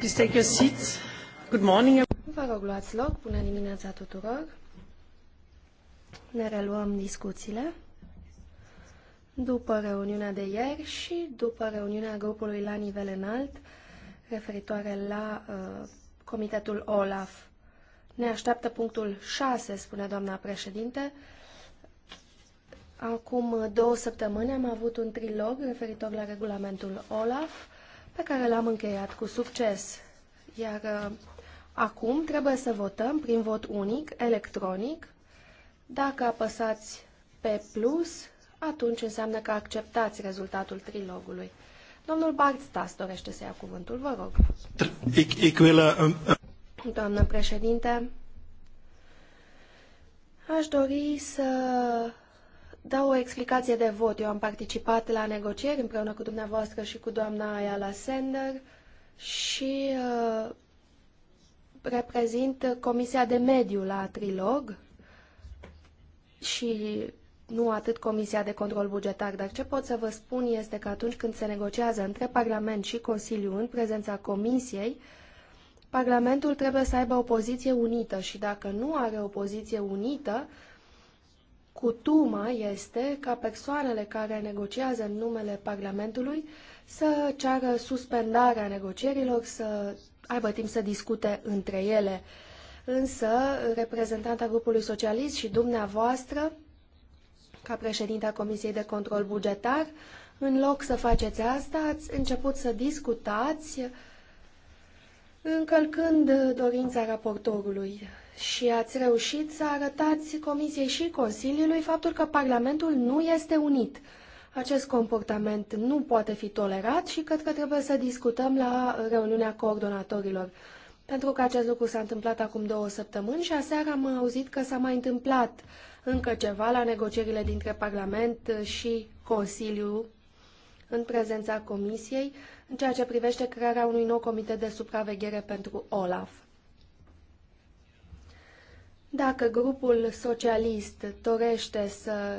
Please take your seats. Good morning. Vă rog, luați loc. Bună dimineața tuturor. Ne reluăm discuțiile. După reuniunea de ieri și după reuniunea grupului la nivel înalt referitoare la uh, Comitetul OLAF. Ne așteaptă punctul 6, spune doamna președinte. Acum două săptămâni am avut un trilog referitor la regulamentul OLAF pe care l-am încheiat cu succes. Iar uh, acum trebuie să votăm prin vot unic, electronic. Dacă apăsați pe plus, atunci înseamnă că acceptați rezultatul trilogului. Domnul Bart Stas dorește să ia cuvântul, vă rog. Um, um. Doamnă președinte, aș dori să dau o explicație de vot. Eu am participat la negocieri împreună cu dumneavoastră și cu doamna Ayala Sender și uh, reprezint Comisia de Mediu la Trilog și nu atât Comisia de Control Bugetar, dar ce pot să vă spun este că atunci când se negociază între Parlament și Consiliu în prezența Comisiei, Parlamentul trebuie să aibă o poziție unită și dacă nu are o poziție unită, Cutuma este ca persoanele care negociază în numele Parlamentului să ceară suspendarea negocierilor, să aibă timp să discute între ele. Însă, reprezentanta grupului socialist și dumneavoastră, ca președinta Comisiei de Control Bugetar, în loc să faceți asta, ați început să discutați încălcând dorința raportorului și ați reușit să arătați Comisiei și Consiliului faptul că Parlamentul nu este unit. Acest comportament nu poate fi tolerat și cred că trebuie să discutăm la reuniunea coordonatorilor. Pentru că acest lucru s-a întâmplat acum două săptămâni și aseară am auzit că s-a mai întâmplat încă ceva la negocierile dintre Parlament și Consiliu în prezența Comisiei în ceea ce privește crearea unui nou comitet de supraveghere pentru OLAF. Dacă grupul socialist dorește să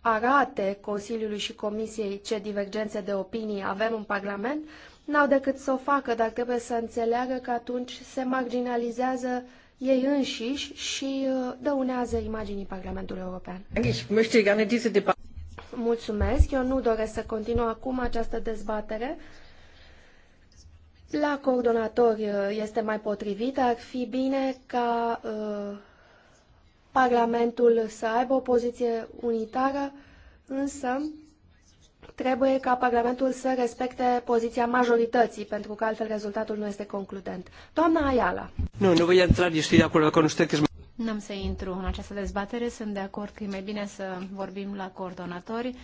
arate Consiliului și Comisiei ce divergențe de opinii avem în Parlament, n-au decât să o facă, dar trebuie să înțeleagă că atunci se marginalizează ei înșiși și uh, dăunează imaginii Parlamentului European. Mulțumesc, eu nu doresc să continu acum această dezbatere. La coordonatori uh, este mai potrivit, ar fi bine ca uh, Parlamentul să aibă o poziție unitară, însă trebuie ca Parlamentul să respecte poziția majorității, pentru că altfel rezultatul nu este concludent. Doamna Ayala. Nu, nu voi intra, ești de acord cu usted, că... nu am să intru în această dezbatere, sunt de acord că e mai bine să vorbim la coordonatori,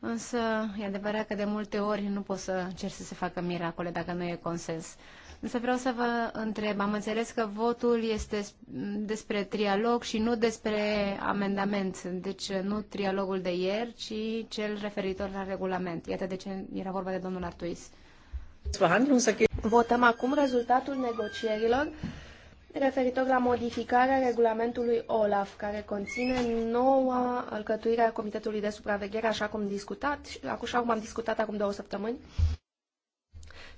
însă e adevărat că de multe ori nu poți să cer să se facă miracole dacă nu e consens. Însă vreau să vă întreb, am înțeles că votul este despre trialog și nu despre amendament, deci uh, nu trialogul de ieri, ci cel referitor la regulament. Iată de ce era vorba de domnul Artuis. Votăm acum rezultatul negocierilor referitor la modificarea regulamentului OLAF, care conține noua alcătuire a Comitetului de Supraveghere, așa cum, discutat, așa cum am discutat acum două săptămâni,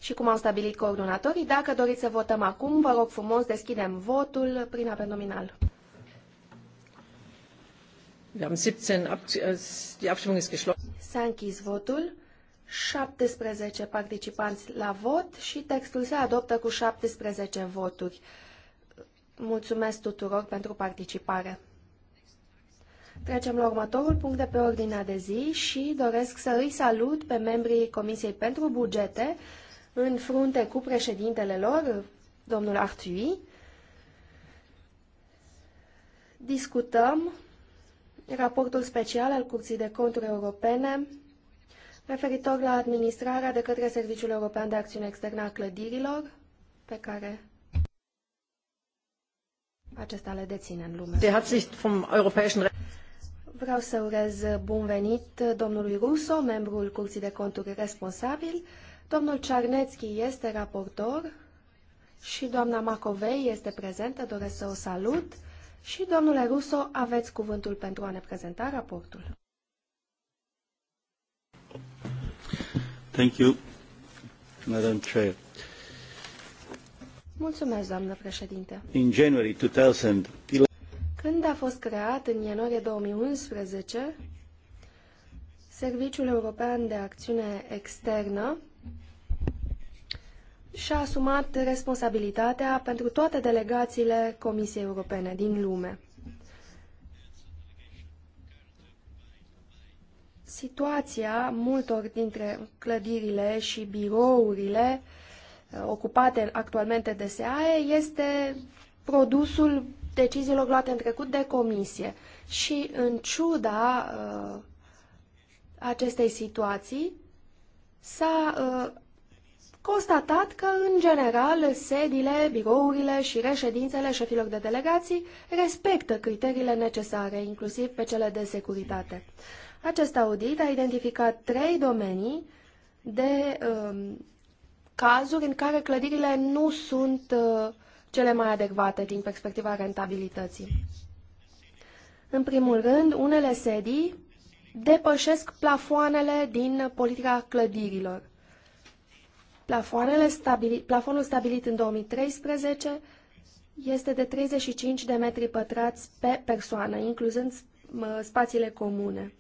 și cum au stabilit coordonatorii, dacă doriți să votăm acum, vă rog frumos, deschidem votul prin apel nominal. Äh, S-a închis votul. 17 participanți la vot și textul se adoptă cu 17 voturi. Mulțumesc tuturor pentru participare. Trecem la următorul punct de pe ordinea de zi și doresc să îi salut pe membrii Comisiei pentru Bugete în frunte cu președintele lor, domnul Artui. Discutăm raportul special al Curții de Conturi Europene referitor la administrarea de către Serviciul European de Acțiune Externă a Clădirilor, pe care acesta le deține în lume. Vreau să urez bun venit domnului Russo, membrul Curții de Conturi responsabil, Domnul Cearnețchi este raportor și doamna Macovei este prezentă, doresc să o salut. Și, domnule Ruso, aveți cuvântul pentru a ne prezenta raportul. Thank you, Madam Chair. Mulțumesc, doamnă președinte. In January 2000... Când a fost creat, în ianuarie 2011, Serviciul European de Acțiune Externă și-a asumat responsabilitatea pentru toate delegațiile Comisiei Europene din lume. Situația multor dintre clădirile și birourile uh, ocupate actualmente de SEAE este produsul deciziilor luate în trecut de comisie. Și în ciuda uh, acestei situații s-a uh, constatat că, în general, sediile, birourile și reședințele șefilor de delegații respectă criteriile necesare, inclusiv pe cele de securitate. Acest audit a identificat trei domenii de uh, cazuri în care clădirile nu sunt uh, cele mai adecvate din perspectiva rentabilității. În primul rând, unele sedii depășesc plafoanele din politica clădirilor stabili, plafonul stabilit în 2013 este de 35 de metri pătrați pe persoană, incluzând spațiile comune.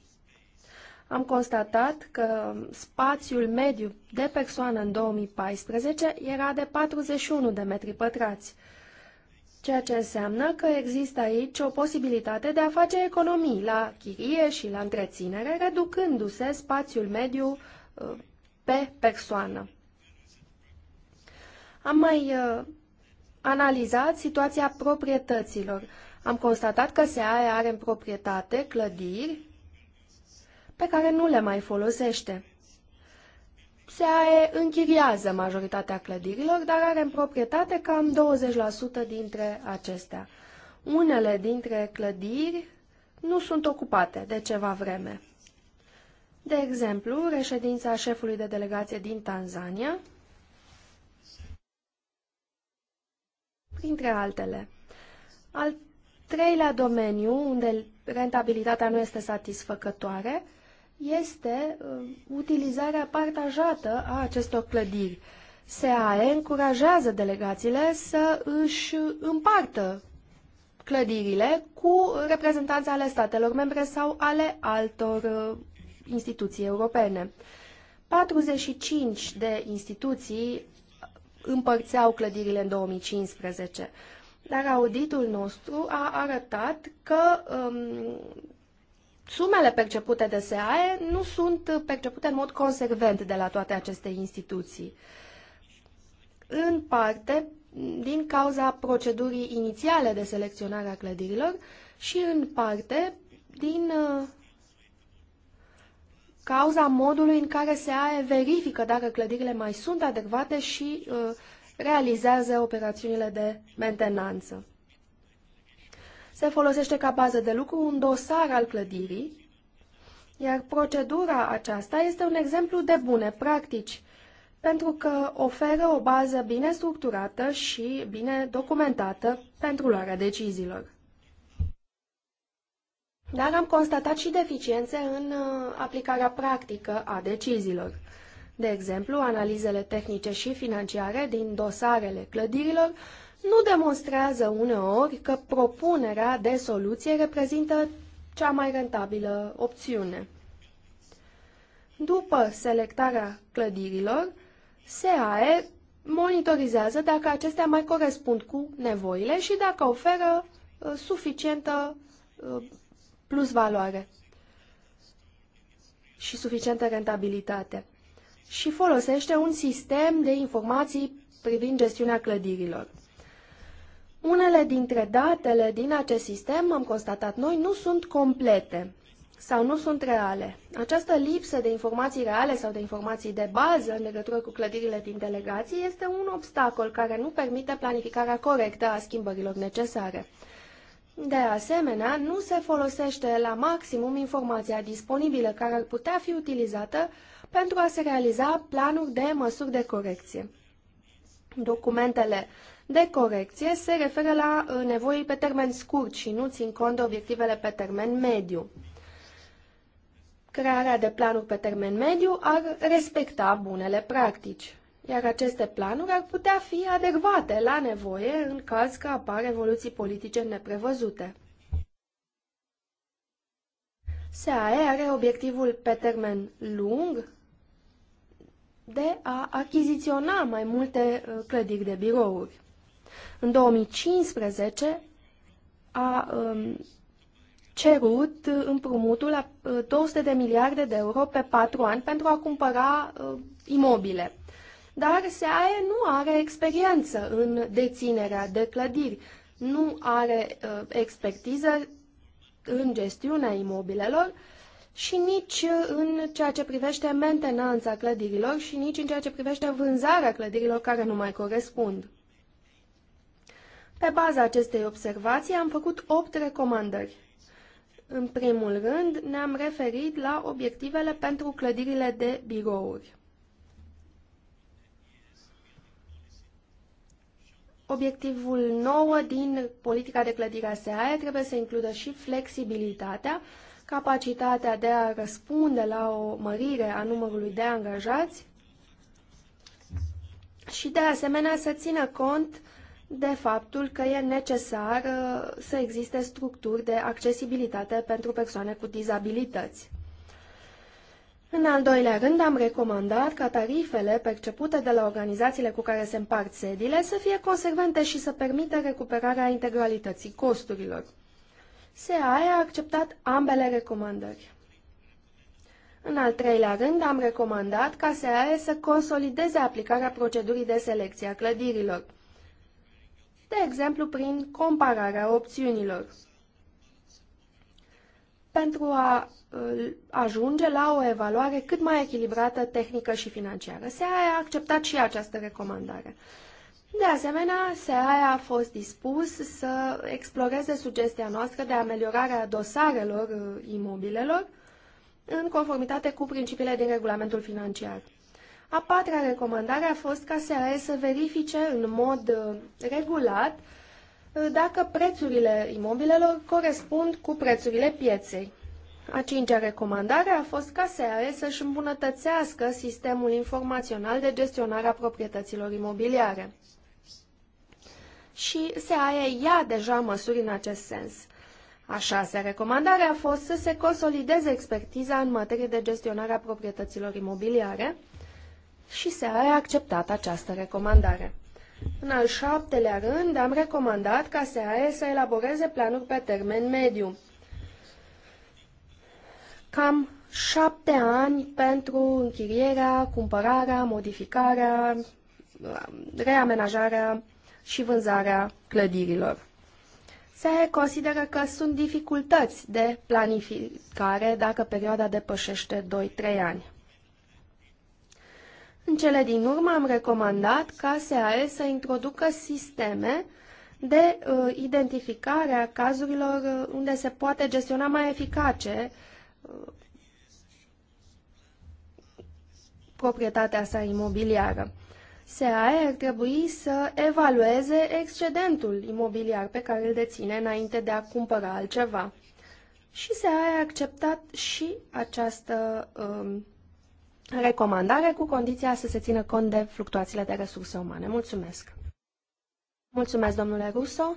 Am constatat că spațiul mediu de persoană în 2014 era de 41 de metri pătrați, ceea ce înseamnă că există aici o posibilitate de a face economii la chirie și la întreținere, reducându-se spațiul mediu uh, pe persoană. Am mai uh, analizat situația proprietăților. Am constatat că se are în proprietate clădiri pe care nu le mai folosește. SEAE închiriază majoritatea clădirilor, dar are în proprietate cam 20% dintre acestea. Unele dintre clădiri nu sunt ocupate de ceva vreme. De exemplu, reședința șefului de delegație din Tanzania, printre altele. Al treilea domeniu unde rentabilitatea nu este satisfăcătoare este uh, utilizarea partajată a acestor clădiri. SAE încurajează delegațiile să își împartă clădirile cu reprezentanți ale statelor membre sau ale altor uh, instituții europene. 45 de instituții împărțeau clădirile în 2015. Dar auditul nostru a arătat că um, sumele percepute de SAE nu sunt percepute în mod consecvent de la toate aceste instituții. În parte, din cauza procedurii inițiale de selecționare a clădirilor și în parte din uh, cauza modului în care se SEAE verifică dacă clădirile mai sunt adecvate și uh, realizează operațiunile de mentenanță. Se folosește ca bază de lucru un dosar al clădirii, iar procedura aceasta este un exemplu de bune practici, pentru că oferă o bază bine structurată și bine documentată pentru luarea deciziilor dar am constatat și deficiențe în uh, aplicarea practică a deciziilor. De exemplu, analizele tehnice și financiare din dosarele clădirilor nu demonstrează uneori că propunerea de soluție reprezintă cea mai rentabilă opțiune. După selectarea clădirilor, SAE monitorizează dacă acestea mai corespund cu nevoile și dacă oferă uh, suficientă uh, plus valoare și suficientă rentabilitate și folosește un sistem de informații privind gestiunea clădirilor. Unele dintre datele din acest sistem, am constatat noi, nu sunt complete sau nu sunt reale. Această lipsă de informații reale sau de informații de bază în legătură cu clădirile din delegații este un obstacol care nu permite planificarea corectă a schimbărilor necesare. De asemenea, nu se folosește la maximum informația disponibilă care ar putea fi utilizată pentru a se realiza planuri de măsuri de corecție. Documentele de corecție se referă la uh, nevoi pe termen scurt și nu țin cont de obiectivele pe termen mediu. Crearea de planuri pe termen mediu ar respecta bunele practici iar aceste planuri ar putea fi adecvate la nevoie în caz că apar evoluții politice neprevăzute. SAE are obiectivul pe termen lung de a achiziționa mai multe uh, clădiri de birouri. În 2015 a um, cerut uh, împrumutul la 200 uh, de miliarde de euro pe patru ani pentru a cumpăra uh, imobile dar SAE nu are experiență în deținerea de clădiri, nu are uh, expertiză în gestiunea imobilelor și nici în ceea ce privește mentenanța clădirilor și nici în ceea ce privește vânzarea clădirilor care nu mai corespund. Pe baza acestei observații am făcut opt recomandări. În primul rând, ne-am referit la obiectivele pentru clădirile de birouri. Obiectivul nou din politica de clădire a SEAE trebuie să includă și flexibilitatea, capacitatea de a răspunde la o mărire a numărului de angajați și de asemenea să țină cont de faptul că e necesar uh, să existe structuri de accesibilitate pentru persoane cu dizabilități. În al doilea rând, am recomandat ca tarifele percepute de la organizațiile cu care se împart sediile să fie consecvente și să permită recuperarea integralității costurilor. SEAE a acceptat ambele recomandări. În al treilea rând, am recomandat ca SEAE să consolideze aplicarea procedurii de selecție a clădirilor, de exemplu prin compararea opțiunilor pentru a uh, ajunge la o evaluare cât mai echilibrată tehnică și financiară. SEAE a acceptat și această recomandare. De asemenea, SEAE a fost dispus să exploreze sugestia noastră de ameliorare a dosarelor uh, imobilelor în conformitate cu principiile din regulamentul financiar. A patra recomandare a fost ca SAE să verifice în mod uh, regulat dacă prețurile imobilelor corespund cu prețurile pieței. A cincea recomandare a fost ca SEAE să-și îmbunătățească sistemul informațional de gestionare a proprietăților imobiliare. Și SEAE ia deja măsuri în acest sens. A șasea recomandare a fost să se consolideze expertiza în materie de gestionare a proprietăților imobiliare și SEAE a acceptat această recomandare. În al șaptelea rând, am recomandat ca SAE să elaboreze planuri pe termen mediu. Cam șapte ani pentru închirierea, cumpărarea, modificarea, reamenajarea și vânzarea clădirilor. Se consideră că sunt dificultăți de planificare dacă perioada depășește 2-3 ani. În cele din urmă am recomandat ca SAE să introducă sisteme de uh, identificare a cazurilor uh, unde se poate gestiona mai eficace uh, proprietatea sa imobiliară. SAE ar trebui să evalueze excedentul imobiliar pe care îl deține înainte de a cumpăra altceva. Și SAE a acceptat și această uh, recomandare cu condiția să se țină cont de fluctuațiile de resurse umane. Mulțumesc! Mulțumesc, domnule Russo.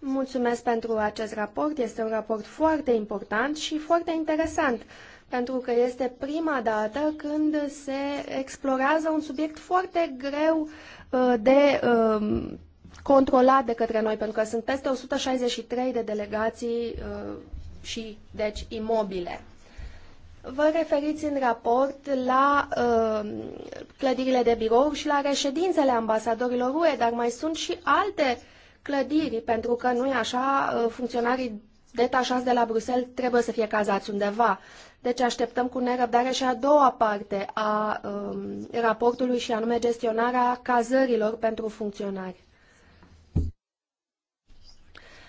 Mulțumesc pentru acest raport. Este un raport foarte important și foarte interesant, pentru că este prima dată când se explorează un subiect foarte greu uh, de um, controlat de către noi, pentru că sunt peste 163 de delegații uh, și, deci, imobile. Vă referiți în raport la uh, clădirile de birouri și la reședințele ambasadorilor UE, dar mai sunt și alte clădiri, pentru că nu e așa, uh, funcționarii detașați de la Bruxelles trebuie să fie cazați undeva. Deci așteptăm cu nerăbdare și a doua parte a um, raportului și anume gestionarea cazărilor pentru funcționari.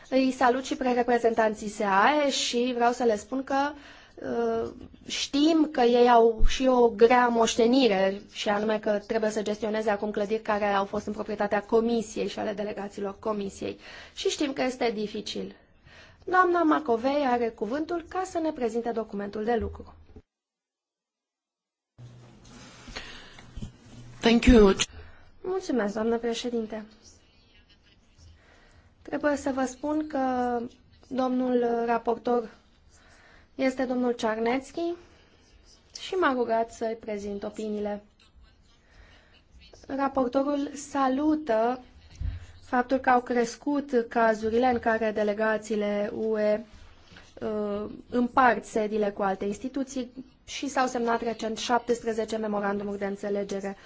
Îi salut și pre-reprezentanții SAE și vreau să le spun că uh, Uh, știm că ei au și o grea moștenire și anume că trebuie să gestioneze acum clădiri care au fost în proprietatea comisiei și ale delegațiilor comisiei și știm că este dificil. Doamna Macovei are cuvântul ca să ne prezinte documentul de lucru. Thank you. Mulțumesc, doamnă președinte. Trebuie să vă spun că domnul raportor este domnul Czarnecki și m-a rugat să-i prezint opiniile. Raportorul salută faptul că au crescut cazurile în care delegațiile UE uh, împart sediile cu alte instituții și s-au semnat recent 17 memorandumuri de înțelegere.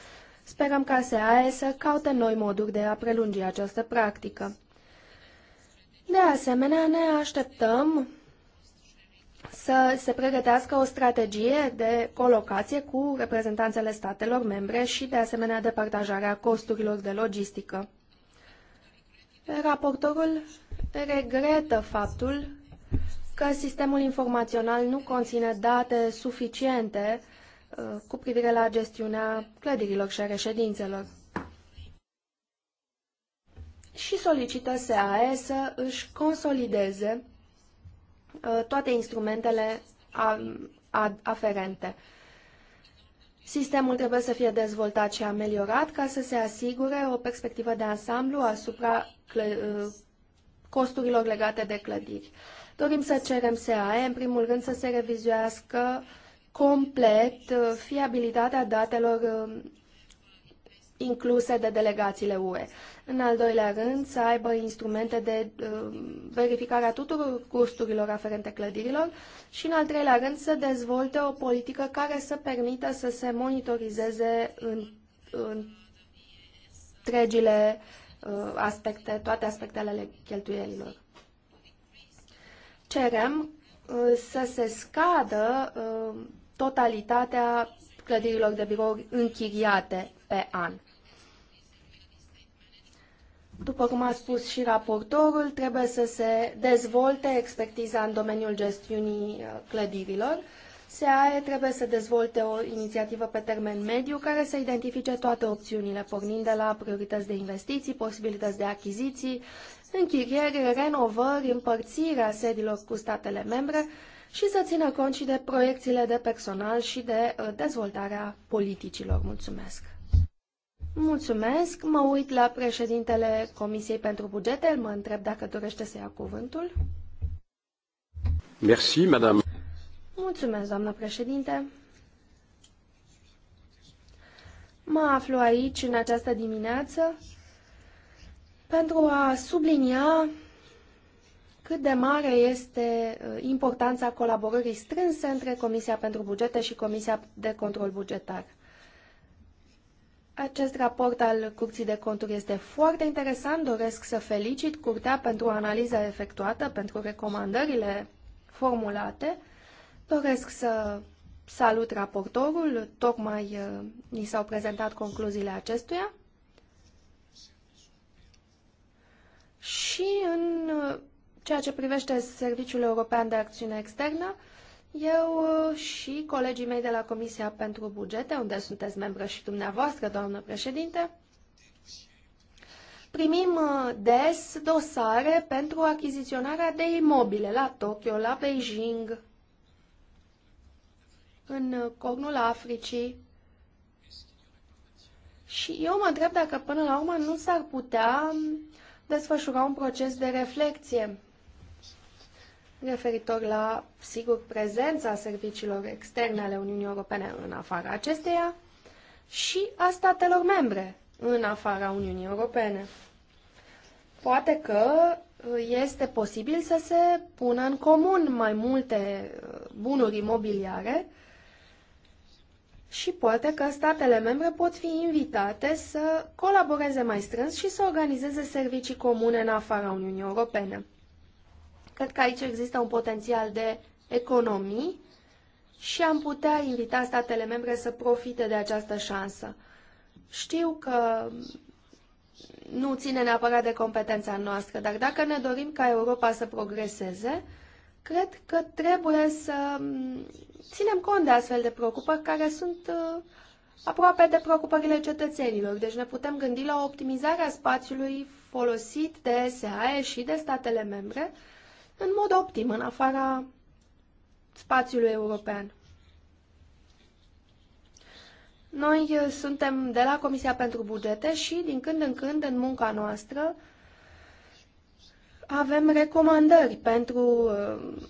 Sperăm ca SAE să caute noi moduri de a prelungi această practică. De asemenea, ne așteptăm să se pregătească o strategie de colocație cu reprezentanțele statelor membre și, de asemenea, de partajarea costurilor de logistică. Raportorul regretă faptul că sistemul informațional nu conține date suficiente uh, cu privire la gestiunea clădirilor și a reședințelor și solicită SAE să își consolideze Uh, toate instrumentele aferente. Sistemul trebuie să fie dezvoltat și ameliorat ca să se asigure o perspectivă de ansamblu asupra uh, costurilor legate de clădiri. Dorim să cerem SAE, în primul rând, să se revizuiască complet uh, fiabilitatea datelor incluse de delegațiile UE. În al doilea rând, să aibă instrumente de uh, verificare a tuturor costurilor aferente clădirilor și, în al treilea rând, să dezvolte o politică care să permită să se monitorizeze în, în întregile uh, aspecte, toate aspectele ale cheltuielilor. Cerem uh, să se scadă uh, totalitatea clădirilor de birouri închiriate pe an. După cum a spus și raportorul, trebuie să se dezvolte expertiza în domeniul gestiunii uh, clădirilor. SEAE trebuie să dezvolte o inițiativă pe termen mediu care să identifice toate opțiunile, pornind de la priorități de investiții, posibilități de achiziții, închiriere, renovări, împărțirea sediilor cu statele membre și să țină cont și de proiecțiile de personal și de uh, dezvoltarea politicilor. Mulțumesc! Mulțumesc. Mă uit la președintele Comisiei pentru Bugete. Mă întreb dacă dorește să ia cuvântul. Merci, madame. Mulțumesc, doamnă președinte. Mă aflu aici în această dimineață pentru a sublinia cât de mare este uh, importanța colaborării strânse între Comisia pentru Bugete și Comisia de Control Bugetar. Acest raport al Curții de Conturi este foarte interesant. Doresc să felicit Curtea pentru analiza efectuată, pentru recomandările formulate. Doresc să salut raportorul. Tocmai uh, ni s-au prezentat concluziile acestuia. Și în uh, ceea ce privește Serviciul European de Acțiune Externă, eu uh, și colegii mei de la Comisia pentru Bugete, unde sunteți membră și dumneavoastră, doamnă președinte, primim uh, des dosare pentru achiziționarea de imobile la Tokyo, la Beijing, în cornul Africii. Și eu mă întreb dacă până la urmă nu s-ar putea um, desfășura un proces de reflexie referitor la, sigur, prezența serviciilor externe ale Uniunii Europene în afara acesteia și a statelor membre în afara Uniunii Europene. Poate că uh, este posibil să se pună în comun mai multe uh, bunuri imobiliare și poate că statele membre pot fi invitate să colaboreze mai strâns și să organizeze servicii comune în afara Uniunii Europene. Cred că aici există un potențial de economii și am putea invita statele membre să profite de această șansă. Știu că nu ține neapărat de competența noastră, dar dacă ne dorim ca Europa să progreseze, cred că trebuie să mm, ținem cont de astfel de preocupări care sunt uh, aproape de preocupările cetățenilor. Deci ne putem gândi la optimizarea spațiului folosit de SAE și de statele membre în mod optim, în afara spațiului european. Noi eh, suntem de la Comisia pentru Bugete și din când în când în munca noastră avem recomandări pentru eh,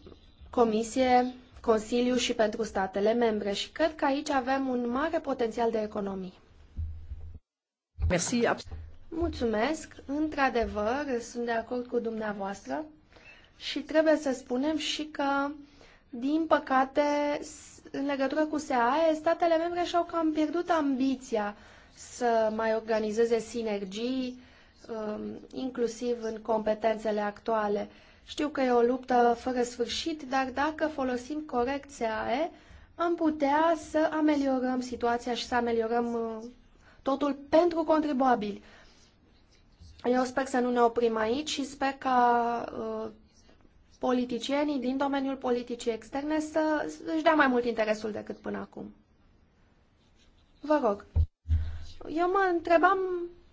Comisie, Consiliu și pentru statele membre și cred că aici avem un mare potențial de economii. Mulțumesc. Într-adevăr, sunt de acord cu dumneavoastră și trebuie să spunem și că, din păcate, în legătură cu SEAE, statele membre și-au cam pierdut ambiția să mai organizeze sinergii, um, inclusiv în competențele actuale. Știu că e o luptă fără sfârșit, dar dacă folosim corect SEAE, am putea să ameliorăm situația și să ameliorăm uh, totul pentru contribuabili. Eu sper să nu ne oprim aici și sper ca uh, politicienii din domeniul politicii externe să își dea mai mult interesul decât până acum. Vă rog. Eu mă întrebam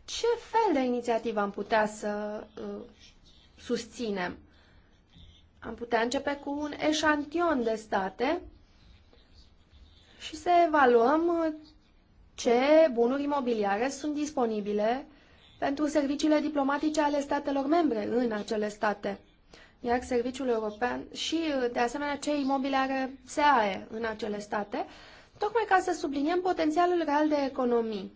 ce fel de inițiativă am putea să uh, susținem. Am putea începe cu un eșantion de state și să evaluăm ce bunuri imobiliare sunt disponibile pentru serviciile diplomatice ale statelor membre în acele state iar Serviciul European și, de asemenea, ce imobile are SAE în acele state, tocmai ca să subliniem potențialul real de economii.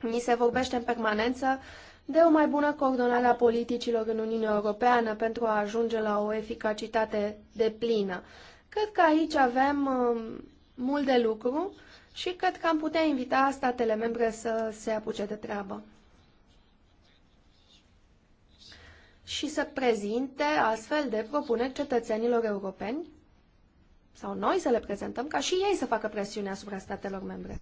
Ni se vorbește în permanență de o mai bună coordonare a politicilor în Uniunea Europeană pentru a ajunge la o eficacitate deplină. Cred că aici avem um, mult de lucru și cred că am putea invita statele membre să se apuce de treabă. și să prezinte astfel de propuneri cetățenilor europeni sau noi să le prezentăm ca și ei să facă presiune asupra statelor membre.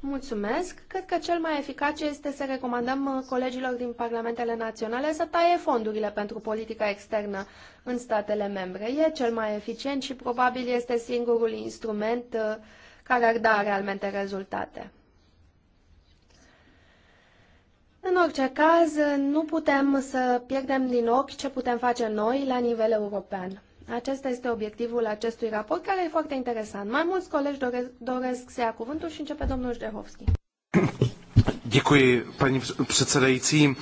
Mulțumesc. Cred că cel mai eficace este să recomandăm uh, colegilor din parlamentele naționale să taie fondurile pentru politica externă în statele membre. E cel mai eficient și probabil este singurul instrument uh, care ar da realmente rezultate. În orice caz, nu putem să pierdem din ochi ce putem face noi la nivel european. Acesta este obiectivul acestui raport, care e foarte interesant. Mai mulți colegi doresc, doresc să ia cuvântul și începe domnul Jdehovski. Děkuji, paní předsedající.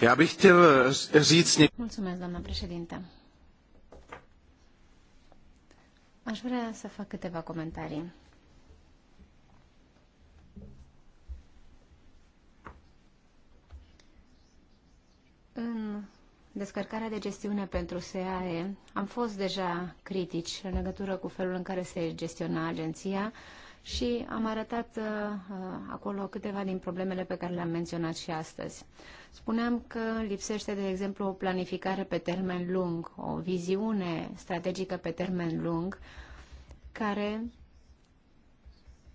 Já bych chtěl eh, říct... Mulțumesc, doamna președinte. Aș vrea să fac câteva comentarii. În descărcarea de gestiune pentru SAE am fost deja critici în legătură cu felul în care se gestiona agenția și am arătat uh, uh, acolo câteva din problemele pe care le-am menționat și astăzi. Spuneam că lipsește, de exemplu, o planificare pe termen lung, o viziune strategică pe termen lung, care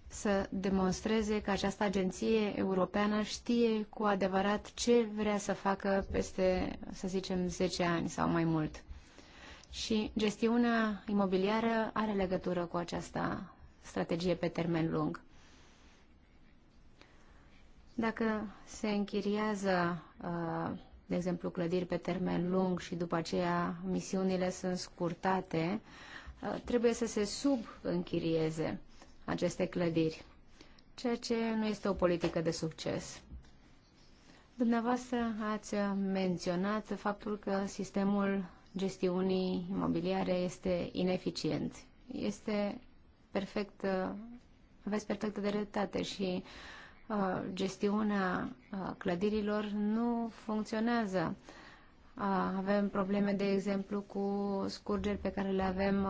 să demonstreze că această agenție europeană știe cu adevărat ce vrea să facă peste, să zicem, 10 ani sau mai mult. Și gestiunea imobiliară are legătură cu această strategie pe termen lung. Dacă se închiriază, uh, de exemplu, clădiri pe termen lung și după aceea misiunile sunt scurtate, uh, trebuie să se subînchirieze aceste clădiri, ceea ce nu este o politică de succes. Dumneavoastră ați menționat faptul că sistemul gestiunii imobiliare este ineficient. Este perfect, aveți perfectă dreptate și uh, gestiunea uh, clădirilor nu funcționează. Uh, avem probleme, de exemplu, cu scurgeri pe care le avem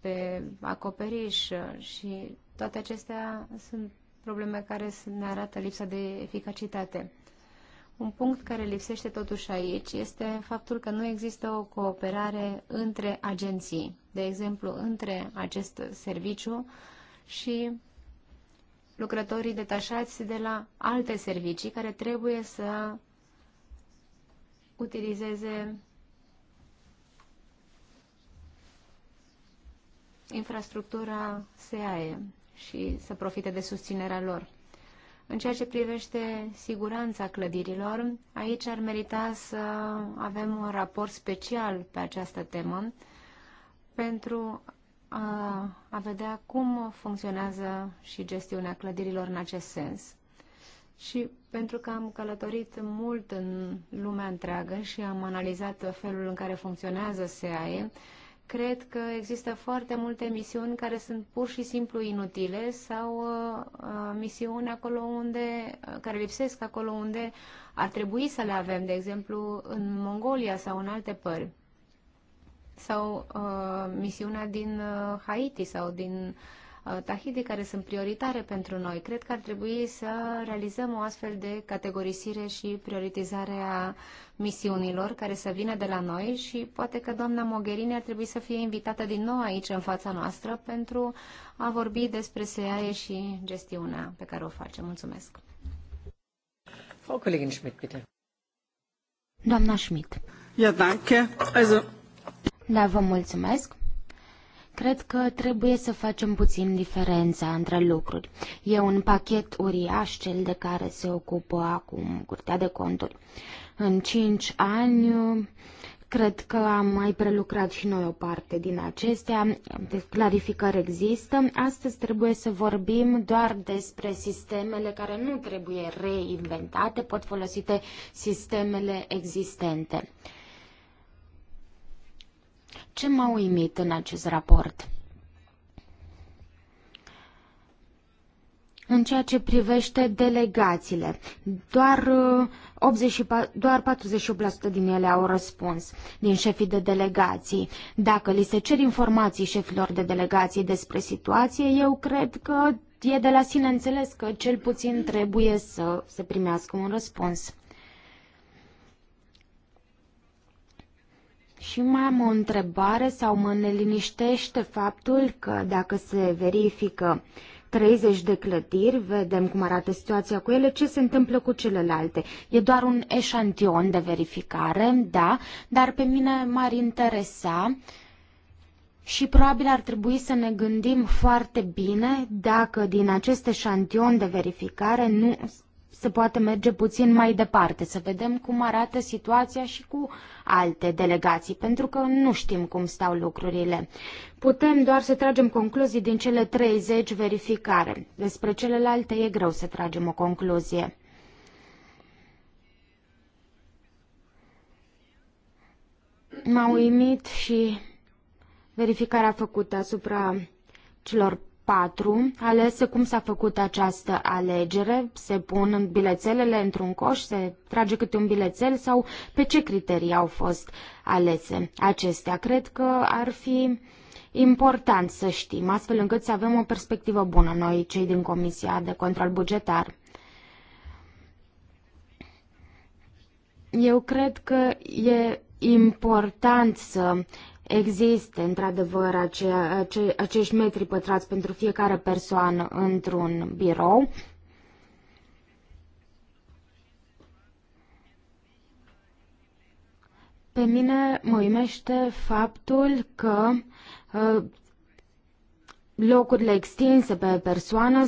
pe acoperiș și toate acestea sunt probleme care ne arată lipsa de eficacitate. Un punct care lipsește totuși aici este faptul că nu există o cooperare între agenții, de exemplu, între acest serviciu și lucrătorii detașați de la alte servicii care trebuie să utilizeze infrastructura SEAE și să profite de susținerea lor. În ceea ce privește siguranța clădirilor, aici ar merita să avem un raport special pe această temă pentru a, a vedea cum funcționează și gestiunea clădirilor în acest sens și pentru că am călătorit mult în lumea întreagă și am analizat felul în care funcționează SEAE, cred că există foarte multe misiuni care sunt pur și simplu inutile sau uh, misiuni acolo unde, care lipsesc acolo unde ar trebui să le avem, de exemplu în Mongolia sau în alte pări sau uh, misiunea din uh, Haiti sau din uh, Uh, tahide care sunt prioritare pentru noi. Cred că ar trebui să realizăm o astfel de categorisire și prioritizare a misiunilor care să vină de la noi și poate că doamna Mogherini ar trebui să fie invitată din nou aici în fața noastră pentru a vorbi despre SEAE și gestiunea pe care o face. Mulțumesc. Frau Kollegin Schmidt, bitte. Doamna Schmidt. Ja, danke. Also... Da, vă mulțumesc. Cred că trebuie să facem puțin diferența între lucruri. E un pachet uriaș cel de care se ocupă acum Curtea de Conturi. În 5 ani Cred că am mai prelucrat și noi o parte din acestea. De clarificări există. Astăzi trebuie să vorbim doar despre sistemele care nu trebuie reinventate, pot folosite sistemele existente. Ce m-a uimit în acest raport? În ceea ce privește delegațiile, doar, 84, uh, doar 48% din ele au răspuns, din șefii de delegații. Dacă li se cer informații șefilor de delegații despre situație, eu cred că e de la sine înțeles că cel puțin trebuie să se primească un răspuns. Și mai am o întrebare sau mă neliniștește faptul că dacă se verifică 30 de clădiri, vedem cum arată situația cu ele, ce se întâmplă cu celelalte. E doar un eșantion de verificare, da, dar pe mine m-ar interesa și probabil ar trebui să ne gândim foarte bine dacă din acest eșantion de verificare nu se poate merge puțin mai departe, să vedem cum arată situația și cu alte delegații, pentru că nu știm cum stau lucrurile. Putem doar să tragem concluzii din cele 30 verificare. Despre celelalte e greu să tragem o concluzie. M-a uimit și verificarea făcută asupra celor 4 alese cum s-a făcut această alegere, se pun în bilețelele într-un coș, se trage câte un bilețel sau pe ce criterii au fost alese acestea. Cred că ar fi important să știm, astfel încât să avem o perspectivă bună noi, cei din Comisia de Control Bugetar. Eu cred că e important să existe într-adevăr ace, ace, acești metri pătrați pentru fiecare persoană într-un birou. Pe mine mă uimește faptul că uh, locurile extinse pe persoană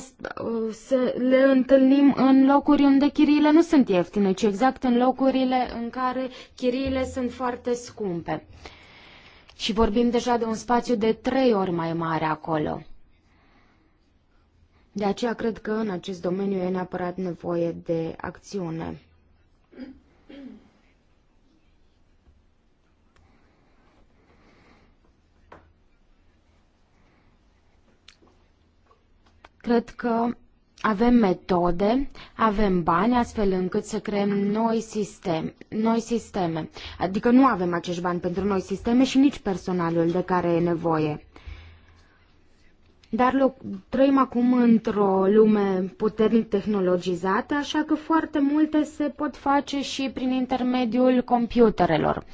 uh, se, le întâlnim în locuri unde chiriile nu sunt ieftine, ci exact în locurile în care chiriile sunt foarte scumpe. Și vorbim deja de un spațiu de trei ori mai mare acolo. De aceea cred că în acest domeniu e neapărat nevoie de acțiune. Cred că avem metode, avem bani astfel încât să creăm noi sisteme, noi sisteme. Adică nu avem acești bani pentru noi sisteme și nici personalul de care e nevoie. Dar loc, trăim acum într-o lume puternic tehnologizată, așa că foarte multe se pot face și prin intermediul computerelor.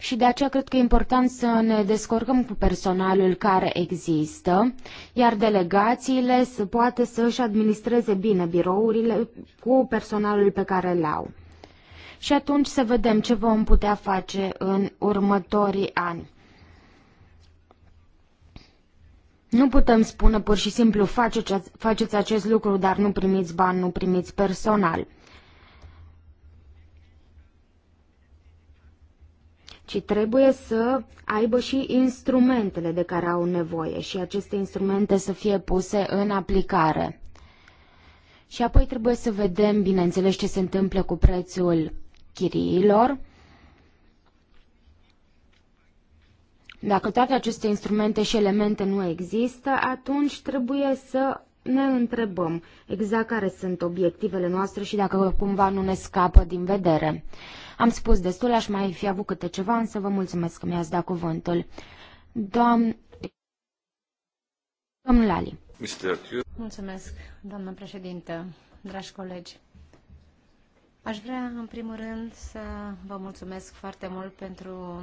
Și de aceea cred că e important să ne descurcăm cu personalul care există, iar delegațiile să poată să își administreze bine birourile cu personalul pe care îl au. Și atunci să vedem ce vom putea face în următorii ani. Nu putem spune pur și simplu faceți, acest lucru, dar nu primiți bani, nu primiți personal. ci trebuie să aibă și instrumentele de care au nevoie și aceste instrumente să fie puse în aplicare. Și apoi trebuie să vedem, bineînțeles, ce se întâmplă cu prețul chiriilor. Dacă toate aceste instrumente și elemente nu există, atunci trebuie să ne întrebăm exact care sunt obiectivele noastre și dacă cumva nu ne scapă din vedere. Am spus destul, aș mai fi avut câte ceva, însă vă mulțumesc că mi-ați dat cuvântul. Doamn... Domnul Lali. Mulțumesc, doamnă președintă, dragi colegi. Aș vrea, în primul rând, să vă mulțumesc foarte mult pentru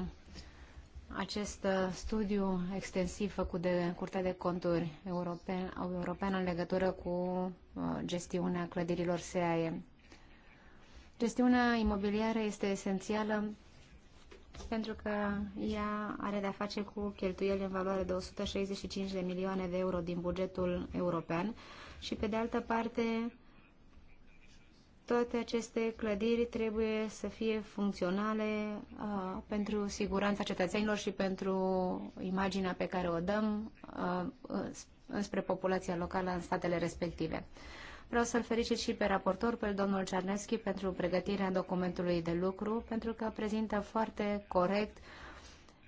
acest studiu extensiv făcut de Curtea de Conturi Europeană în legătură cu uh, gestiunea clădirilor SEAE. Gestiunea imobiliară este esențială pentru că ea are de-a face cu cheltuieli în valoare de 165 de milioane de euro din bugetul european și, pe de altă parte, toate aceste clădiri trebuie să fie funcționale uh, pentru siguranța cetățenilor și pentru imaginea pe care o dăm uh, înspre populația locală în statele respective. Uh, Vreau să-l felicit și pe raportor, pe domnul Cerneschi, pentru pregătirea documentului de lucru, pentru că prezintă foarte corect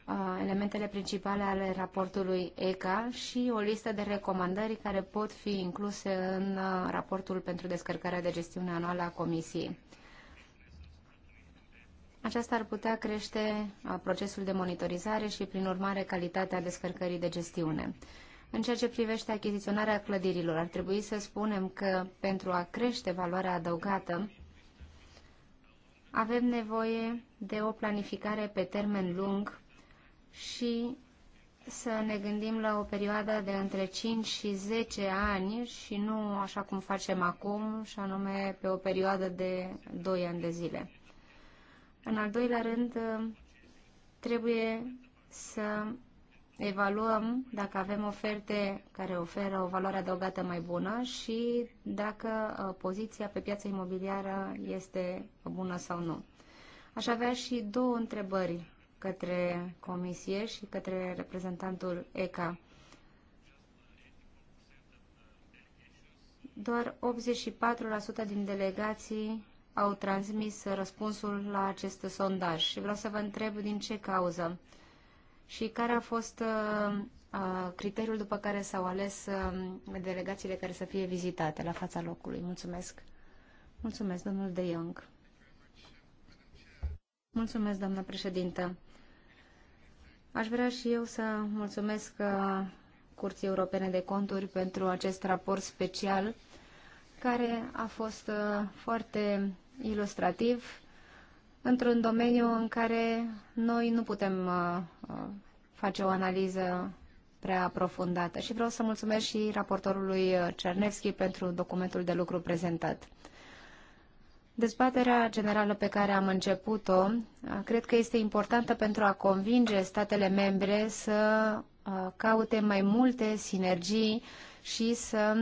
uh, elementele principale ale raportului ECA și o listă de recomandări care pot fi incluse în uh, raportul pentru descărcarea de gestiune anuală a Comisiei. Aceasta ar putea crește uh, procesul de monitorizare și, prin urmare, calitatea descărcării de gestiune. În ceea ce privește achiziționarea clădirilor, ar trebui să spunem că pentru a crește valoarea adăugată, avem nevoie de o planificare pe termen lung și să ne gândim la o perioadă de între 5 și 10 ani și nu așa cum facem acum, și anume pe o perioadă de 2 ani de zile. În al doilea rând, trebuie să evaluăm dacă avem oferte care oferă o valoare adăugată mai bună și dacă ă, poziția pe piața imobiliară este bună sau nu. Aș avea și două întrebări către comisie și către reprezentantul ECA. Doar 84% din delegații au transmis răspunsul la acest sondaj și vreau să vă întreb din ce cauză și care a fost uh, uh, criteriul după care s-au ales um, delegațiile care să fie vizitate la fața locului. Mulțumesc. Mulțumesc, domnul De Jong. Mulțumesc, doamnă președintă. Aș vrea și eu să mulțumesc uh, Curții Europene de Conturi pentru acest raport special care a fost foarte ilustrativ într-un domeniu în care noi nu putem face o analiză prea aprofundată. Și vreau să mulțumesc și raportorului Cernevski pentru documentul de lucru prezentat. Dezbaterea generală pe care am început-o cred că este importantă pentru a convinge statele membre să uh, caute mai multe sinergii și să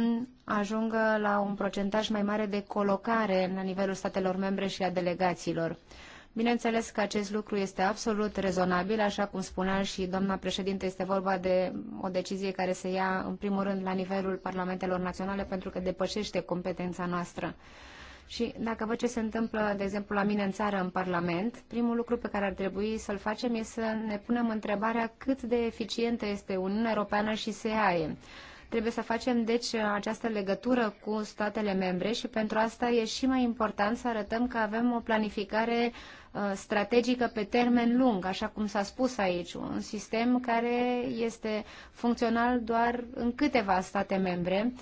ajungă la un procentaj mai mare de colocare la nivelul statelor membre și a delegațiilor. Bineînțeles că acest lucru este absolut rezonabil, așa cum spunea și doamna președinte, este vorba de o decizie care se ia în primul rând la nivelul parlamentelor naționale pentru că depășește competența noastră. Și dacă văd ce se întâmplă, de exemplu, la mine în țară, în Parlament, primul lucru pe care ar trebui să-l facem este să ne punem întrebarea cât de eficientă este Uniunea Europeană și SEAE. Trebuie să facem, deci, această legătură cu statele membre și pentru asta e și mai important să arătăm că avem o planificare uh, strategică pe termen lung, așa cum s-a spus aici, un sistem care este funcțional doar în câteva state membre,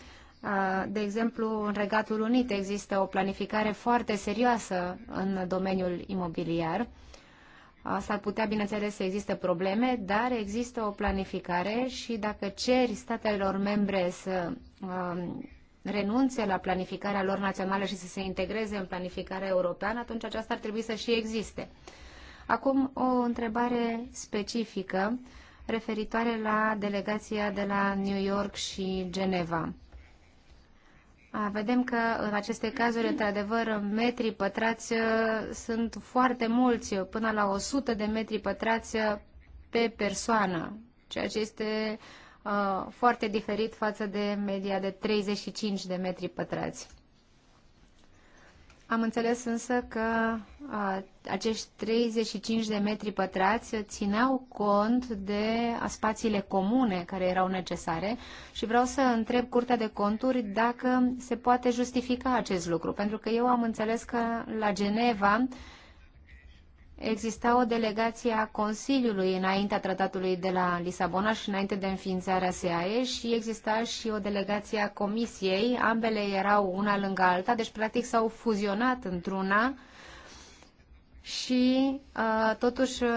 uh, de exemplu, în Regatul Unit există o planificare foarte serioasă în domeniul imobiliar S-ar putea, bineînțeles, să existe probleme, dar există o planificare și dacă ceri statelor membre să um, renunțe la planificarea lor națională și să se integreze în planificarea europeană, atunci aceasta ar trebui să și existe. Acum o întrebare specifică referitoare la delegația de la New York și Geneva. Vedem că în aceste cazuri, într-adevăr, metri pătrați uh, sunt foarte mulți, uh, până la 100 de metri pătrați uh, pe persoană, ceea ce este uh, foarte diferit față de media de 35 de metri pătrați. Am înțeles însă că a, acești 35 de metri pătrați țineau cont de spațiile comune care erau necesare și vreau să întreb Curtea de Conturi dacă se poate justifica acest lucru, pentru că eu am înțeles că la Geneva exista o delegație a Consiliului înaintea tratatului de la Lisabona și înainte de înființarea SAE și exista și o delegație a Comisiei. Ambele erau una lângă alta, deci practic s-au fuzionat într-una și uh, totuși uh,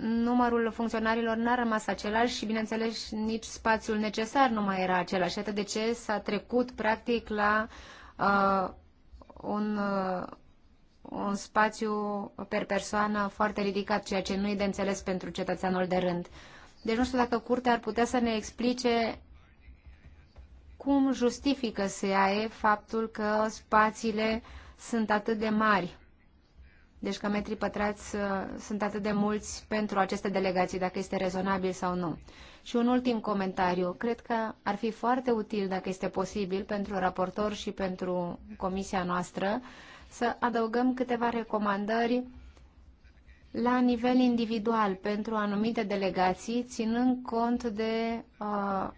numărul funcționarilor n-a rămas același și, bineînțeles, nici spațiul necesar nu mai era același. Atât de ce s-a trecut practic la uh, un, uh, un spațiu per persoană foarte ridicat, ceea ce nu e de înțeles pentru cetățeanul de rând. Deci nu știu dacă curtea ar putea să ne explice cum justifică SEAE faptul că spațiile sunt atât de mari. Deci că metrii pătrați uh, sunt atât de mulți pentru aceste delegații, dacă este rezonabil sau nu. Și un ultim comentariu. Cred că ar fi foarte util, dacă este posibil, pentru raportor și pentru comisia noastră, să adăugăm câteva recomandări la nivel individual pentru anumite delegații, ținând cont de uh,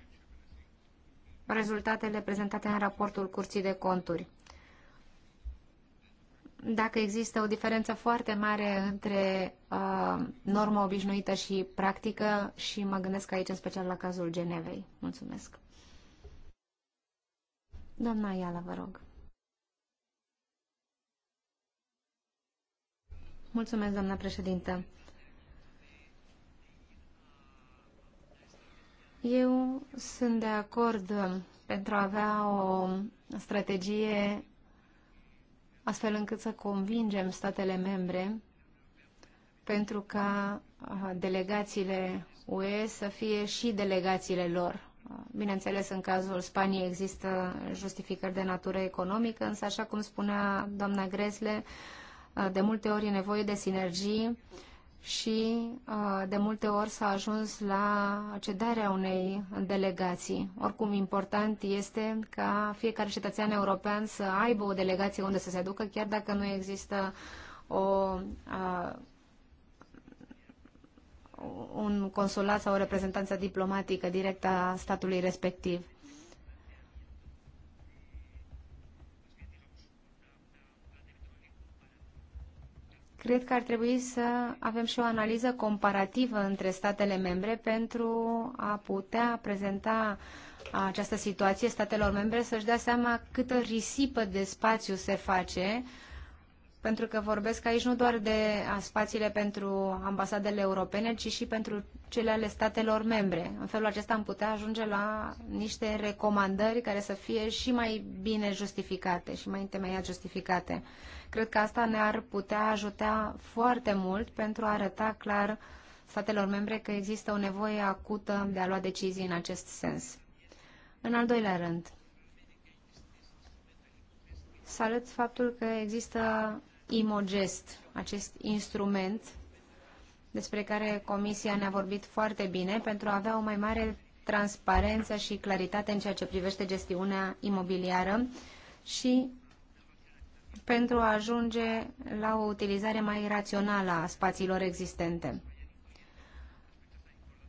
rezultatele prezentate în raportul Curții de Conturi. Dacă există o diferență foarte mare între uh, norma obișnuită și practică și mă gândesc aici în special la cazul Genevei. Mulțumesc. Doamna Iala, vă rog. Mulțumesc, președintă. Eu sunt de acord pentru a avea o strategie astfel încât să convingem statele membre pentru ca delegațiile UE să fie și delegațiile lor. Bineînțeles, în cazul Spaniei există justificări de natură economică, însă, așa cum spunea doamna Gresle, de multe ori e nevoie de sinergii și de multe ori s-a ajuns la cedarea unei delegații. Oricum, important este ca fiecare cetățean european să aibă o delegație unde să se ducă, chiar dacă nu există o, a, un consulat sau o reprezentanță diplomatică directă a statului respectiv. Cred că ar trebui să avem și o analiză comparativă între statele membre pentru a putea prezenta această situație statelor membre, să-și dea seama câtă risipă de spațiu se face uh, pentru că vorbesc aici nu doar de spațiile pentru ambasadele europene, ci și pentru cele ale statelor membre. În felul acesta am putea ajunge la niște recomandări care să fie și mai bine justificate și mai întemeiat justificate. Cred că asta ne-ar putea ajuta foarte mult pentru a arăta clar statelor membre că există o nevoie acută de a lua decizii în acest sens. În al doilea rând, salut faptul că există Imogest, acest instrument despre care Comisia ne-a vorbit foarte bine pentru a avea o mai mare transparență și claritate în ceea ce privește gestiunea imobiliară și pentru a ajunge la o utilizare mai rațională a spațiilor existente.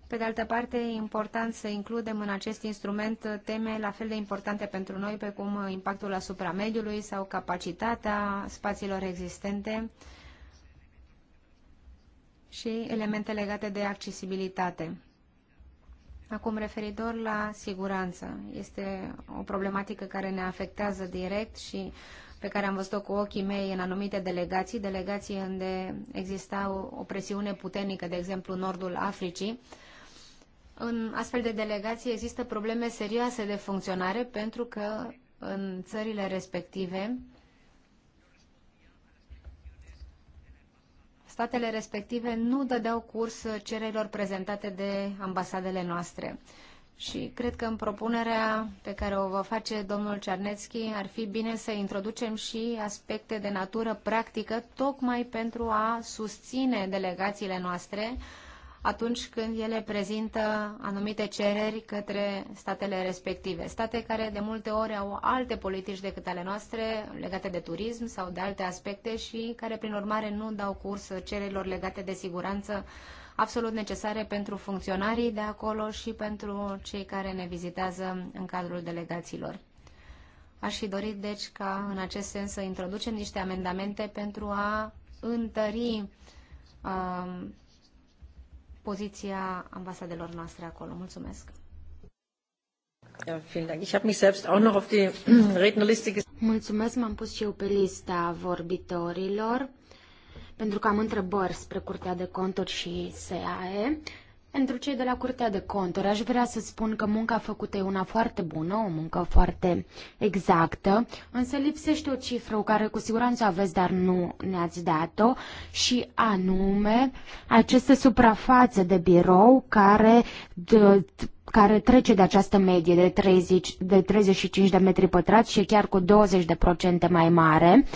Pe de altă parte, e important să includem în acest instrument teme la fel de importante pentru noi, precum impactul asupra mediului sau capacitatea spațiilor existente și elemente legate de accesibilitate. Acum, referitor la siguranță, este o problematică care ne afectează direct și pe care am văzut-o cu ochii mei în anumite delegații, delegații unde exista o, o presiune puternică, de exemplu, nordul Africii, în astfel de delegații există probleme serioase de funcționare pentru că în țările respective statele respective nu dădeau curs cererilor prezentate de ambasadele noastre. Și cred că în propunerea pe care o va face domnul Cernetski ar fi bine să introducem și aspecte de natură practică, tocmai pentru a susține delegațiile noastre uh, atunci când ele prezintă anumite cereri către statele respective. State care de multe ori au alte politici decât ale noastre legate de turism sau de alte aspecte și care prin urmare nu dau curs cererilor legate de siguranță absolut necesare pentru funcționarii de acolo și pentru cei care ne vizitează în cadrul delegațiilor. Aș fi dorit, deci, ca în acest sens să introducem niște amendamente pentru a întări uh, poziția ambasadelor noastre acolo. Mulțumesc! Mulțumesc, m-am pus și eu pe lista vorbitorilor pentru că am întrebări spre Curtea de Conturi și SAE pentru cei de la Curtea de Conturi, aș vrea să spun că munca făcută e una foarte bună, o muncă foarte exactă, însă lipsește o cifră care cu siguranță aveți, dar nu ne-ați dat-o, și anume aceste suprafață de birou care de, care trece de această medie de, 30, de 35 de metri pătrați și chiar cu 20% mai mare. Uh,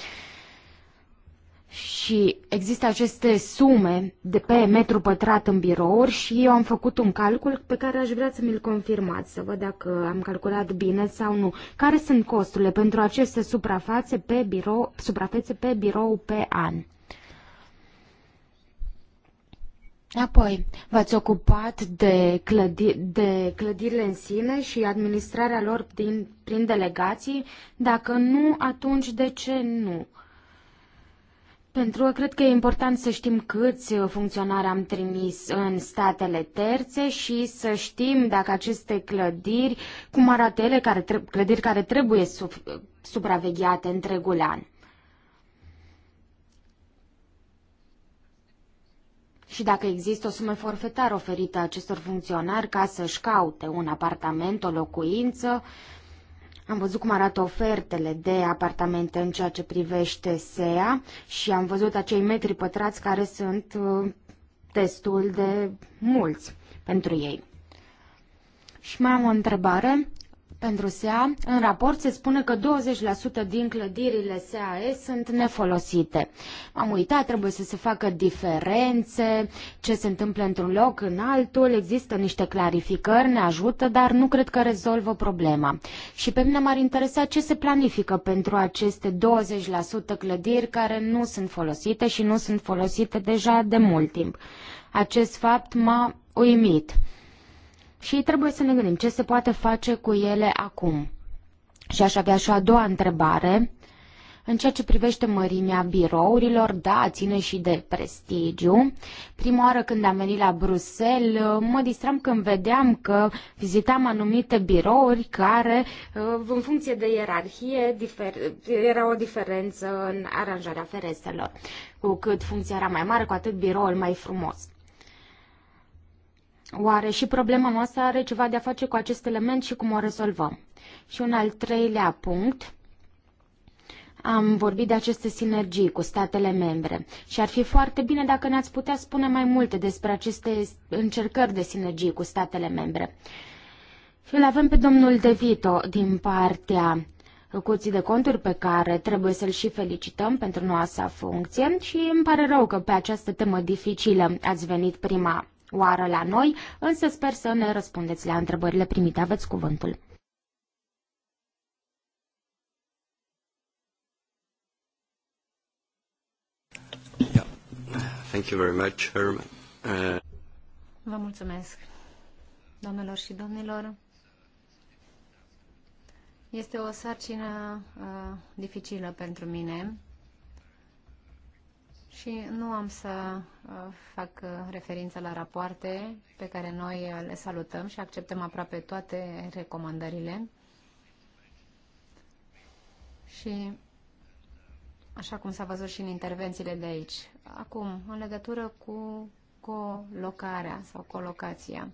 și există aceste sume de pe metru pătrat în birouri și eu am făcut un calcul pe care aș vrea să mi-l confirmați, să văd dacă am calculat bine sau nu. Care sunt costurile pentru aceste suprafețe pe birou, suprafețe pe birou pe an? Apoi, v-ați ocupat de, clădi- de clădirile în sine și administrarea lor din, prin delegații? Dacă nu, atunci de ce nu? Pentru că cred că e important să știm câți funcționari am trimis în statele terțe și să știm dacă aceste clădiri, cum arată ele, care clădiri care trebuie supravegheate întregul an. Și dacă există o sumă forfetară oferită acestor funcționari ca să-și caute un apartament, o locuință, uh, am văzut cum arată ofertele de apartamente în ceea ce privește SEA și am văzut acei metri pătrați care sunt uh, destul de mulți pentru ei. Și mai am o întrebare pentru SEA, în raport se spune că 20% din clădirile SAE sunt nefolosite. Am uitat, trebuie să se facă diferențe, ce se întâmplă într-un loc, în altul, există niște clarificări, ne ajută, dar nu cred că rezolvă problema. Și pe mine m-ar interesa ce se planifică pentru aceste 20% clădiri care nu sunt folosite și nu sunt folosite deja de mult timp. Acest fapt m-a uimit. Și trebuie să ne gândim ce se poate face cu ele acum. Și aș avea și a doua întrebare. În ceea ce privește mărimea birourilor, da, ține și de prestigiu. Prima oară când am venit la Bruxelles, mă distram când vedeam că vizitam anumite birouri care, uh, în funcție de ierarhie, era o diferență în aranjarea ferestelor. Cu cât funcția era mai mare, cu atât biroul mai frumos. Oare și problema noastră are ceva de a face cu acest element și cum o rezolvăm? Și un al treilea punct, am vorbit de aceste sinergii cu statele membre și ar fi foarte bine dacă ne-ați putea spune mai multe despre aceste încercări de sinergii cu statele membre. Și îl avem pe domnul De Vito din partea Curții de Conturi pe care trebuie să-l și felicităm pentru noua sa funcție și îmi pare rău că pe această temă dificilă ați venit prima oară la noi, însă sper să ne răspundeți la întrebările primite. Aveți cuvântul. Thank you very much, Herman. Uh... Vă mulțumesc, doamnelor și domnilor. Este o sarcină uh, dificilă pentru mine și nu am să uh, fac uh, referință la rapoarte pe care noi uh, le salutăm și acceptăm aproape toate recomandările. Și așa cum s-a văzut și în intervențiile de aici. Acum, în legătură cu colocarea sau colocația.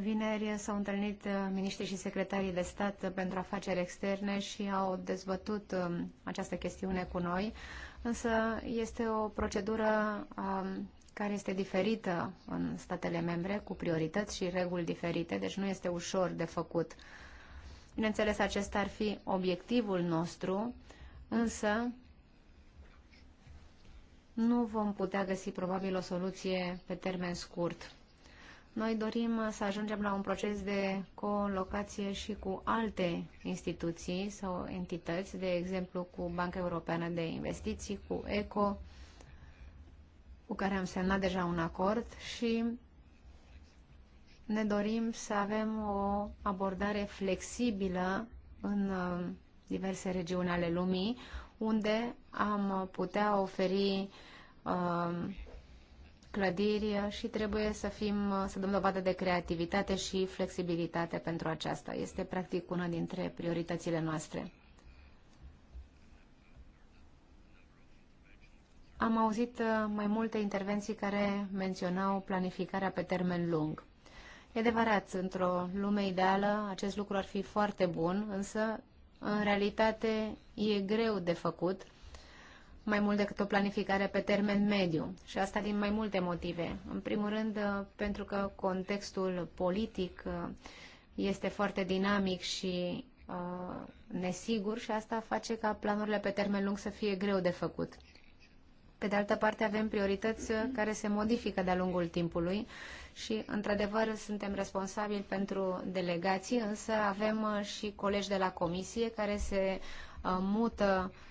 Vineri s-au întâlnit uh, miniștrii și secretarii de stat pentru afaceri externe și au dezbătut um, această chestiune cu noi, însă este o procedură um, care este diferită în statele membre, cu priorități și reguli diferite, deci nu este ușor de făcut. Bineînțeles, acesta ar fi obiectivul nostru, însă nu vom putea găsi probabil o soluție pe termen scurt. Noi dorim să ajungem la un proces de colocație și cu alte instituții sau entități, de exemplu cu Banca Europeană de Investiții, cu ECO, cu care am semnat deja un acord și ne dorim să avem o abordare flexibilă în uh, diverse regiuni ale lumii, unde am putea oferi uh, clădiri și trebuie să fim, să dăm dovadă de creativitate și flexibilitate pentru aceasta. Este practic una dintre prioritățile noastre. Am auzit uh, mai multe intervenții care menționau planificarea pe termen lung. E adevărat, într-o lume ideală acest lucru ar fi foarte bun, însă în realitate e greu de făcut mai mult decât o planificare pe termen mediu. Și asta din mai multe motive. În primul rând, uh, pentru că contextul politic uh, este foarte dinamic și uh, nesigur și asta face ca planurile pe termen lung să fie greu de făcut. Pe de altă parte, avem priorități care se modifică de-a lungul timpului și, într-adevăr, suntem responsabili pentru delegații, însă avem și colegi de la comisie care se mută uh,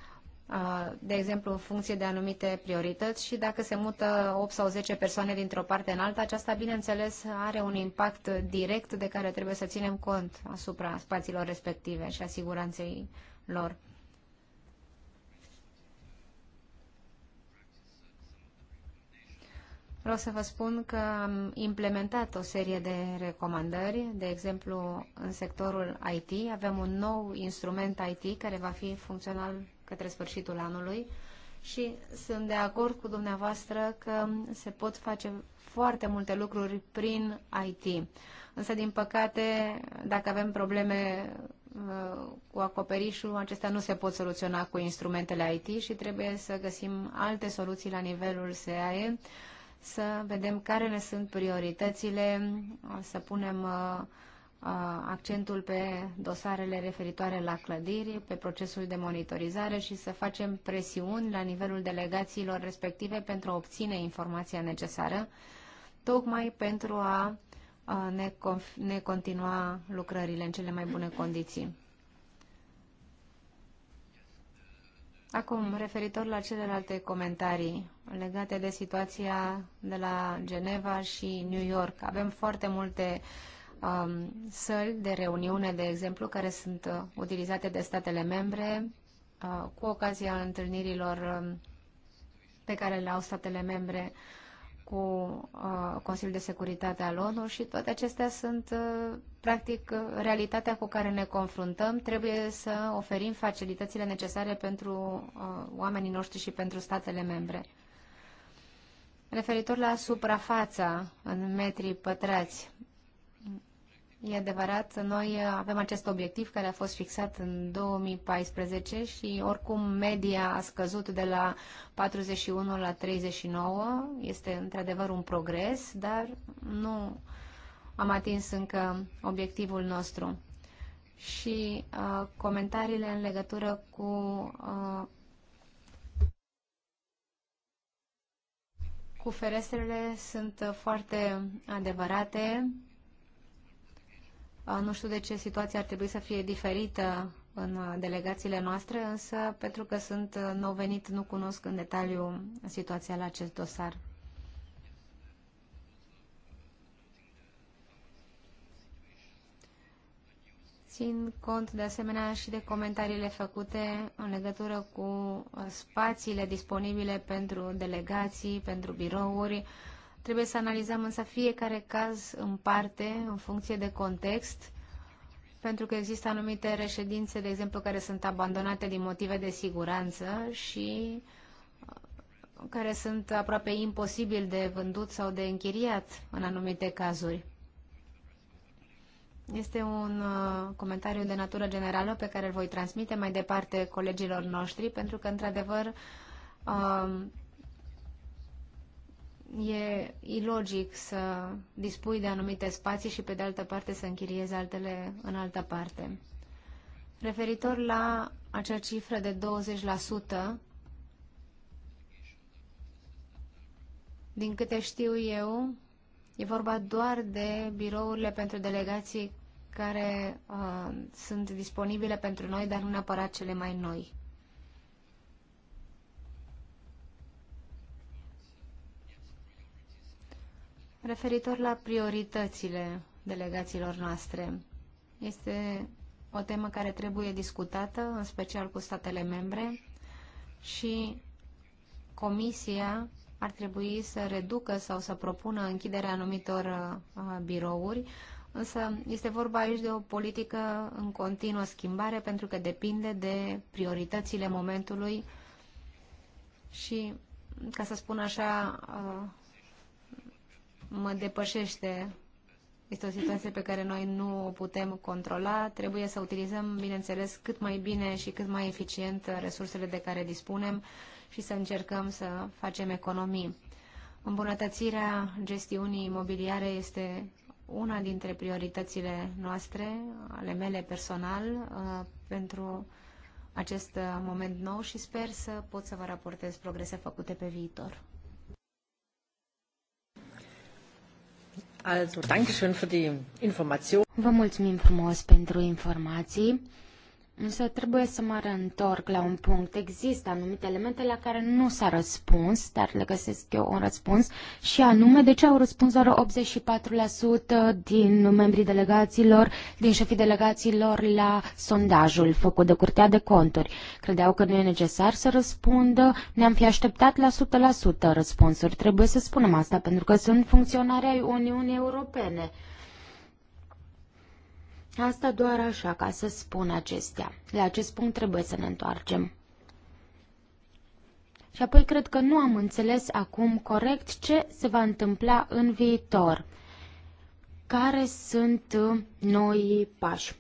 de exemplu, în funcție de anumite priorități și dacă se mută 8 sau 10 persoane dintr-o parte în alta, aceasta, bineînțeles, are un impact direct de care trebuie să ținem cont asupra spațiilor respective și a siguranței lor. Vreau să vă spun că am implementat o serie de recomandări, de exemplu, în sectorul IT avem un nou instrument IT care va fi funcțional către sfârșitul anului și sunt de acord cu dumneavoastră că se pot face foarte multe lucruri prin IT. Însă, din păcate, dacă avem probleme uh, cu acoperișul, acestea nu se pot soluționa cu instrumentele IT și trebuie să găsim alte soluții la nivelul SAE, să vedem care ne sunt prioritățile, să punem uh, accentul pe dosarele referitoare la clădiri, pe procesul de monitorizare și să facem presiuni la nivelul delegațiilor respective pentru a obține informația necesară, tocmai pentru a ne, ne continua lucrările în cele mai bune condiții. Acum, referitor la celelalte comentarii legate de situația de la Geneva și New York, avem foarte multe uh, um, săli de reuniune, de exemplu, care sunt uh, utilizate de statele membre uh, cu ocazia întâlnirilor um, pe care le au statele membre cu uh, Consiliul de Securitate al ONU și toate acestea sunt uh, practic uh, realitatea cu care ne confruntăm. Trebuie să oferim facilitățile necesare pentru uh, oamenii noștri și pentru statele membre. Referitor la suprafața în metri pătrați, E adevărat, noi avem acest obiectiv care a fost fixat în 2014 și oricum media a scăzut de la 41 la 39. Este într-adevăr un progres, dar nu am atins încă obiectivul nostru. Și uh, comentariile în legătură cu uh, cu ferestrele sunt foarte adevărate nu știu de ce situația ar trebui să fie diferită în delegațiile noastre, însă pentru că sunt nou venit, nu cunosc în detaliu situația la acest dosar. Țin cont de asemenea și de comentariile făcute în legătură cu spațiile disponibile pentru delegații, pentru birouri, Trebuie să analizăm însă fiecare caz în parte, în funcție de context, pentru că există anumite reședințe, de exemplu, care sunt abandonate din motive de siguranță și uh, care sunt aproape imposibil de vândut sau de închiriat în anumite cazuri. Este un uh, comentariu de natură generală pe care îl voi transmite mai departe colegilor noștri, pentru că, într-adevăr, uh, e ilogic să dispui de anumite spații și pe de altă parte să închiriezi altele în altă parte. Referitor la acea cifră de 20%, din câte știu eu, e vorba doar de birourile pentru delegații care uh, sunt disponibile pentru noi, dar nu neapărat cele mai noi. Referitor la prioritățile delegațiilor noastre, este o temă care trebuie discutată, în special cu statele membre și Comisia ar trebui să reducă sau să propună închiderea anumitor uh, birouri, însă este vorba aici de o politică în continuă schimbare pentru că depinde de prioritățile momentului și, ca să spun așa, uh, mă depășește. Este o situație pe care noi nu o putem controla. Trebuie să utilizăm, bineînțeles, cât mai bine și cât mai eficient resursele de care dispunem și să încercăm să facem economii. Îmbunătățirea gestiunii imobiliare este una dintre prioritățile noastre, ale mele personal, uh, pentru acest uh, moment nou și sper să pot să vă raportez progrese făcute pe viitor. Also, Dankeschön Vă mulțumim frumos pentru informații. Însă trebuie să mă reîntorc la un punct. Există anumite elemente la care nu s-a răspuns, dar le găsesc eu un răspuns, și anume de ce au răspuns doar 84% din membrii delegațiilor, din șefii delegațiilor la sondajul făcut de Curtea de Conturi. Credeau că nu e necesar să răspundă, ne-am fi așteptat la 100% răspunsuri. Trebuie să spunem asta, pentru că sunt funcționari ai Uniunii Europene. Asta doar așa, ca să spun acestea. La acest punct trebuie să ne întoarcem. Și apoi cred că nu am înțeles acum corect ce se va întâmpla în viitor. Care sunt uh, noi pași?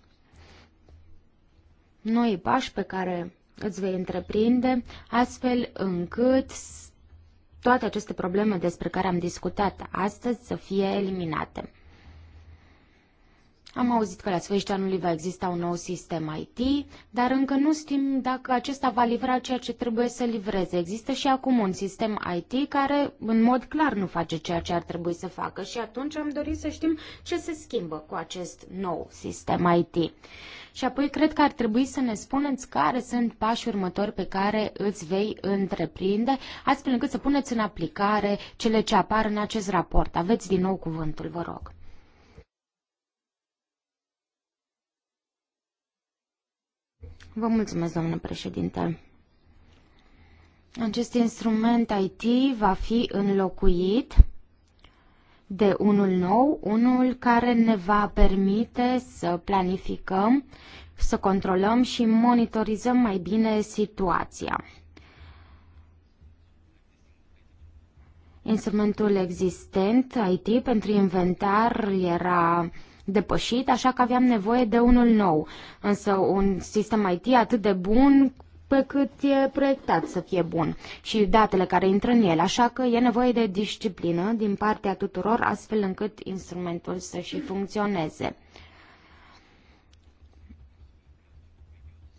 Noi pași pe care îți vei întreprinde, astfel încât toate aceste probleme despre care am discutat astăzi să fie eliminate. Am auzit că la sfârșitul anului va exista un nou sistem IT, dar încă nu știm dacă acesta va livra ceea ce trebuie să livreze. Există și acum un sistem IT care în mod clar nu face ceea ce ar trebui să facă și atunci am dorit să știm ce se schimbă cu acest nou sistem IT. Și apoi cred că ar trebui să ne spuneți care sunt pașii următori pe care îți vei întreprinde, astfel încât să puneți în aplicare cele ce apar în acest raport. Aveți din nou cuvântul, vă rog. Vă mulțumesc, domnule președinte. Acest instrument IT va fi înlocuit de unul nou, unul care ne va permite să planificăm, să controlăm și monitorizăm mai bine situația. Instrumentul existent IT pentru inventar era uh, depășit, așa că aveam nevoie de unul nou. Însă un sistem IT atât de bun pe cât e proiectat să fie bun și datele care intră în el, așa că e nevoie de disciplină din partea tuturor astfel încât instrumentul să și funcționeze.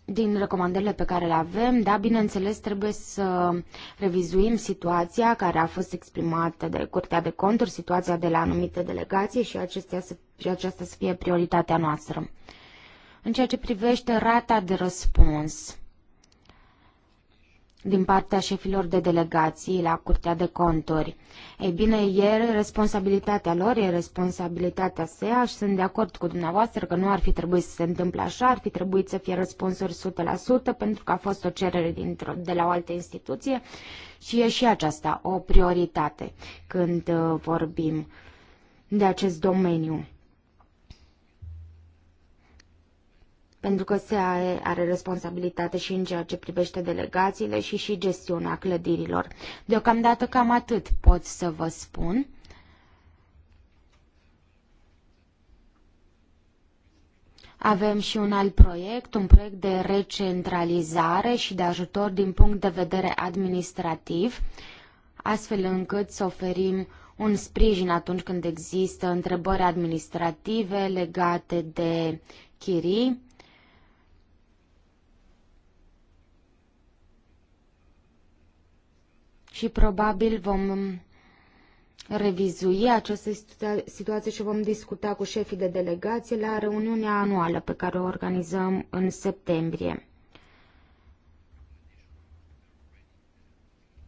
din recomandările pe care le avem, da, bineînțeles, trebuie să revizuim situația care a fost exprimată de Curtea de Conturi, situația de la anumite delegații și, acestea să, și aceasta să fie prioritatea noastră. În ceea ce privește rata de răspuns, din partea șefilor de delegații la Curtea de Conturi. Ei bine, e responsabilitatea lor, e responsabilitatea SEA și sunt de acord cu dumneavoastră că nu ar fi trebuit să se întâmple așa, ar fi trebuit să fie răspunsuri 100% pentru că a fost o cerere dintr-o, de la o altă instituție și e și aceasta o prioritate când uh, vorbim de acest domeniu. pentru că SAE are responsabilitate și în ceea ce privește delegațiile și și gestiunea clădirilor. Deocamdată cam atât pot să vă spun. Avem și un alt proiect, un proiect de recentralizare și de ajutor din punct de vedere administrativ, astfel încât să oferim un sprijin atunci când există întrebări administrative legate de chirii și probabil vom revizui această situație și vom discuta cu șefii de delegație la reuniunea anuală pe care o organizăm în septembrie.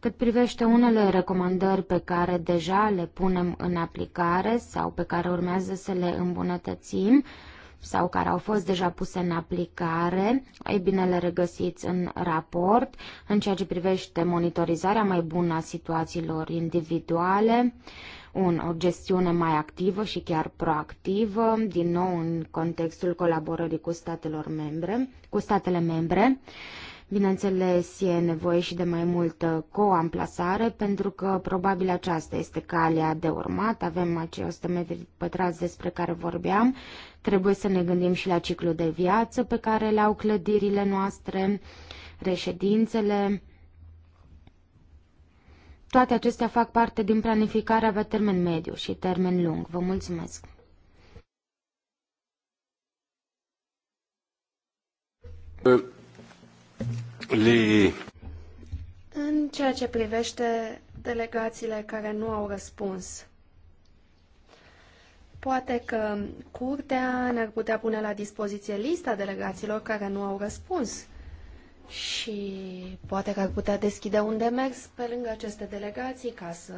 Cât privește unele recomandări pe care deja le punem în aplicare sau pe care urmează să le îmbunătățim, sau care au fost deja puse în aplicare, ei bine le regăsiți în raport, în ceea ce privește monitorizarea mai bună a situațiilor individuale, un, o gestiune mai activă și chiar proactivă, din nou în contextul colaborării cu, statelor membre, cu statele membre, Bineînțeles, e nevoie și de mai multă coamplasare, pentru că probabil aceasta este calea de urmat. Avem acei 100 metri pătrați despre care vorbeam. Trebuie să ne gândim și la ciclul de viață pe care le au clădirile noastre, reședințele. Toate acestea fac parte din planificarea pe termen mediu și termen lung. Vă mulțumesc! Uh. În ceea ce privește delegațiile care nu au răspuns, poate că curtea ne-ar putea pune la dispoziție lista delegațiilor care nu au răspuns și poate că ar putea deschide un demers pe lângă aceste delegații ca să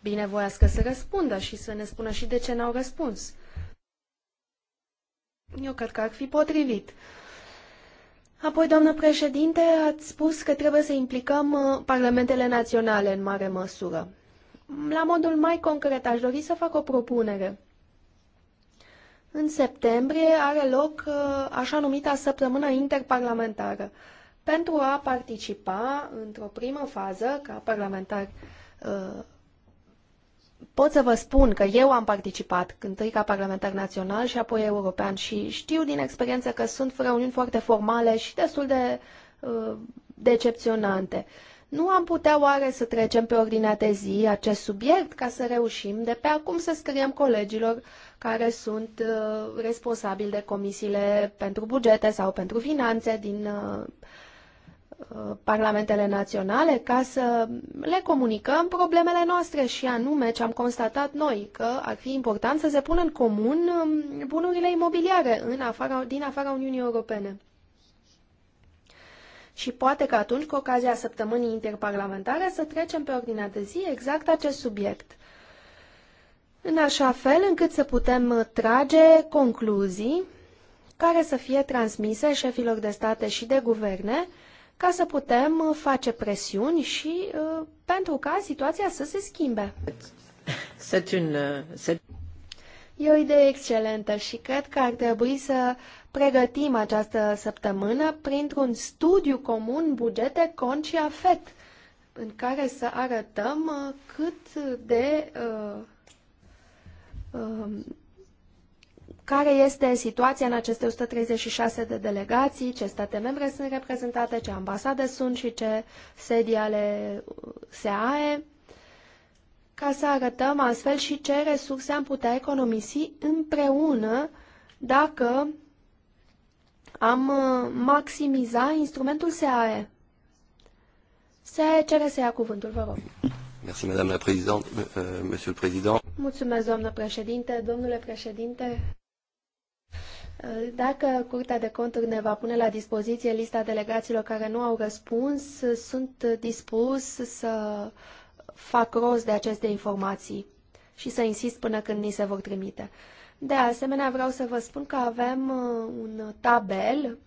binevoiască să răspundă și să ne spună și de ce n-au răspuns. Eu cred că ar fi potrivit. Apoi, doamnă președinte, ați spus că trebuie să implicăm uh, parlamentele naționale în mare măsură. La modul mai concret, aș dori să fac o propunere. În septembrie are loc uh, așa numita săptămână interparlamentară. Pentru a participa într-o primă fază, ca parlamentar uh, pot să vă spun că eu am participat întâi ca parlamentar național și apoi european și știu din experiență că sunt reuniuni foarte formale și destul de uh, decepționante. Nu am putea oare să trecem pe ordinea de zi acest subiect ca să reușim de pe acum să scriem colegilor care sunt uh, responsabili de comisiile pentru bugete sau pentru finanțe din uh, Uh, parlamentele naționale ca să le comunicăm problemele noastre și anume ce am constatat noi, că ar fi important să se pună în comun um, bunurile imobiliare în afara, din afara Uniunii Europene. Și poate că atunci, cu ocazia săptămânii interparlamentare, să trecem pe ordinea de zi exact acest subiect. În așa fel încât să putem trage concluzii care să fie transmise șefilor de state și de guverne ca să putem uh, face presiuni și uh, pentru ca situația să se schimbe. Uh, e o idee excelentă și cred că ar trebui să pregătim această săptămână printr-un studiu comun bugete cont și afet, în care să arătăm cât de uh, uh, care este situația în aceste 136 de delegații, ce state membre sunt reprezentate, ce ambasade sunt și ce sedii ale SAE, ca să arătăm astfel și ce resurse am putea economisi împreună dacă am uh, maximiza instrumentul SAE. Se cere să ia cuvântul, vă rog. Merci, Madame la Présidente, euh, Monsieur le Président. Mulțumesc, doamnă președinte, domnule președinte. Dacă Curtea de Conturi ne va pune la dispoziție lista delegaților care nu au răspuns, sunt dispus să fac rost de aceste informații și să insist până când ni se vor trimite. De asemenea, vreau să vă spun că avem uh, un tabel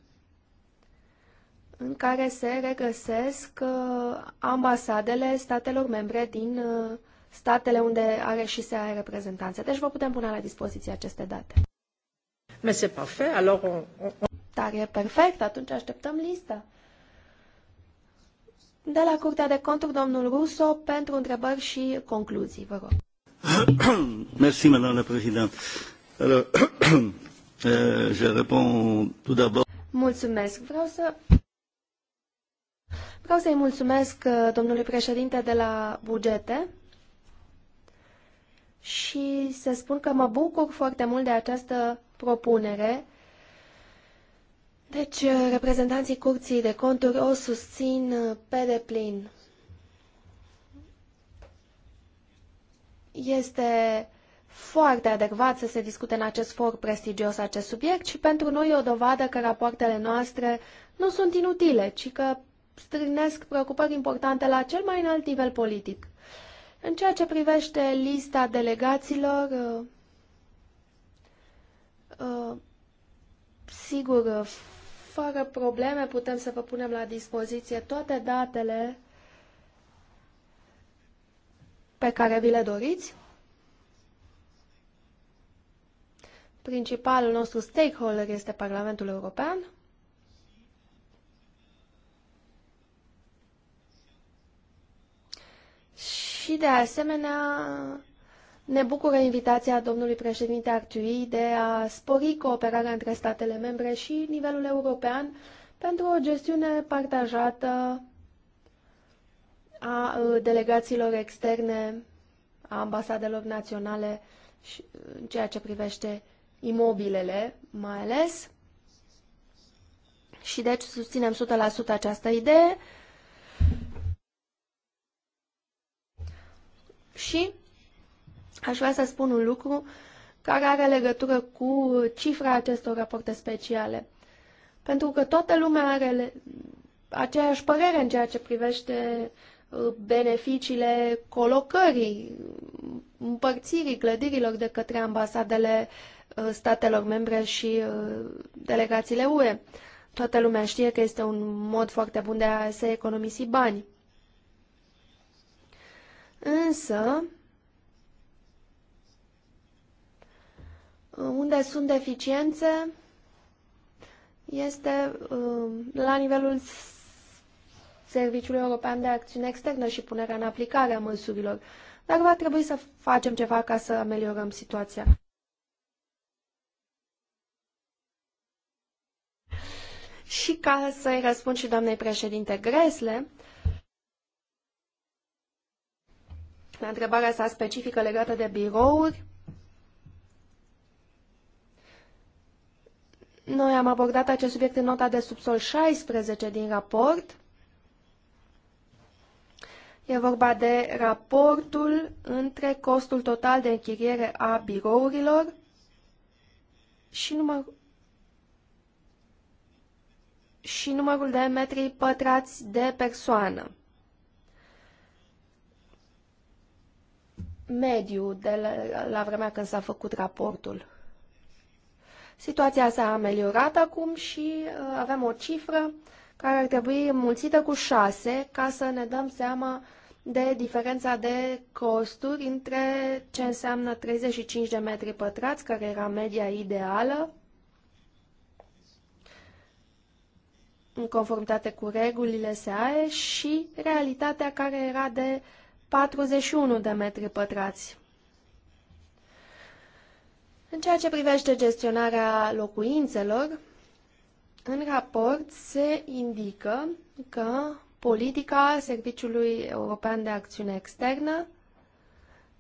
în care se regăsesc uh, ambasadele statelor membre din uh, statele unde are și se are reprezentanțe. Deci vă putem pune la dispoziție aceste date. Mais c'est parfait, alors on... on... on... Dar e perfect, atunci așteptăm lista. De la Curtea de Conturi, domnul Russo, pentru întrebări și concluzii, vă rog. Merci, madame présidente. Alors, euh, je réponds tout d'abord. Mulțumesc. Vreau să Vreau să-i mulțumesc uh, domnului președinte de la bugete și să spun că mă bucur foarte mult de această propunere. Deci, uh, reprezentanții Curții de Conturi o susțin uh, pe deplin. Este foarte adecvat să se discute în acest for prestigios acest subiect și pentru noi e o dovadă că rapoartele noastre nu sunt inutile, ci că strânesc preocupări importante la cel mai înalt nivel politic. În ceea ce privește lista delegaților, uh, Uh, sigur, uh, fără probleme putem să vă punem la dispoziție toate datele pe care vi le doriți. Principalul nostru stakeholder este Parlamentul European. Și de asemenea ne bucură invitația domnului președinte Arciui de a spori cooperarea între statele membre și nivelul european pentru o gestiune partajată a uh, delegațiilor externe, a ambasadelor naționale și uh, în ceea ce privește imobilele, mai ales. Și deci susținem 100% această idee. Și Aș vrea să spun un lucru care are legătură cu cifra acestor rapoarte speciale. Pentru că toată lumea are aceeași părere în ceea ce privește uh, beneficiile colocării, împărțirii clădirilor de către ambasadele uh, statelor membre și uh, delegațiile UE. Toată lumea știe că este un mod foarte bun de a se economisi bani. Însă, Unde sunt deficiențe este uh, la nivelul Serviciului European de Acțiune Externă și punerea în aplicare a măsurilor, dar va trebui să facem ceva ca să ameliorăm situația. Și ca să-i răspund și doamnei președinte Gresle, la întrebarea sa specifică legată de birouri, Noi am abordat acest subiect în nota de subsol 16 din raport. E vorba de raportul între costul total de închiriere a birourilor și numărul și numărul de metri pătrați de persoană. Mediu de la, la vremea când s-a făcut raportul. Situația s-a ameliorat acum și uh, avem o cifră care ar trebui mulțită cu 6 ca să ne dăm seama de diferența de costuri între ce înseamnă 35 de metri pătrați, care era media ideală, în conformitate cu regulile SAE, și realitatea care era de 41 de metri pătrați. În ceea ce privește gestionarea locuințelor, în raport se indică că politica Serviciului European de Acțiune Externă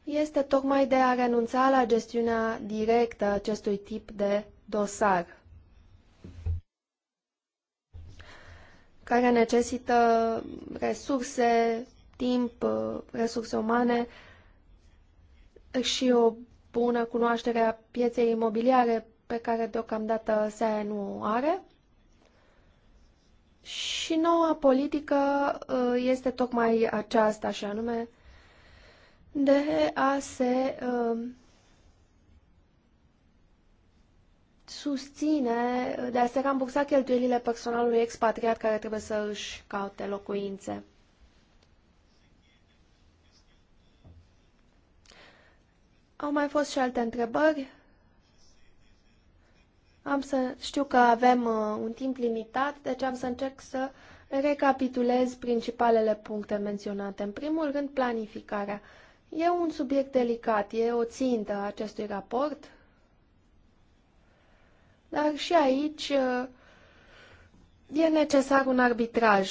este tocmai de a renunța la gestiunea directă acestui tip de dosar, care necesită resurse, timp, resurse umane și o bună cunoașterea pieței imobiliare pe care deocamdată SAE nu are. Și noua politică uh, este tocmai aceasta, și anume de a se uh, susține, de a se rambursa cheltuielile personalului expatriat care trebuie să își caute locuințe. Au mai fost și alte întrebări. Am să știu că avem uh, un timp limitat, deci am să încerc să recapitulez principalele puncte menționate. În primul rând, planificarea. E un subiect delicat, e o țintă a acestui raport, dar și aici uh, e necesar un arbitraj.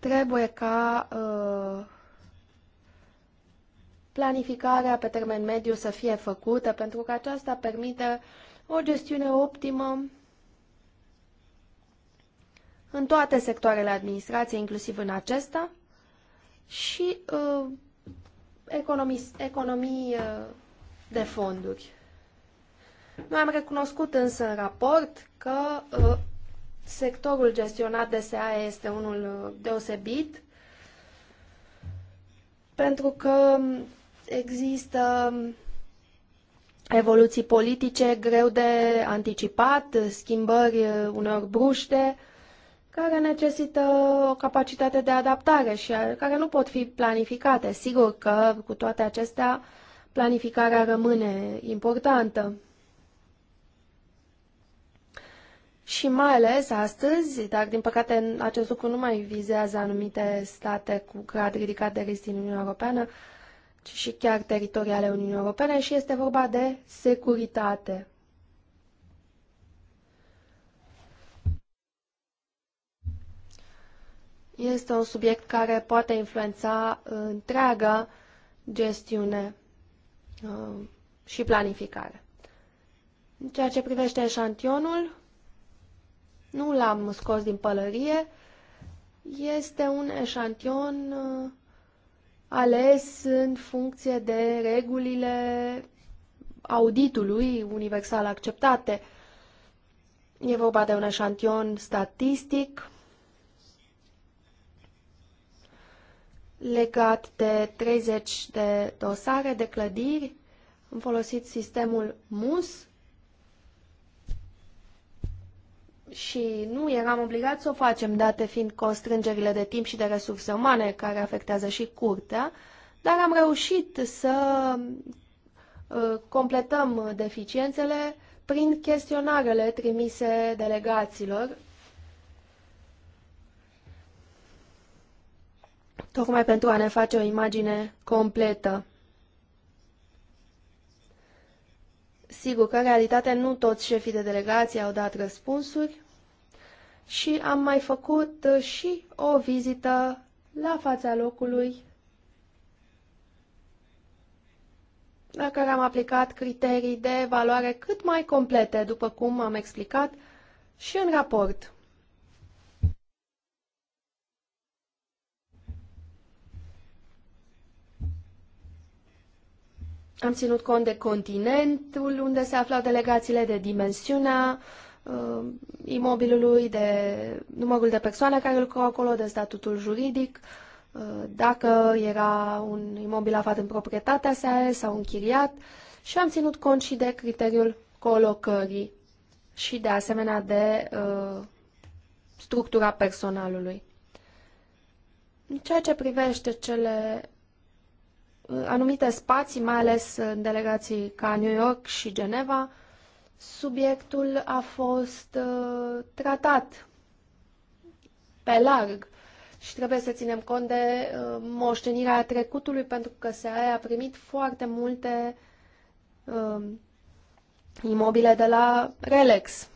Trebuie ca uh, planificarea pe termen mediu să fie făcută, pentru că aceasta permite o gestiune optimă în toate sectoarele administrației, inclusiv în acesta, și uh, economii, economii uh, de fonduri. Noi am recunoscut însă în raport că uh, Sectorul gestionat de SAE este unul deosebit pentru că există evoluții politice greu de anticipat, schimbări unor bruște, care necesită o capacitate de adaptare și care nu pot fi planificate. Sigur că cu toate acestea planificarea rămâne importantă. și mai ales astăzi, dar din păcate acest lucru nu mai vizează anumite state cu grad ridicat de risc din Uniunea Europeană, ci și chiar teritorii ale Uniunii Europene și este vorba de securitate. Este un subiect care poate influența întreaga gestiune uh, și planificare. În ceea ce privește eșantionul, nu l-am scos din pălărie, este un eșantion uh, ales în funcție de regulile auditului universal acceptate. E vorba de un eșantion statistic legat de 30 de dosare de clădiri. Am folosit sistemul MUS și nu eram obligat să o facem, date fiind constrângerile de timp și de resurse umane care afectează și curtea, dar am reușit să uh, completăm deficiențele prin chestionarele trimise delegaților, tocmai pentru a ne face o imagine completă Sigur că, în realitate, nu toți șefii de delegație au dat răspunsuri și am mai făcut uh, și o vizită la fața locului la care am aplicat criterii de evaluare cât mai complete, după cum am explicat și în raport. Am ținut cont de continentul unde se aflau delegațiile, de dimensiunea uh, imobilului, de numărul de persoane care lucrau acolo, de statutul juridic, uh, dacă era un imobil aflat în proprietatea sa sau închiriat și am ținut cont și de criteriul colocării și de asemenea de uh, structura personalului. În ceea ce privește cele anumite spații, mai ales în delegații ca New York și Geneva, subiectul a fost uh, tratat pe larg și trebuie să ținem cont de uh, moștenirea trecutului pentru că se a primit foarte multe uh, imobile de la Relex.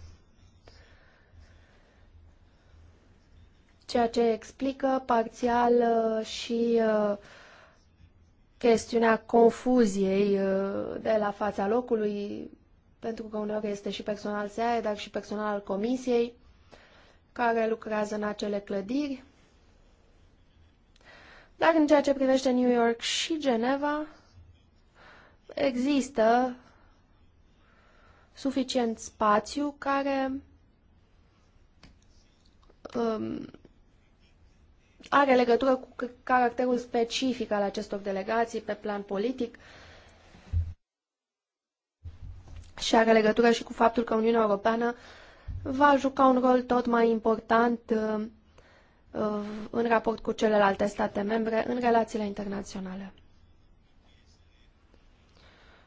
Ceea ce explică parțial și uh, chestiunea confuziei uh, de la fața locului, pentru că uneori este și personal SEAE, dar și personal al comisiei care lucrează în acele clădiri. Dar în ceea ce privește New York și Geneva, există suficient spațiu care um, are legătură cu caracterul specific al acestor delegații pe plan politic și are legătură și cu faptul că Uniunea Europeană va juca un rol tot mai important uh, uh, în raport cu celelalte state membre în relațiile internaționale.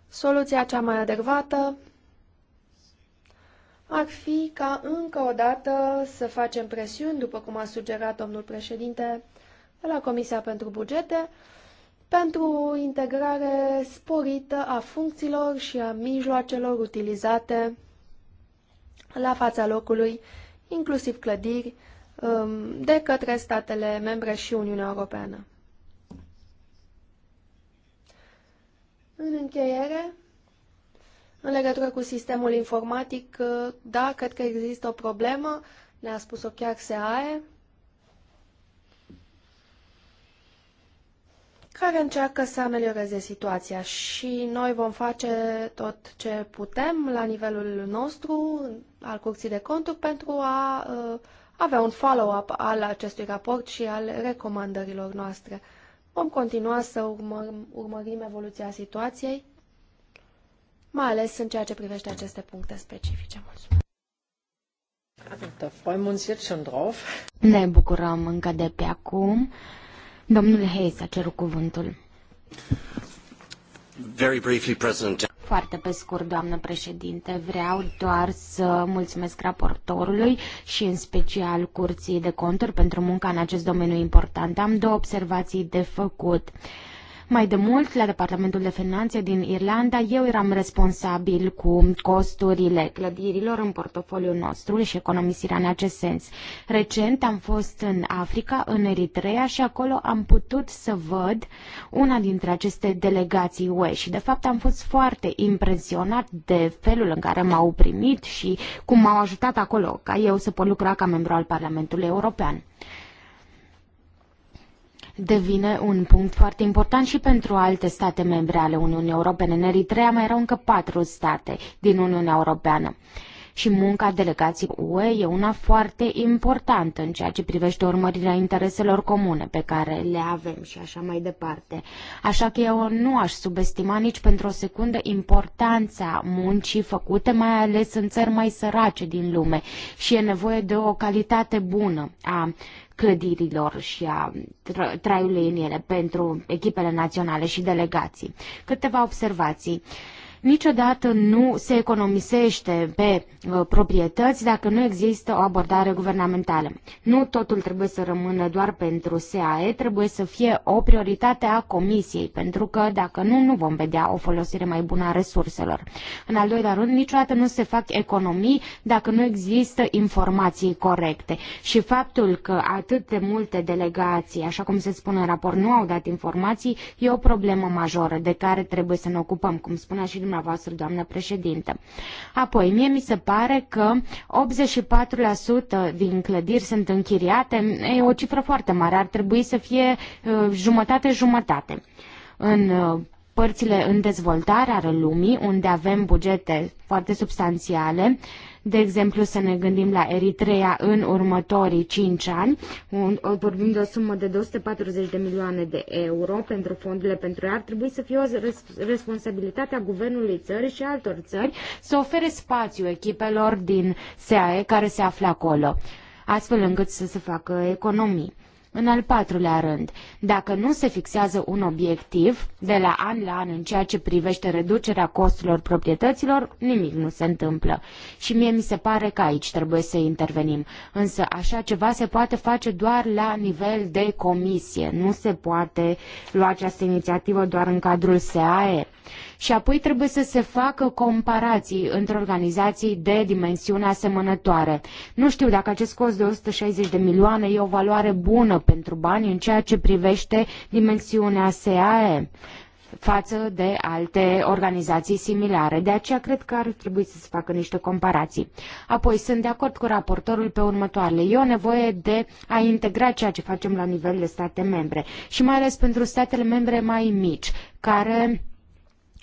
Soluția cea mai adecvată ar fi ca încă o dată să facem presiuni, după cum a sugerat domnul președinte de la Comisia pentru Bugete, pentru integrare sporită a funcțiilor și a mijloacelor utilizate la fața locului, inclusiv clădiri, um, de către statele membre și Uniunea Europeană. În încheiere, în legătură cu sistemul informatic, uh, da, cred că există o problemă, ne-a spus-o chiar SEAE, care încearcă să amelioreze situația și noi vom face tot ce putem la nivelul nostru al Curții de Conturi pentru a uh, avea un follow-up al acestui raport și al recomandărilor noastre. Vom continua să urmărim, urmărim evoluția situației mai ales în ceea ce privește aceste puncte specifice. Mulțumesc! Da, ne bucurăm încă de pe acum. Domnul Hayes a cerut cuvântul. Very briefly, President. Foarte pe scurt, doamnă președinte, vreau doar să mulțumesc raportorului și în special Curții de Conturi pentru munca în acest domeniu important. Am două observații de făcut. Mai de mult, la Departamentul de Finanțe din Irlanda, eu eram responsabil cu costurile clădirilor în portofoliul nostru și economisirea în acest sens. Recent am fost în Africa, în Eritrea și acolo am putut să văd una dintre aceste delegații UE și de fapt am fost foarte impresionat de felul în care m-au primit și cum m-au ajutat acolo ca eu să pot lucra ca membru al Parlamentului European devine un punct foarte important și pentru alte state membre ale Uniunii Europene. În Eritrea mai erau încă patru state din Uniunea Europeană. Și munca delegației UE e una foarte importantă în ceea ce privește urmărirea intereselor comune pe care le avem și așa mai departe. Așa că eu nu aș subestima nici pentru o secundă importanța muncii făcute, mai ales în țări mai sărace din lume. Și e nevoie de o calitate bună a clădirilor și a traiului în ele pentru echipele naționale și delegații. Câteva observații. Niciodată nu se economisește pe uh, proprietăți dacă nu există o abordare guvernamentală. Nu totul trebuie să rămână doar pentru SAE, trebuie să fie o prioritate a Comisiei, pentru că dacă nu, nu vom vedea o folosire mai bună a resurselor. În al doilea rând, niciodată nu se fac economii dacă nu există informații corecte. Și faptul că atât de multe delegații, așa cum se spune în raport, nu au dat informații, e o problemă majoră de care trebuie să ne ocupăm, cum spunea și dumneavoastră dumneavoastră, doamnă președinte. Apoi, mie mi se pare că 84% din clădiri sunt închiriate, e o cifră foarte mare, ar trebui să fie jumătate-jumătate. Uh, în uh, părțile în dezvoltare ale lumii, unde avem bugete foarte substanțiale, uh, de exemplu, să ne gândim la Eritrea în următorii 5 ani, vorbim de o sumă de 240 de milioane de euro pentru fondurile pentru ea, ar trebui să fie o responsabilitatea guvernului țării și altor țări să ofere spațiu echipelor din SAE care se află acolo, astfel încât să se facă economii. În al patrulea rând, dacă nu se fixează un obiectiv de la an la an în ceea ce privește reducerea costurilor proprietăților, nimic nu se întâmplă. Și mie mi se pare că aici trebuie să intervenim. Însă așa ceva se poate face doar la nivel de comisie. Nu se poate lua această inițiativă doar în cadrul SAE și apoi trebuie să se facă comparații între organizații de dimensiune asemănătoare. Nu știu dacă acest cost de 160 de milioane e o valoare bună pentru bani în ceea ce privește dimensiunea SAE față de alte organizații similare. De aceea cred că ar trebui să se facă niște comparații. Apoi sunt de acord cu raportorul pe următoarele. E o nevoie de a integra ceea ce facem la nivel de state membre și mai ales pentru statele membre mai mici, care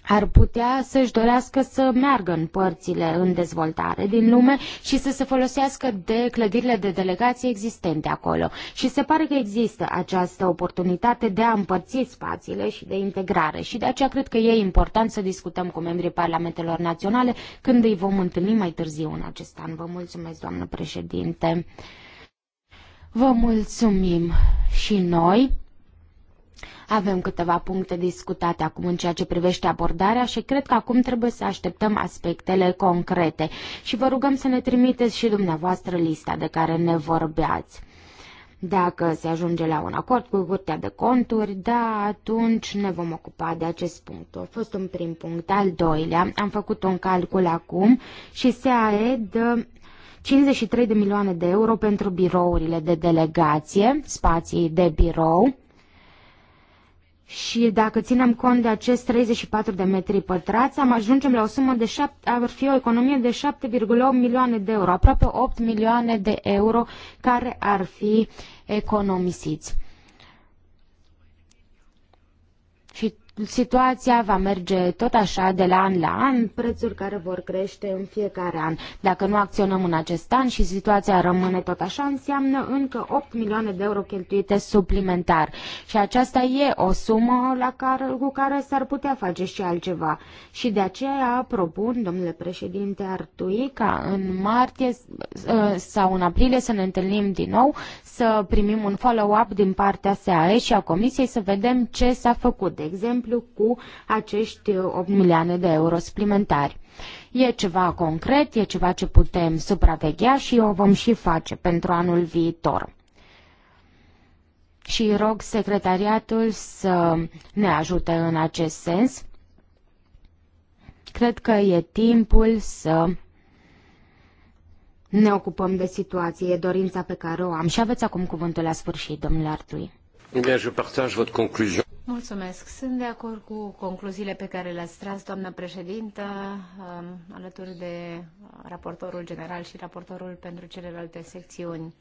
ar putea să-și dorească să meargă în părțile în dezvoltare din lume și să se folosească de clădirile de delegație existente acolo. Și se pare că există această oportunitate de a împărți spațiile și de integrare și de aceea cred că e important să discutăm cu membrii Parlamentelor Naționale când îi vom întâlni mai târziu în acest an. Vă mulțumesc, doamnă președinte! Vă mulțumim și noi! Avem câteva puncte discutate acum în ceea ce privește abordarea și cred că acum trebuie să așteptăm aspectele concrete și vă rugăm să ne trimiteți și dumneavoastră lista de care ne vorbeați. Dacă se ajunge la un acord cu Curtea de Conturi, da, atunci ne vom ocupa de acest punct. A fost un prim punct. Al doilea, am făcut un calcul acum și se aed 53 de milioane de euro pentru birourile de delegație, spații de birou. Și dacă ținem cont de acest 34 de metri pătrați, am ajungem la o sumă de 7, ar fi o economie de 7,8 milioane de euro, aproape 8 milioane de euro care ar fi economisiți. Și situația va merge tot așa de la an la an, prețuri care vor crește în fiecare an. Dacă nu acționăm în acest an și situația rămâne tot așa, înseamnă încă 8 milioane de euro cheltuite suplimentar. Și aceasta e o sumă la care, cu care s-ar putea face și altceva. Și de aceea propun, domnule președinte Artui, ca în martie ă, sau în aprilie să ne întâlnim din nou, să primim un follow-up din partea SAE și a Comisiei să vedem ce s-a făcut. De exemplu, exemplu, cu acești 8 milioane de euro suplimentari. E ceva concret, e ceva ce putem supraveghea și o vom și face pentru anul viitor și rog secretariatul să ne ajute în acest sens. Cred că e timpul să ne ocupăm de situație, e dorința pe care o am și aveți acum cuvântul la sfârșit, domnule Artui. Eh Bine, je partage votre conclusion. Mulțumesc. Sunt de acord cu concluziile pe care le-ați tras, doamnă președintă, um, alături de uh, raportorul general și raportorul pentru celelalte secțiuni.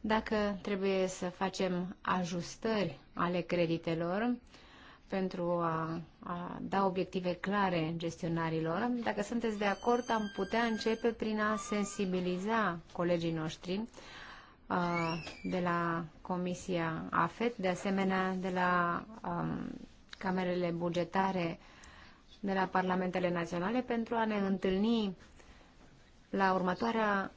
Dacă trebuie să facem ajustări ale creditelor pentru a, a da obiective clare gestionarilor, dacă sunteți de acord, am putea începe prin a sensibiliza colegii noștri de la Comisia AFET, de asemenea de la um, camerele bugetare de la Parlamentele Naționale pentru a ne întâlni la următoarea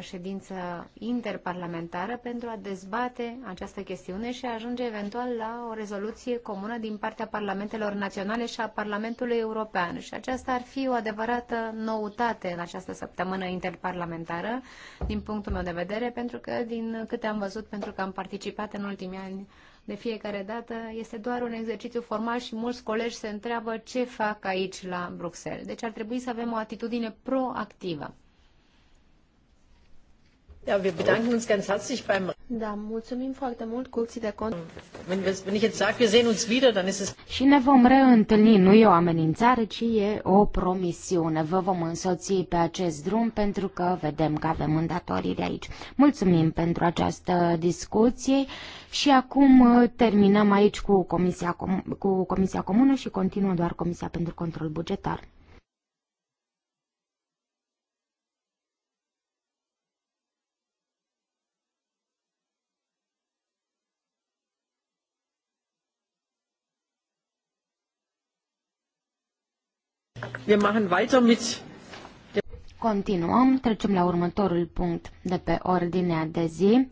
ședință interparlamentară pentru a dezbate această chestiune și a ajunge eventual la o rezoluție comună din partea parlamentelor naționale și a Parlamentului European. Și aceasta ar fi o adevărată noutate în această săptămână interparlamentară, din punctul meu de vedere, pentru că, din câte am văzut, pentru că am participat în ultimii ani de fiecare dată, este doar un exercițiu formal și mulți colegi se întreabă ce fac aici la Bruxelles. Deci ar trebui să avem o atitudine proactivă. Da, mulțumim foarte mult curții de cont. Și ne vom reîntâlni, nu e o amenințare, ci e o promisiune. Vă vom însoți pe acest drum pentru că vedem că avem de aici. Mulțumim pentru această discuție și acum uh, terminăm aici cu Comisia, Com- cu Comisia Comună și continuă doar Comisia pentru Control Bugetar. Continuăm, trecem la următorul punct de pe ordinea de zi,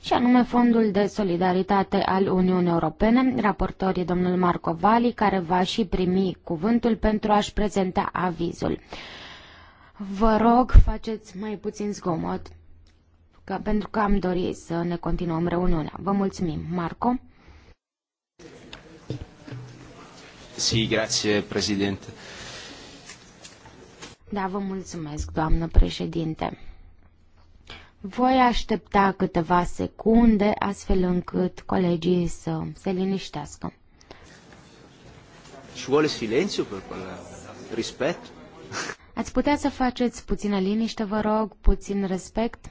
și anume Fondul de Solidaritate al Uniunii Europene. Raportor e domnul Marco Vali, care va și primi cuvântul pentru a-și prezenta avizul. Vă rog, faceți mai puțin zgomot, că, pentru că am dorit să ne continuăm reuniunea. Vă mulțumim, Marco. Sì, sí, grazie Presidente. Da, vă mulțumesc, doamnă președinte. Voi aștepta câteva secunde, astfel încât colegii să se liniștească. Și vuole silențiu pe respect? Ați putea să faceți puțină liniște, vă rog, puțin respect?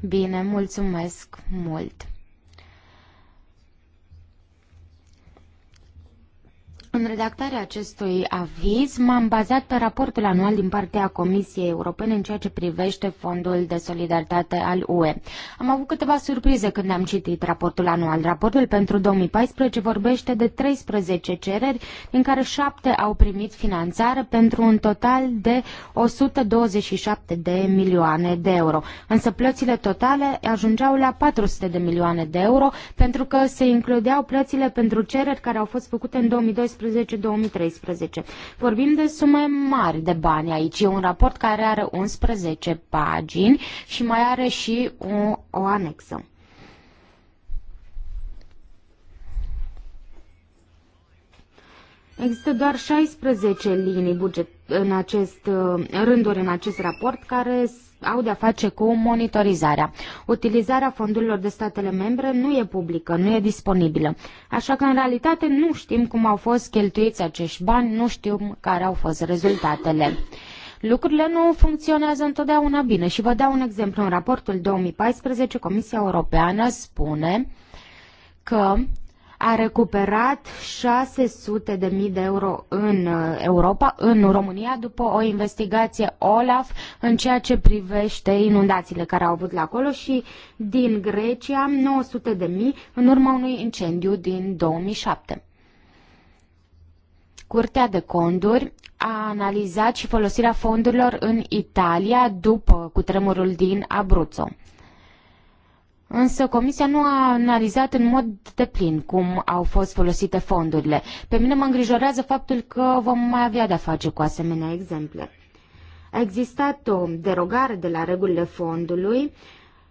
Bine, mulțumesc mult. În redactarea acestui aviz m-am bazat pe raportul anual din partea Comisiei Europene în ceea ce privește Fondul de Solidaritate al UE. Am avut câteva surprize când am citit raportul anual. Raportul pentru 2014 vorbește de 13 cereri, din care 7 au primit finanțare pentru un total de 127 de milioane de euro. Însă plățile totale ajungeau la 400 de milioane de euro pentru că se includeau plățile pentru cereri care au fost făcute în 2012 2012-2013. Vorbim de sume mari de bani aici. E un raport care are 11 pagini și mai are și o, o anexă. Există doar 16 linii buget în acest uh, rânduri în acest raport care au de-a face cu monitorizarea. Utilizarea fondurilor de statele membre nu e publică, nu e disponibilă. Așa că, în realitate, nu știm cum au fost cheltuiți acești bani, nu știm care au fost rezultatele. Lucrurile nu funcționează întotdeauna bine și vă dau un exemplu. În raportul 2014, Comisia Europeană spune că a recuperat 600.000 de de euro în uh, Europa, în România, după o investigație OLAF în ceea ce privește inundațiile care au avut la acolo și din Grecia 900.000 de mii în urma unui incendiu din 2007. Curtea de Conduri a analizat și folosirea fondurilor în Italia după cutremurul din Abruzzo. Însă Comisia nu a analizat în mod deplin cum au fost folosite fondurile. Pe mine mă îngrijorează faptul că vom mai avea de-a face cu asemenea exemple. A existat o derogare de la regulile fondului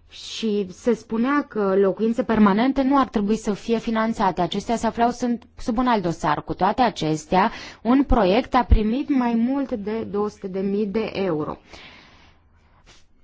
și se spunea că locuințe permanente nu ar trebui să fie finanțate. Acestea se aflau sub un alt dosar. Cu toate acestea, un proiect a primit mai mult de 200.000 de euro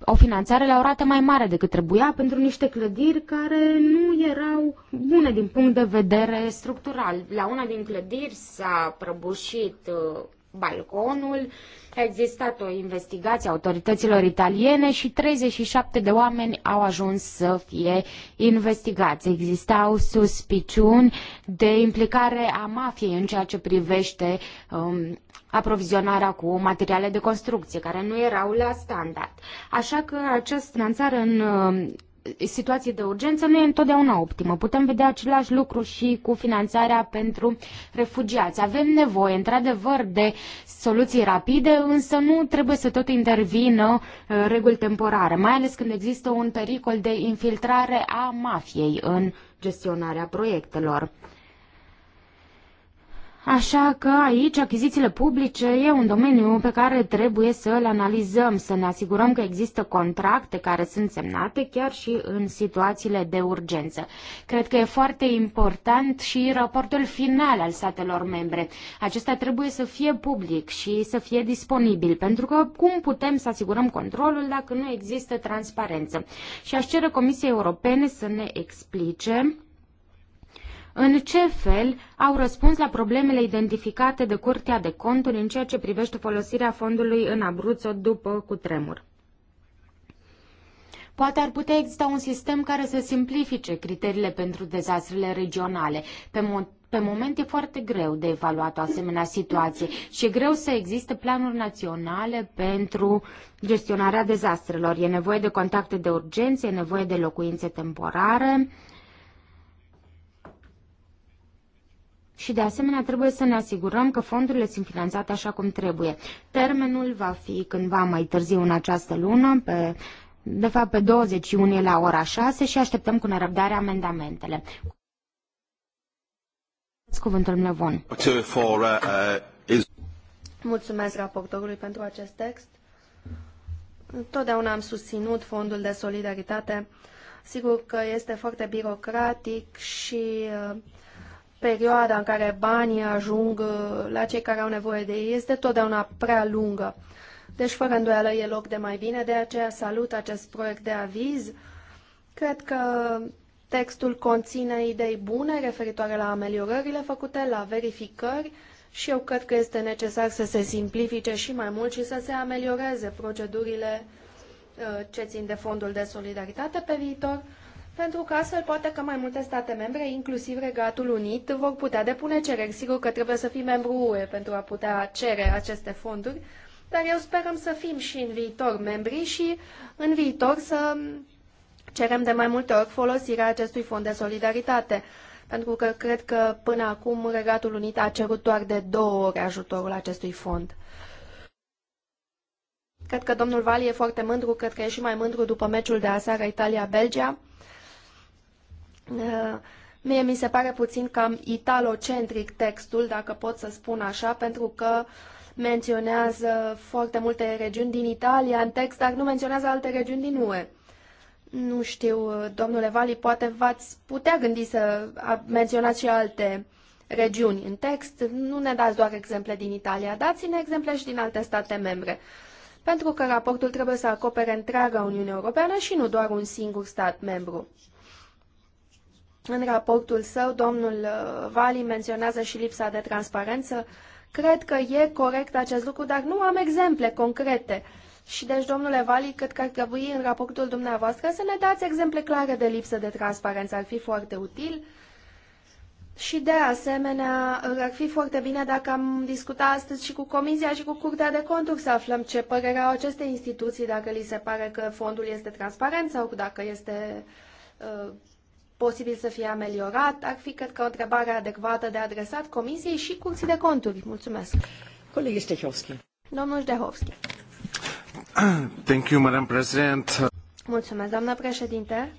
o finanțare la o rată mai mare decât trebuia pentru niște clădiri care nu erau bune din punct de vedere structural. La una din clădiri s-a prăbușit uh, balconul. A existat o investigație a autorităților italiene și 37 de oameni au ajuns să fie investigați. Existau suspiciuni de implicare a mafiei în ceea ce privește um, aprovizionarea cu materiale de construcție, care nu erau la standard. Așa că această finanțare în um, situație de urgență nu e întotdeauna optimă. Putem vedea același lucru și cu finanțarea pentru refugiați. Avem nevoie, într-adevăr, de soluții rapide, însă nu trebuie să tot intervină uh, reguli temporare, mai ales când există un pericol de infiltrare a mafiei în gestionarea proiectelor. Așa că aici achizițiile publice e un domeniu pe care trebuie să îl analizăm, să ne asigurăm că există contracte care sunt semnate chiar și în situațiile de urgență. Cred că e foarte important și raportul final al statelor membre. Acesta trebuie să fie public și să fie disponibil, pentru că cum putem să asigurăm controlul dacă nu există transparență? Și aș cere Comisiei Europene să ne explice în ce fel au răspuns la problemele identificate de Curtea de Conturi în ceea ce privește folosirea fondului în Abruzzo după cutremur. Poate ar putea exista un sistem care să simplifice criteriile pentru dezastrele regionale. Pe, mo- pe moment e foarte greu de evaluat o asemenea situație și e greu să existe planuri naționale pentru gestionarea dezastrelor. E nevoie de contacte de urgență, e nevoie de locuințe temporare. Și de asemenea trebuie să ne asigurăm că fondurile sunt finanțate așa cum trebuie. Termenul va fi cândva mai târziu în această lună, pe, de fapt pe 20 iunie la ora 6 și așteptăm cu nerăbdare amendamentele. Cuvântul Mlevon. Mulțumesc raportorului pentru acest text. Totdeauna am susținut fondul de solidaritate. Sigur că este foarte birocratic și uh, perioada în care banii ajung uh, la cei care au nevoie de ei este totdeauna prea lungă. Deci, fără îndoială, e loc de mai bine, de aceea salut acest proiect de aviz. Cred că textul conține idei bune referitoare la ameliorările făcute, la verificări și eu cred că este necesar să se simplifice și mai mult și să se amelioreze procedurile uh, ce țin de fondul de solidaritate pe viitor pentru că astfel poate că mai multe state membre, inclusiv Regatul Unit, vor putea depune cereri. Sigur că trebuie să fii membru UE pentru a putea cere aceste fonduri, dar eu sperăm să fim și în viitor membri și în viitor să cerem de mai multe ori folosirea acestui fond de solidaritate, pentru că cred că până acum Regatul Unit a cerut doar de două ori ajutorul acestui fond. Cred că domnul Vali e foarte mândru, cred că e și mai mândru după meciul de aseară Italia-Belgia Eh, mie mi se pare puțin cam italocentric textul, dacă pot să spun așa, pentru că menționează foarte multe regiuni din Italia în text, dar nu menționează alte regiuni din UE. Nu știu, domnule Vali, poate v-ați putea gândi să menționați și alte regiuni în text. Nu ne dați doar exemple din Italia, dați-ne exemple și din alte state membre. Pentru că raportul trebuie să acopere întreaga Uniune Europeană și nu doar un singur stat membru. În raportul său, domnul uh, Vali menționează și lipsa de transparență. Cred că e corect acest lucru, dar nu am exemple concrete. Și deci, domnule Vali, cred că ar trebui în raportul dumneavoastră să ne dați exemple clare de lipsă de transparență. Ar fi foarte util. Și de asemenea, uh, ar fi foarte bine dacă am discuta astăzi și cu Comisia și cu Curtea de Conturi să aflăm ce părere au aceste instituții, dacă li se pare că fondul este transparent sau dacă este uh, posibil să fie ameliorat, ar fi, cred că, o întrebare adecvată de adresat Comisiei și Curții de Conturi. Mulțumesc. Colegi Ștehovski. Domnul Ștehovski. Thank you, Madam President. Mulțumesc, doamnă președinte.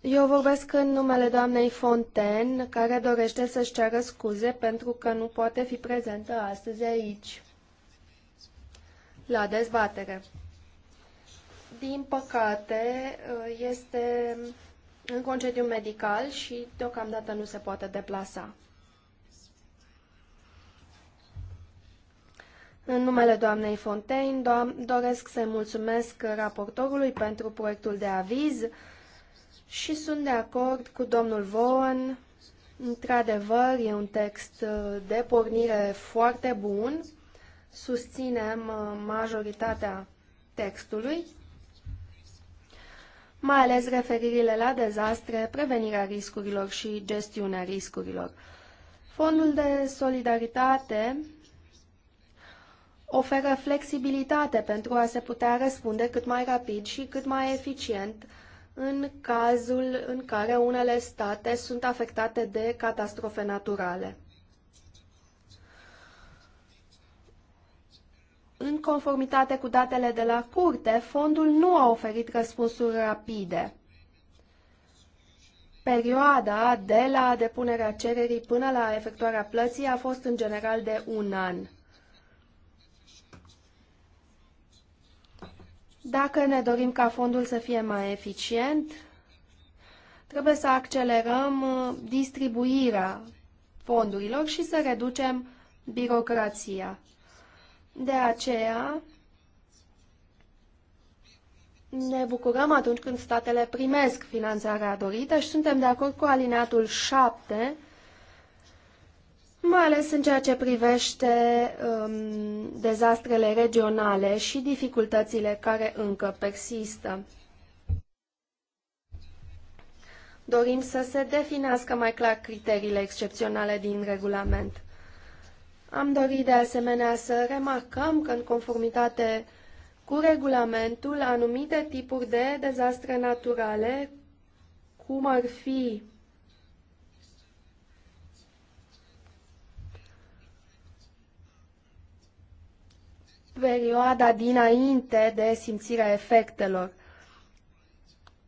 Eu vorbesc în numele doamnei Fonten, care dorește să-și ceară scuze pentru că nu poate fi prezentă astăzi aici, la dezbatere din păcate, este în concediu medical și deocamdată nu se poate deplasa. În numele doamnei Fontaine, doam doresc să-i mulțumesc raportorului pentru proiectul de aviz și sunt de acord cu domnul Vaughan. Într-adevăr, e un text de pornire foarte bun. Susținem uh, majoritatea textului mai ales referirile la dezastre, prevenirea riscurilor și gestiunea riscurilor. Fondul de solidaritate oferă flexibilitate pentru a se putea răspunde cât mai rapid și cât mai eficient în cazul în care unele state sunt afectate de catastrofe naturale. în conformitate cu datele de la curte, fondul nu a oferit răspunsuri rapide. Perioada de la depunerea cererii până la efectuarea plății a fost în general de un an. Dacă ne dorim ca fondul să fie mai eficient, trebuie să accelerăm uh, distribuirea fondurilor și să reducem birocrația. De aceea ne bucurăm atunci când statele primesc finanțarea dorită și suntem de acord cu alineatul 7, mai ales în ceea ce privește um, dezastrele regionale și dificultățile care încă persistă. Dorim să se definească mai clar criteriile excepționale din regulament. Am dorit de asemenea să remarcăm că în conformitate cu regulamentul, anumite tipuri de dezastre naturale, cum ar fi perioada dinainte de simțirea efectelor.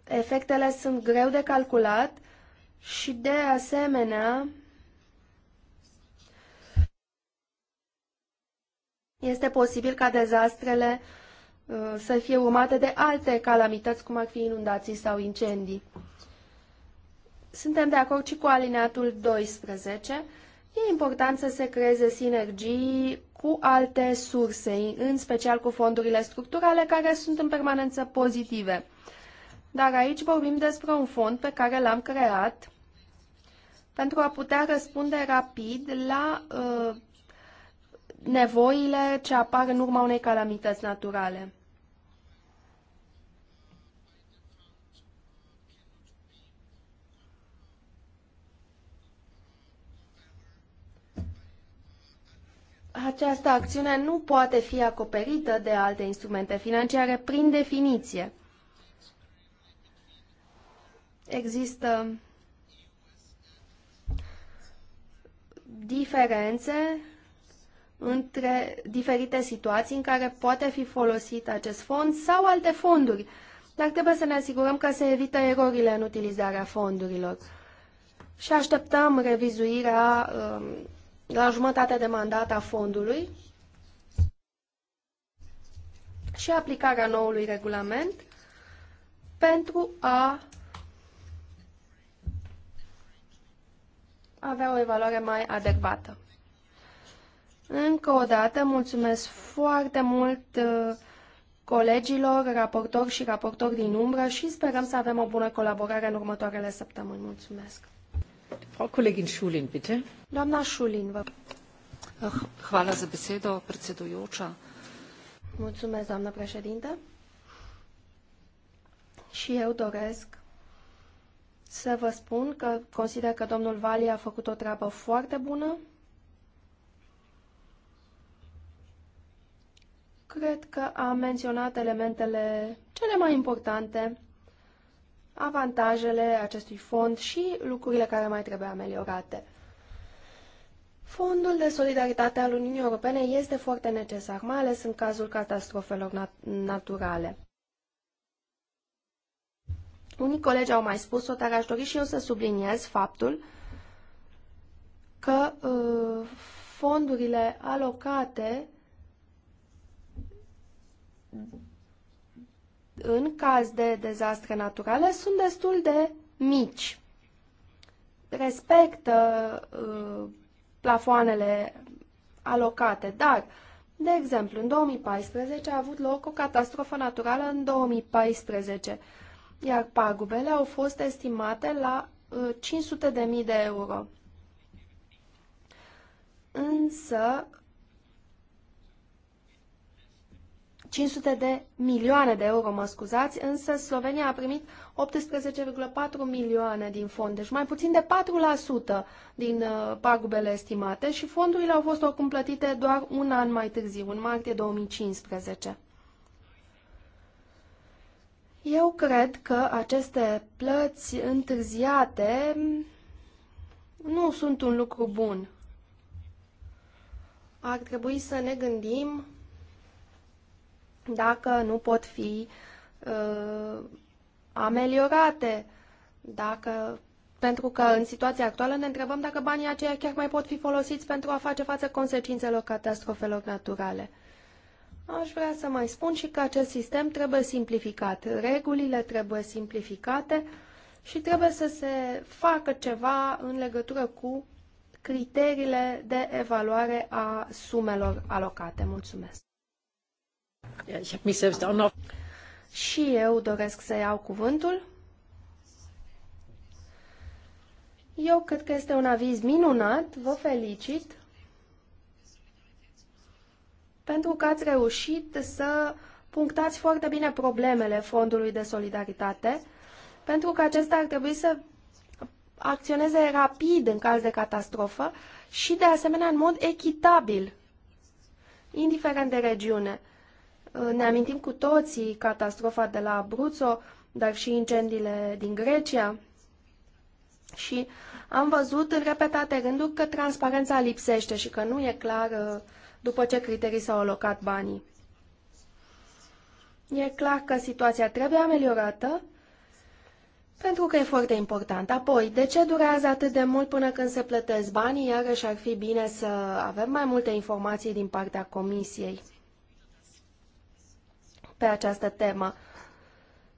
Efectele sunt greu de calculat și, de asemenea, este posibil ca dezastrele uh, să fie urmate de alte calamități, cum ar fi inundații sau incendii. Suntem de acord și cu alineatul 12. E important să se creeze sinergii cu alte surse, în special cu fondurile structurale, care sunt în permanență pozitive. Dar aici vorbim despre un fond pe care l-am creat pentru a putea răspunde rapid la uh, nevoile ce apar în urma unei calamități naturale. Această acțiune nu poate fi acoperită de alte instrumente financiare prin definiție. Există diferențe între diferite situații în care poate fi folosit acest fond sau alte fonduri. Dar trebuie să ne asigurăm că se evită erorile în utilizarea fondurilor. Și așteptăm revizuirea um, la jumătate de mandat a fondului și aplicarea noului regulament pentru a avea o evaluare mai adecvată. Încă o dată mulțumesc foarte mult uh, colegilor, raportori și raportori din umbră și sperăm să avem o bună colaborare în următoarele săptămâni. Mulțumesc! Frau Kollegin Schulin, bitte. Doamna Schulin, vă... Hvala za besedo, predsedujoča. Mulțumesc, doamnă președinte. Și eu doresc să vă spun că consider că domnul Vali a făcut o treabă foarte bună cred că am menționat elementele cele mai importante, avantajele acestui fond și lucrurile care mai trebuie ameliorate. Fondul de solidaritate al Uniunii Europene este foarte necesar, mai ales în cazul catastrofelor nat- naturale. Unii colegi au mai spus-o, dar aș dori și eu să subliniez faptul că uh, fondurile alocate în caz de dezastre naturale sunt destul de mici. Respectă uh, plafoanele alocate, dar, de exemplu, în 2014 a avut loc o catastrofă naturală în 2014, iar pagubele au fost estimate la 500.000 uh, de euro. Însă, 500 de milioane de euro, mă scuzați, însă Slovenia a primit 18,4 milioane din fond, deci mai puțin de 4% din uh, pagubele estimate și fondurile au fost oricum plătite doar un an mai târziu, în martie 2015. Eu cred că aceste plăți întârziate nu sunt un lucru bun. Ar trebui să ne gândim dacă nu pot fi uh, ameliorate, dacă pentru că în situația actuală ne întrebăm dacă banii aceia chiar mai pot fi folosiți pentru a face față consecințelor catastrofelor naturale. Aș vrea să mai spun și că acest sistem trebuie simplificat. Regulile trebuie simplificate și trebuie să se facă ceva în legătură cu criteriile de evaluare a sumelor alocate. Mulțumesc! Și eu doresc să iau cuvântul. Eu cred că este un aviz minunat, vă felicit, pentru că ați reușit să punctați foarte bine problemele Fondului de Solidaritate, pentru că acesta ar trebui să acționeze rapid în caz de catastrofă și, de asemenea, în mod echitabil, indiferent de regiune. Uh, ne amintim cu toții catastrofa de la Abruzzo, dar și incendiile din Grecia. Și am văzut în repetate rânduri că transparența lipsește și că nu e clar uh, după ce criterii s-au alocat banii. E clar că situația trebuie ameliorată pentru că e foarte important. Apoi, de ce durează atât de mult până când se plătesc banii? Iarăși ar fi bine să avem mai multe informații din partea comisiei pe această temă.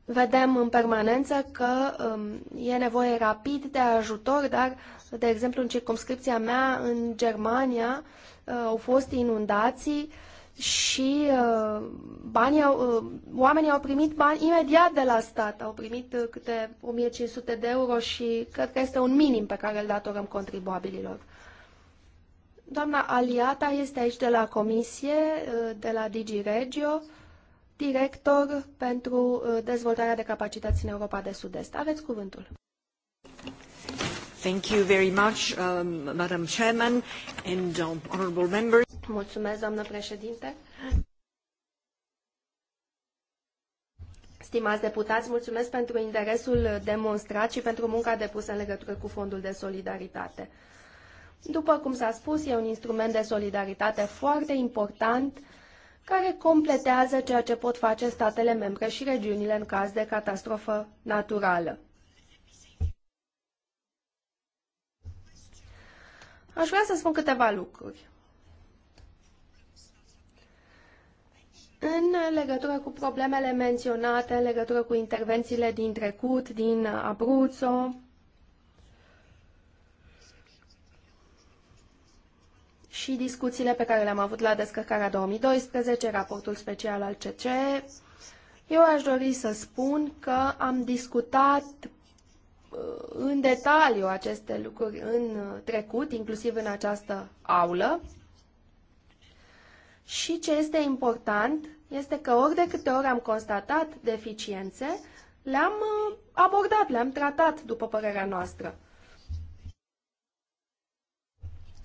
Vedem în permanență că um, e nevoie rapid de ajutor, dar, de exemplu, în circumscripția mea, în Germania, uh, au fost inundații și uh, banii au, uh, oamenii au primit bani imediat de la stat. Au primit uh, câte 1500 de euro și cred că este un minim pe care îl datorăm contribuabililor. Doamna Aliata este aici de la Comisie, uh, de la DigiRegio. Regio director pentru uh, dezvoltarea de capacități în Europa de Sud-Est. Aveți cuvântul. Thank you very much, um, Madam Chairman and um, honorable members. Mulțumesc, doamnă președinte. Stimați deputați, mulțumesc pentru interesul demonstrat și pentru munca depusă în legătură cu Fondul de Solidaritate. După cum s-a spus, e un instrument de solidaritate foarte important uh, care completează ceea ce pot face statele membre și regiunile în caz de catastrofă naturală. Aș vrea să spun câteva lucruri. În legătură cu problemele menționate, în legătură cu intervențiile din trecut, din Abruzzo, și discuțiile pe care le-am avut la descărcarea 2012, raportul special al CCE, eu aș dori să spun că am discutat uh, în detaliu aceste lucruri în trecut, inclusiv în această aulă. Și ce este important este că ori de câte ori am constatat deficiențe, le-am uh, abordat, le-am tratat, după părerea noastră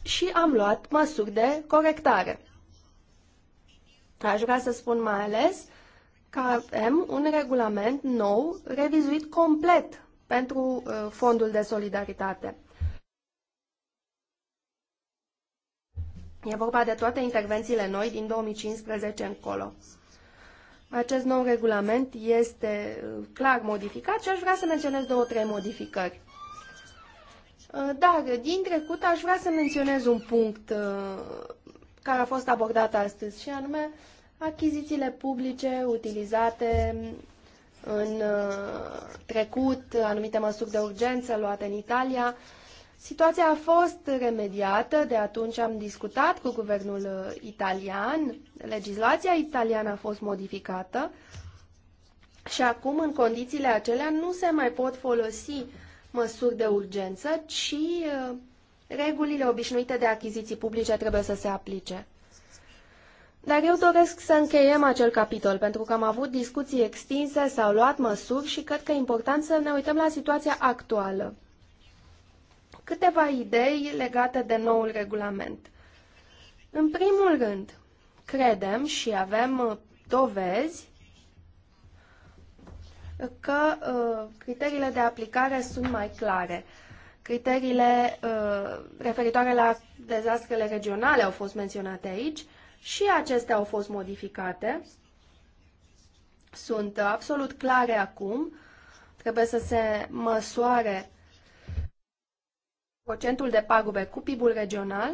și am luat măsuri de corectare. Aș vrea să spun mai ales că avem un regulament nou, revizuit complet pentru uh, Fondul de Solidaritate. E vorba de toate intervențiile noi din 2015 încolo. Acest nou regulament este uh, clar modificat și aș vrea să menționez două, trei modificări. Uh, Dar din trecut aș vrea să menționez un punct uh, care a fost abordat astăzi și anume achizițiile publice utilizate în uh, trecut, anumite măsuri de urgență luate în Italia. Situația a fost remediată, de atunci am discutat cu guvernul italian, legislația italiană a fost modificată și acum, în condițiile acelea, nu se mai pot folosi măsuri de urgență, ci uh, regulile obișnuite de achiziții publice trebuie să se aplice. Dar eu doresc să încheiem acel capitol, pentru că am avut discuții extinse, s-au luat măsuri și cred că e important să ne uităm la situația actuală. Câteva idei legate de noul regulament. În primul rând, credem și avem uh, dovezi că uh, criteriile de aplicare sunt mai clare. Criteriile uh, referitoare la dezastrele regionale au fost menționate aici și acestea au fost modificate. Sunt absolut clare acum. Trebuie să se măsoare procentul de pagube cu PIB-ul regional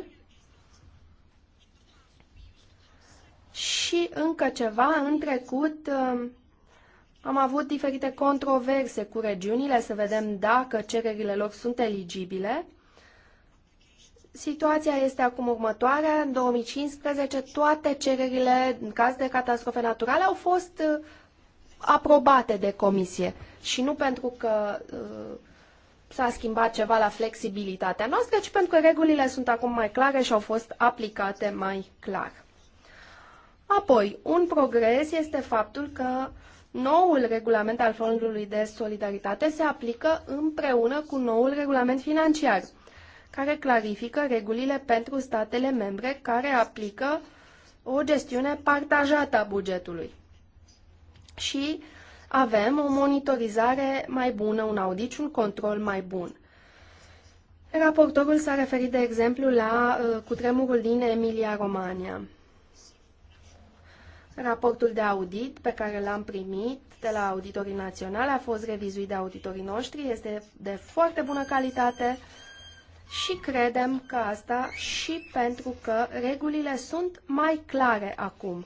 și încă ceva, în trecut uh, am avut diferite controverse cu regiunile să vedem dacă cererile lor sunt eligibile. Situația este acum următoarea. În 2015 toate cererile în caz de catastrofe naturale au fost uh, aprobate de comisie și nu pentru că uh, s-a schimbat ceva la flexibilitatea noastră, ci pentru că regulile sunt acum mai clare și au fost aplicate mai clar. Apoi, un progres este faptul că Noul regulament al Fondului de Solidaritate se aplică împreună cu noul regulament financiar, care clarifică regulile pentru statele membre care aplică o gestiune partajată a bugetului. Și avem o monitorizare mai bună, un audit și un control mai bun. Raportorul s-a referit, de exemplu, la uh, cutremurul din Emilia-Romania. Raportul de audit pe care l-am primit de la auditorii naționali a fost revizuit de auditorii noștri, este de foarte bună calitate și credem că asta și pentru că regulile sunt mai clare acum.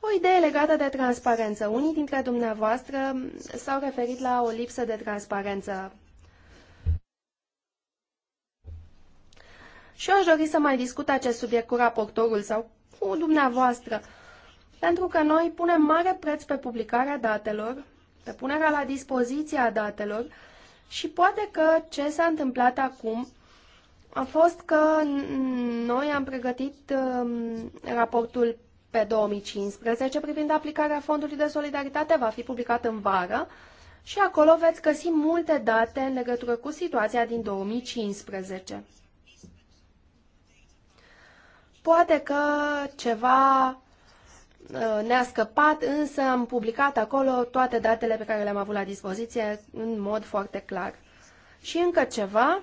O idee legată de transparență. Unii dintre dumneavoastră s-au referit la o lipsă de transparență Și eu aș dori să mai discut acest subiect cu raportorul sau cu dumneavoastră, pentru că noi punem mare preț pe publicarea datelor, pe punerea la dispoziție a datelor și poate că ce s-a întâmplat acum a fost că noi am pregătit um, raportul pe 2015 privind aplicarea Fondului de Solidaritate, va fi publicat în vară și acolo veți găsi multe date în legătură cu situația din 2015. Poate că ceva uh, ne-a scăpat, însă am publicat acolo toate datele pe care le-am avut la dispoziție în mod foarte clar. Și încă ceva,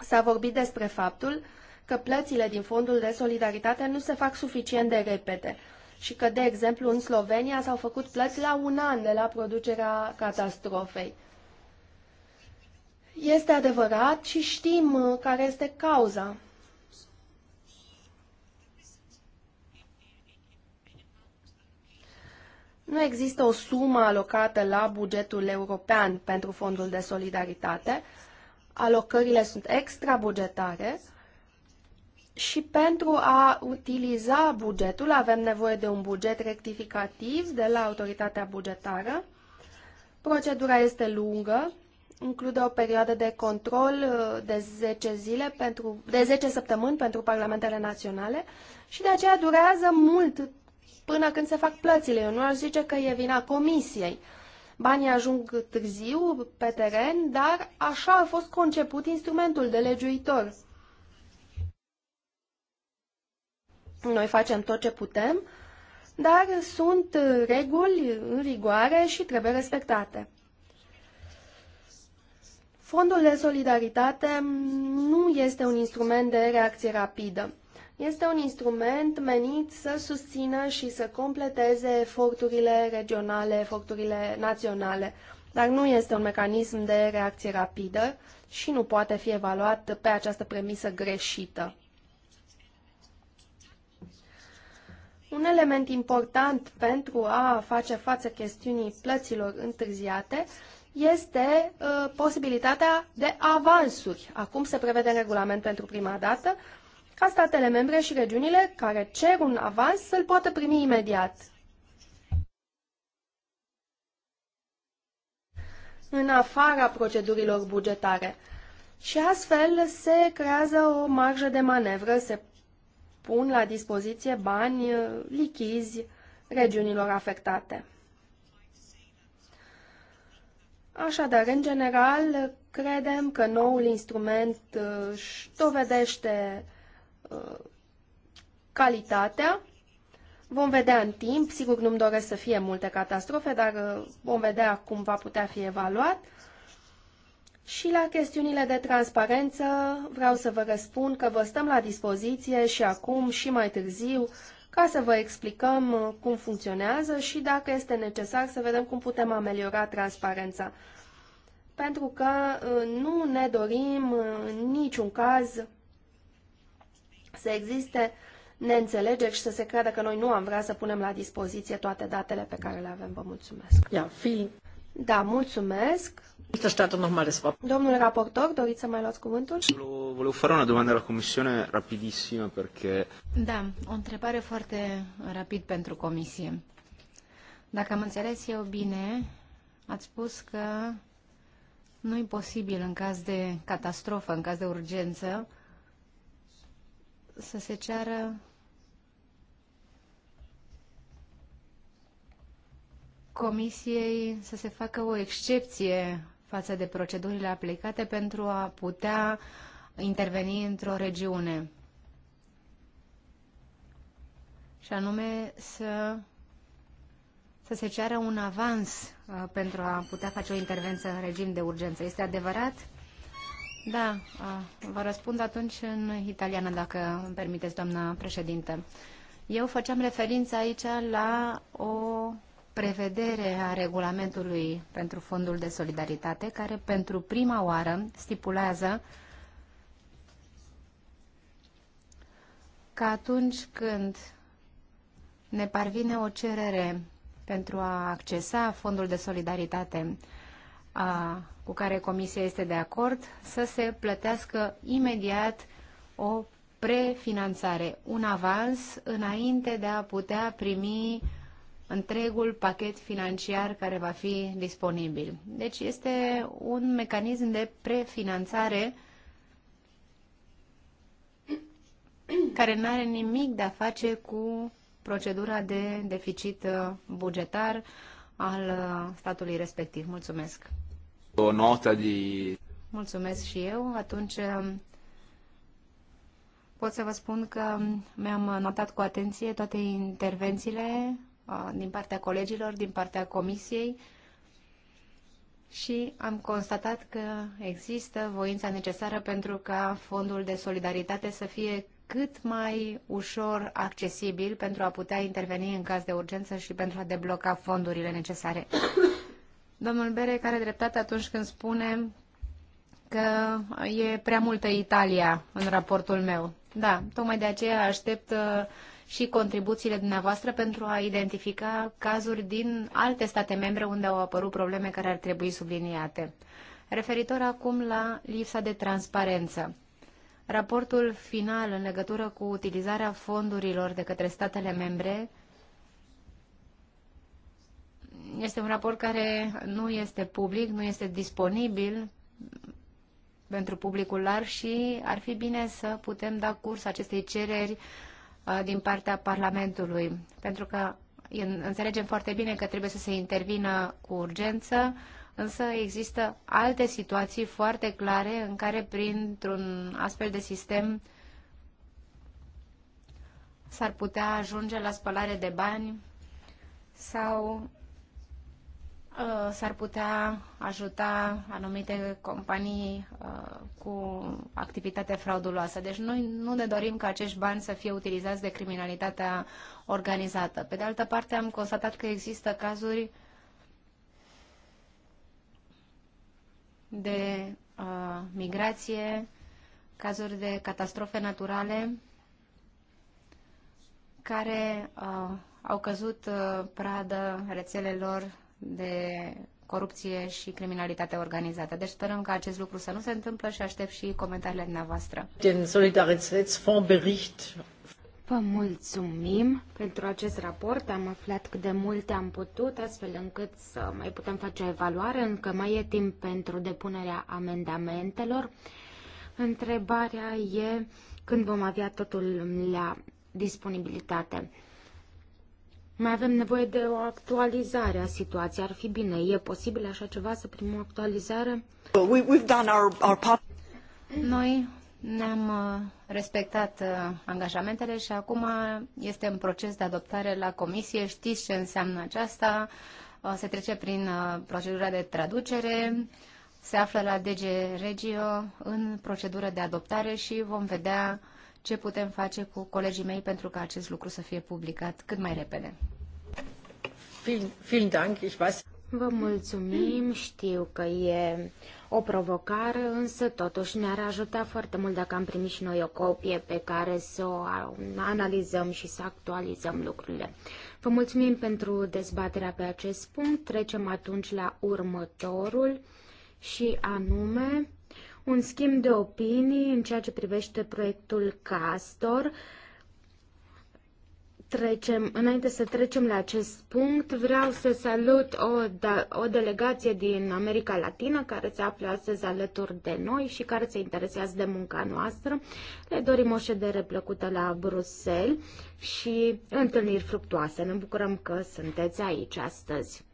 s-a vorbit despre faptul că plățile din fondul de solidaritate nu se fac suficient de repede și că, de exemplu, în Slovenia s-au făcut plăți la un an de la producerea catastrofei. Este adevărat și știm uh, care este cauza. Nu există o sumă alocată la bugetul european pentru fondul de solidaritate. Alocările sunt extrabugetare și pentru a utiliza bugetul avem nevoie de un buget rectificativ de la autoritatea bugetară. Procedura este lungă, include o perioadă de control uh, de 10, zile pentru, de 10 săptămâni pentru parlamentele naționale și de aceea durează mult până când se fac plățile. Eu nu aș zice că e vina comisiei. Banii ajung târziu pe teren, dar așa a fost conceput instrumentul de legiuitor. Noi facem tot ce putem, dar sunt reguli în rigoare și trebuie respectate. Fondul de solidaritate nu este un instrument de reacție rapidă. Este un instrument menit să susțină și să completeze eforturile regionale, eforturile naționale, dar nu este un mecanism de reacție rapidă și nu poate fi evaluat pe această premisă greșită. Un element important pentru a face față chestiunii plăților întârziate este uh, posibilitatea de avansuri. Acum se prevede în regulament pentru prima dată ca statele membre și regiunile care cer un avans să-l poată primi imediat. în afara procedurilor bugetare. Și astfel se creează o marjă de manevră, se pun la dispoziție bani uh, lichizi regiunilor afectate. Așadar, în general, credem că noul instrument uh, își dovedește uh, calitatea. Vom vedea în timp, sigur nu-mi doresc să fie multe catastrofe, dar uh, vom vedea cum va putea fi evaluat. Și la chestiunile de transparență vreau să vă răspund că vă stăm la dispoziție și acum și mai târziu ca să vă explicăm uh, cum funcționează și dacă este necesar să vedem cum putem ameliora transparența. Pentru că uh, nu ne dorim uh, în niciun caz să existe neînțelegeri și să se creadă că noi nu am vrea să punem la dispoziție toate datele pe care le avem. Vă mulțumesc. Ia, fi. Da, mulțumesc. Domnule raportor, doriți să mai luați cuvântul? Volevo fare una domanda la Comisiune rapidissima perché... Da, o întrebare foarte rapid pentru Comisie. Dacă am înțeles eu bine, ați spus că nu e posibil în caz de catastrofă, în caz de urgență, să se ceară Comisiei să se facă o excepție față de procedurile aplicate pentru a putea interveni într-o regiune. Și anume să, să se ceară un avans uh, pentru a putea face o intervenție în regim de urgență. Este adevărat? Da, uh, vă răspund atunci în italiană, dacă îmi permiteți, doamna președintă. Eu făceam referință aici la o prevedere a regulamentului pentru Fondul de Solidaritate, care pentru prima oară stipulează că atunci când ne parvine o cerere pentru a accesa Fondul de Solidaritate a, cu care Comisia este de acord, să se plătească imediat o prefinanțare, un avans înainte de a putea primi uh, întregul pachet financiar care va fi disponibil. Deci este un mecanism de prefinanțare care nu are nimic de a face cu procedura de deficit uh, bugetar al uh, statului respectiv. Mulțumesc. O notă de... Mulțumesc și eu. Atunci um, pot să vă spun că um, mi-am uh, notat cu atenție toate intervențiile din partea colegilor, din partea comisiei și am constatat că există voința necesară pentru ca fondul de solidaritate să fie cât mai ușor accesibil pentru a putea interveni în caz de urgență și pentru a debloca fondurile necesare. Domnul Bere, care dreptate atunci când spune că e prea multă Italia în raportul meu. Da, tocmai de aceea aștept uh, și contribuțiile dumneavoastră pentru a identifica cazuri din alte state membre unde au apărut probleme care ar trebui subliniate. Referitor acum la lipsa de transparență. Raportul final în legătură cu utilizarea fondurilor de către statele membre este un raport care nu este public, nu este disponibil pentru publicul larg și ar fi bine să putem da curs acestei cereri Uh, din partea Parlamentului, pentru că înțelegem foarte bine că trebuie să se intervină cu urgență, însă există alte situații foarte clare în care printr-un astfel de sistem s-ar putea ajunge la spălare de bani sau Uh, s-ar putea ajuta anumite companii uh, cu activitate frauduloasă. Deci noi nu ne dorim ca acești bani să fie utilizați de criminalitatea organizată. Pe de altă parte, am constatat că există cazuri de uh, migrație, cazuri de catastrofe naturale care au căzut pradă rețelelor de corupție și criminalitate organizată. Deci sperăm că acest lucru să nu se întâmplă și aștept și comentariile dumneavoastră. Den Solidaritätsfonds Bericht Vă mulțumim pentru acest raport. Am aflat cât de multe am putut, astfel încât să mai putem face o evaluare. Încă mai e timp pentru depunerea amendamentelor. Întrebarea e când vom avea totul la disponibilitate. Mai avem nevoie de o actualizare a situației. Ar fi bine. E posibil așa ceva să primim o actualizare? Noi ne-am uh, respectat uh, angajamentele și acum este în proces de adoptare la comisie. Știți ce înseamnă aceasta. Uh, se trece prin procedura de traducere, se află la DG Regio în procedură de adoptare și vom vedea ce putem face cu colegii mei pentru ca acest lucru să fie publicat cât mai repede. Vă mulțumim, știu că e o provocare, însă totuși ne-ar ajuta foarte mult dacă am primit și noi o copie pe care să o analizăm și să actualizăm lucrurile. Vă mulțumim pentru dezbaterea pe acest punct. Trecem atunci la următorul și anume un schimb de opinii în ceea ce privește proiectul Castor. Trecem, înainte să trecem la acest punct, vreau să salut o, da, o delegație din America Latină care se află astăzi alături de noi și care se interesează de munca noastră. Le dorim o ședere plăcută la Bruxelles și întâlniri fructuoase. Ne bucurăm că sunteți aici astăzi.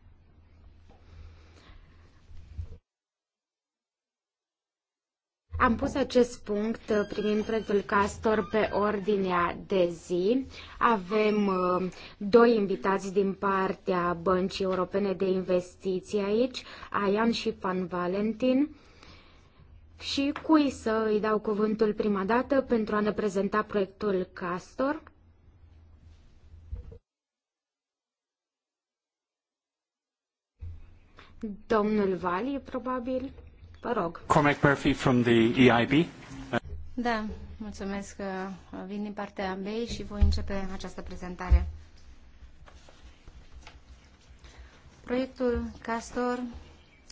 Am pus acest punct uh, privind proiectul Castor pe ordinea de zi. Avem uh, doi invitați din partea Băncii Europene de Investiții aici, Aian și Pan Valentin. Și cui să îi dau cuvântul prima dată pentru a ne prezenta proiectul Castor? Domnul Vali, probabil. Vă rog. Cormac Murphy from the EIB. Da, mulțumesc că vin din partea mea și voi începe această prezentare. Proiectul Castor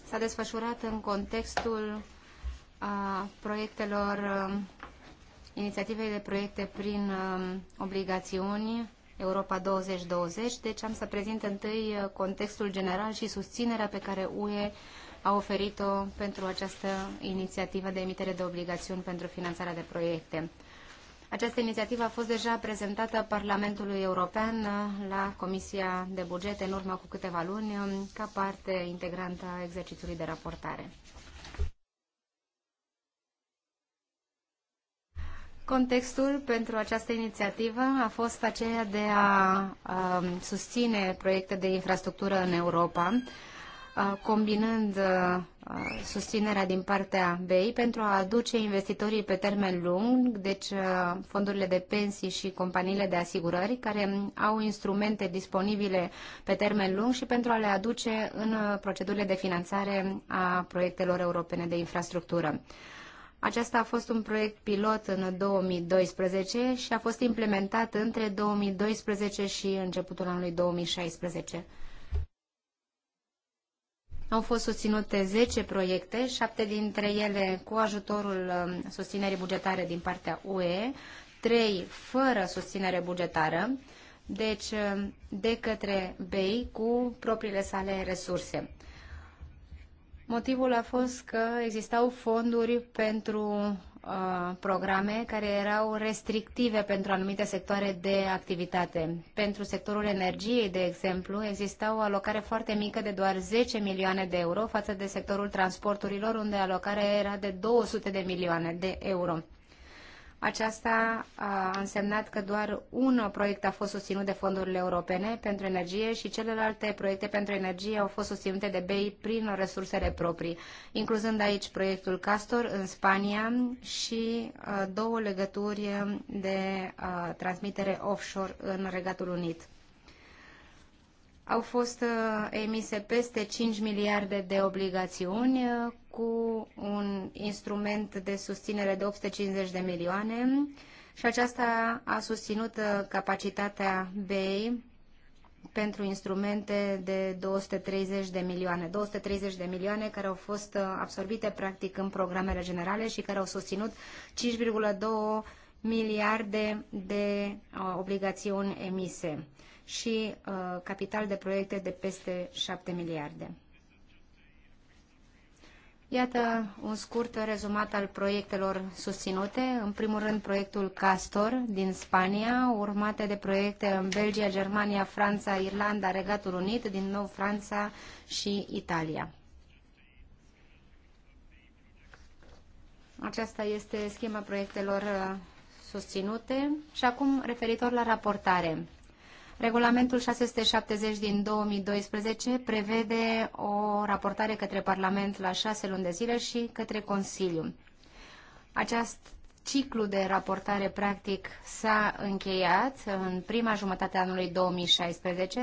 s-a desfășurat în contextul a proiectelor inițiativei de proiecte prin obligațiuni Europa 2020, deci am să prezint întâi contextul general și susținerea pe care UE a oferit-o pentru această inițiativă de emitere de obligațiuni pentru finanțarea de proiecte. Această inițiativă a fost deja prezentată Parlamentului European la Comisia de Bugete în urmă cu câteva luni ca parte integrantă a exercițiului de raportare. Contextul pentru această inițiativă a fost aceea de a, a susține proiecte de infrastructură în Europa, combinând susținerea din partea BEI pentru a aduce investitorii pe termen lung, deci fondurile de pensii și companiile de asigurări care au instrumente disponibile pe termen lung și pentru a le aduce în procedurile de finanțare a proiectelor europene de infrastructură. Aceasta a fost un proiect pilot în 2012 și a fost implementat între 2012 și începutul anului 2016. Au fost susținute 10 proiecte, 7 dintre ele cu ajutorul um, susținerii bugetare din partea UE, 3 fără susținere bugetară, deci um, de către BEI cu propriile sale resurse. Motivul a fost că existau fonduri pentru Uh, programe care erau restrictive pentru anumite sectoare de activitate. Pentru sectorul energiei, de exemplu, exista o alocare foarte mică de doar 10 milioane de euro față de sectorul transporturilor, unde alocarea era de 200 de milioane de euro. Aceasta a însemnat că doar un proiect a fost susținut de fondurile europene pentru energie și celelalte proiecte pentru energie au fost susținute de BEI prin resursele proprii, incluzând aici proiectul Castor în Spania și uh, două legături de uh, transmitere offshore în Regatul Unit. Au fost uh, emise peste 5 miliarde de obligațiuni uh, cu un instrument de susținere de 850 de milioane și aceasta a susținut uh, capacitatea BEI pentru instrumente de 230 de milioane. 230 de milioane care au fost absorbite practic în programele generale și care au susținut 5,2 miliarde de obligațiuni emise și uh, capital de proiecte de peste 7 miliarde. Iată un scurt rezumat al proiectelor susținute. În primul rând, proiectul Castor din Spania, urmate de proiecte în Belgia, Germania, Franța, Irlanda, Regatul Unit, din nou Franța și Italia. Aceasta este schema proiectelor uh, susținute. Și acum, referitor la raportare. Regulamentul 670 din 2012 prevede o raportare către Parlament la șase luni de zile și către Consiliu. Acest ciclu de raportare practic s-a încheiat în prima jumătate a anului 2016,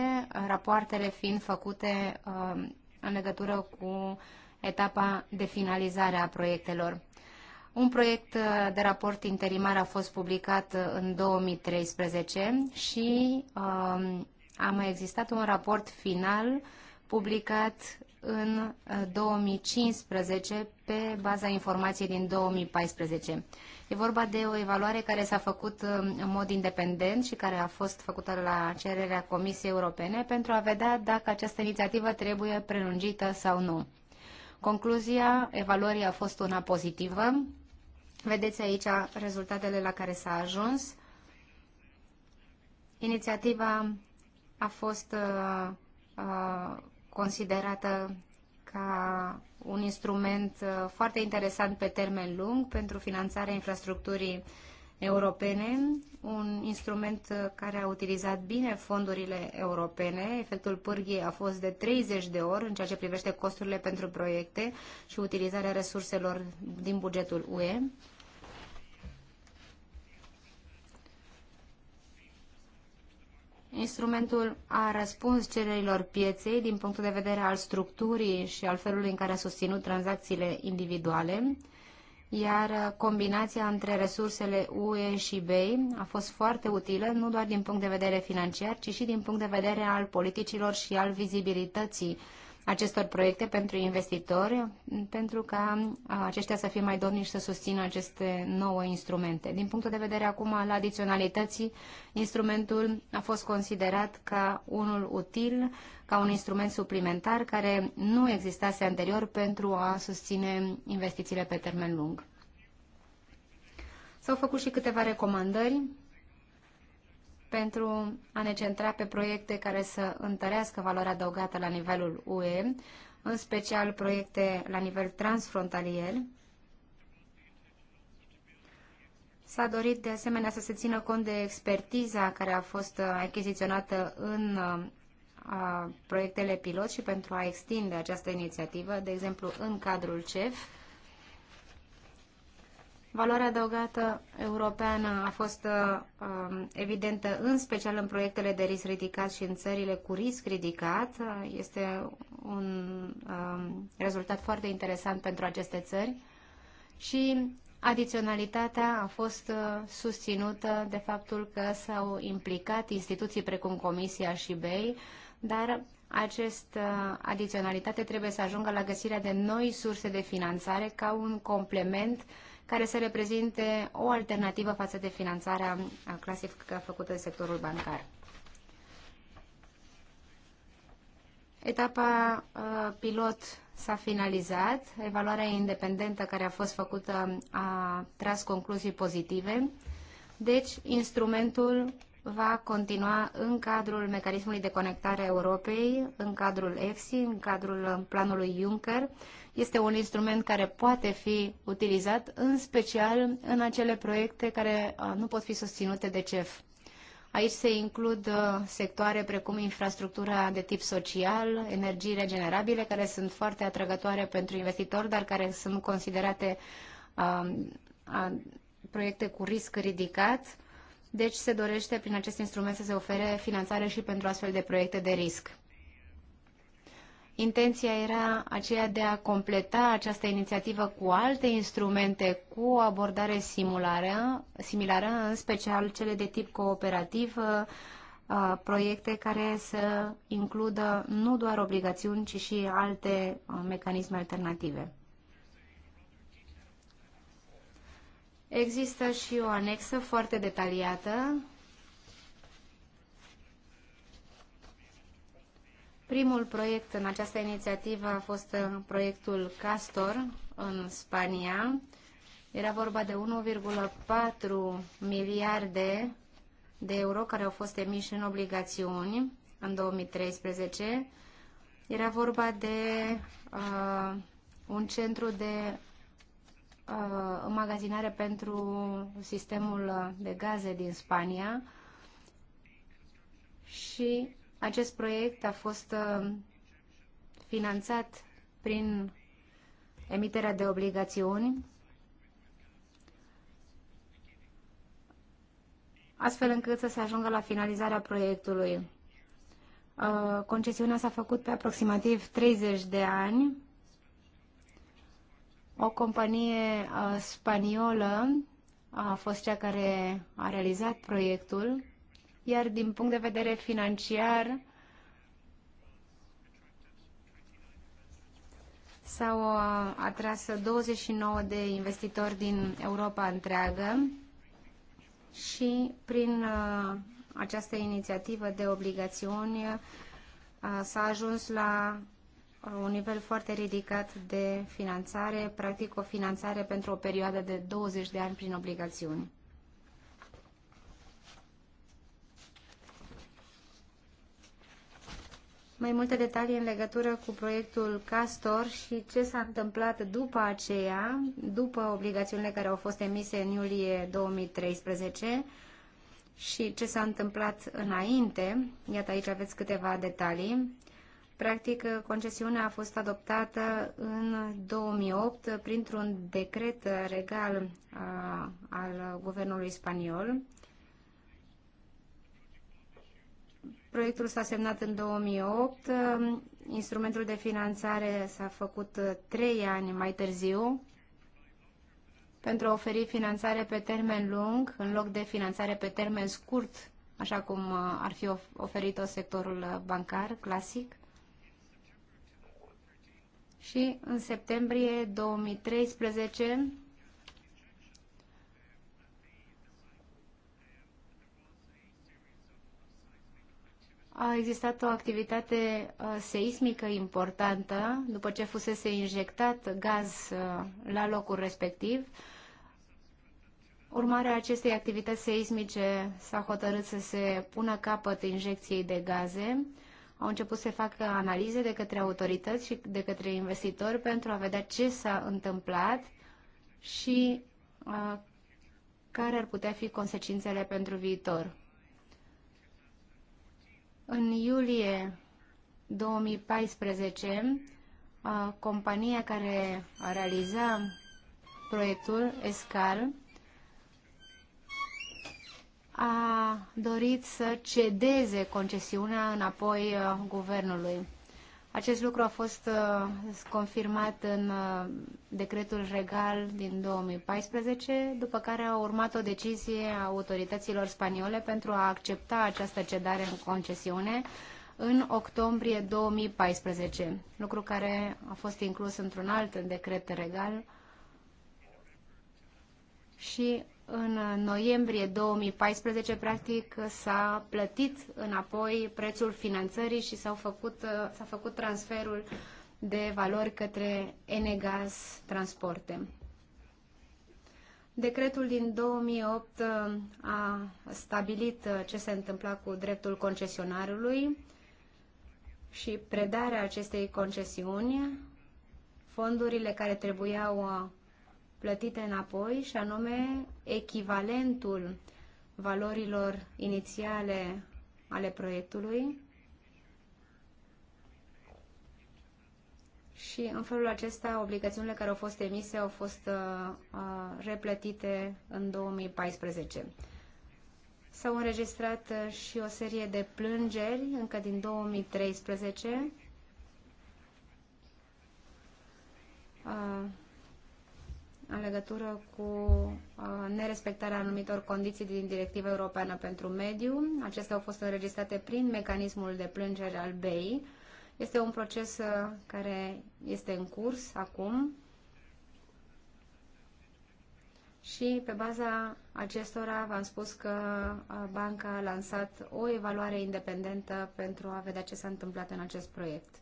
rapoartele fiind făcute uh, în legătură cu etapa de finalizare a proiectelor. Un proiect uh, de raport interimar a fost publicat uh, în 2013 și um, a mai existat un raport final publicat în 2015 uh, pe baza informației din 2014. E vorba de o evaluare care s-a făcut um, în mod independent și care a fost făcută la cererea Comisiei Europene pentru a vedea dacă această inițiativă trebuie prelungită sau nu. Concluzia evaluării a fost una pozitivă Vedeți aici rezultatele la care s-a ajuns. Inițiativa a fost uh, uh considerată ca un instrument uh, foarte interesant pe termen lung pentru finanțarea infrastructurii europene, un instrument uh, care a utilizat bine fondurile europene. Efectul pârghii a fost de 30 de ori în ceea ce privește costurile pentru proiecte și utilizarea resurselor din bugetul UE. Instrumentul a răspuns cererilor pieței din punctul de vedere al structurii și al felului în care a susținut tranzacțiile individuale iar uh, combinația între resursele UE și BEI a fost foarte utilă, nu doar din punct de vedere financiar, ci și din punct de vedere al politicilor și al vizibilității acestor proiecte pentru investitori, pentru ca aceștia să fie mai dorniși să susțină aceste nouă instrumente. Din punctul de vedere acum al adiționalității, instrumentul a fost considerat ca unul util, ca un instrument suplimentar care nu existase anterior pentru a susține investițiile pe termen lung. S-au făcut și câteva recomandări pentru a ne centra pe proiecte care să întărească valoarea adăugată la nivelul UE, în special proiecte la nivel transfrontalier. S-a dorit de asemenea să se țină cont de expertiza care a fost achiziționată în uh, proiectele pilot și pentru a extinde această inițiativă, de exemplu în cadrul CEF, Valoarea adăugată europeană a fost uh, evidentă în special în proiectele de risc ridicat și în țările cu risc ridicat. Este un uh, rezultat foarte interesant pentru aceste țări și adiționalitatea a fost uh, susținută de faptul că s-au implicat instituții precum Comisia și BEI, dar această uh, adiționalitate trebuie să ajungă la găsirea de noi surse de finanțare ca un complement uh, care să reprezinte o alternativă față de finanțarea clasică făcută de sectorul bancar. Etapa uh, pilot s-a finalizat, evaluarea independentă care a fost făcută a tras concluzii pozitive, deci instrumentul va continua în cadrul mecanismului de conectare a Europei, în cadrul EFSI, în cadrul planului Juncker este un instrument care poate fi utilizat, în special în acele proiecte care nu pot fi susținute de CEF. Aici se includ sectoare precum infrastructura de tip social, energii regenerabile, care sunt foarte atrăgătoare pentru investitori, dar care sunt considerate a, a, proiecte cu risc ridicat. Deci se dorește prin acest instrument să se ofere finanțare și pentru astfel de proiecte de risc. Intenția era aceea de a completa această inițiativă cu alte instrumente cu o abordare simulară, similară în special cele de tip cooperativ, uh, proiecte care să includă nu doar obligațiuni, ci și alte uh, mecanisme alternative. Există și o anexă foarte detaliată Primul proiect în această inițiativă a fost uh, proiectul Castor în Spania. Era vorba de 1,4 miliarde de euro care au fost emiși în obligațiuni în 2013. Era vorba de uh, un centru de uh, înmagazinare pentru sistemul de gaze din Spania și acest proiect a fost uh, finanțat prin emiterea de obligațiuni, astfel încât să se ajungă la finalizarea proiectului. Uh, concesiunea s-a făcut pe aproximativ 30 de ani. O companie uh, spaniolă a fost cea care a realizat proiectul iar din punct de vedere financiar s-au uh, atras 29 de investitori din Europa întreagă și prin uh, această inițiativă de obligațiuni uh, s-a ajuns la un nivel foarte ridicat de finanțare, practic o finanțare pentru o perioadă de 20 de ani prin obligațiuni. mai multe detalii în legătură cu proiectul Castor și ce s-a întâmplat după aceea, după obligațiunile care au fost emise în iulie 2013 și ce s-a întâmplat înainte. Iată, aici aveți câteva detalii. Practic, concesiunea a fost adoptată în 2008 printr-un decret regal a, al guvernului spaniol Proiectul s-a semnat în 2008, ehm, instrumentul de finanțare s-a făcut eh, trei ani mai târziu pentru a oferi finanțare pe termen lung în loc de finanțare pe termen scurt, așa cum eh, ar fi oferit-o sectorul eh, bancar clasic. Și în septembrie 2013 a existat o activitate uh, seismică importantă după ce fusese injectat gaz uh, la locul respectiv. Urmarea acestei activități seismice s-a hotărât să se pună capăt injecției de gaze. Au început să facă analize de către autorități și de către investitori pentru a vedea ce s-a întâmplat și uh, care ar putea fi consecințele pentru viitor. În iulie 2014, compania care realiza proiectul ESCAL a dorit să cedeze concesiunea înapoi guvernului. Acest lucru a fost uh, confirmat în uh, decretul regal din 2014, după care a urmat o decizie a autorităților spaniole pentru a accepta această cedare în concesiune în octombrie 2014, lucru care a fost inclus într-un alt decret regal și în noiembrie 2014, practic, s-a plătit înapoi prețul finanțării și s-a făcut, uh, s-a făcut transferul de valori către Enegaz Transporte. Decretul din 2008 uh, a stabilit uh, ce se întâmpla cu dreptul concesionarului și predarea acestei concesiuni, fondurile care trebuiau plătite înapoi și anume echivalentul valorilor inițiale ale proiectului și în felul acesta obligațiunile care au fost emise au fost uh, uh replătite în 2014. S-au înregistrat uh, și o serie de plângeri încă din 2013. Uh, în legătură cu uh, nerespectarea anumitor condiții din Directiva Europeană pentru Mediu. Acestea au fost înregistrate prin mecanismul de plângere al BEI. Este un proces uh, care este în curs acum și pe baza acestora v-am spus că uh, banca a lansat o evaluare independentă pentru a vedea ce s-a întâmplat în acest proiect.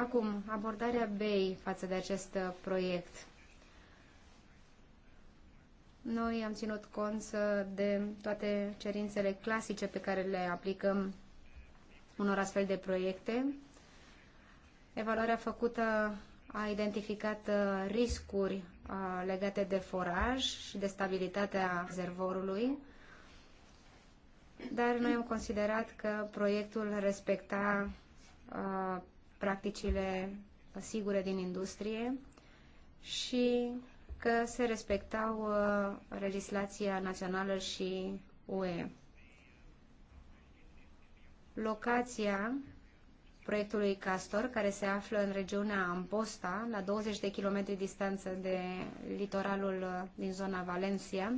Acum, abordarea BEI față de acest uh, proiect. Noi am ținut cont uh, de toate cerințele clasice pe care le aplicăm unor astfel de proiecte. Evaluarea făcută a identificat uh, riscuri legate de foraj și de stabilitatea rezervorului, dar noi am considerat că proiectul respecta practicile sigure din industrie și că se respectau uh, legislația națională și UE. Locația proiectului Castor, care se află în regiunea Amposta, la 20 de kilometri distanță de litoralul uh, din zona Valencia,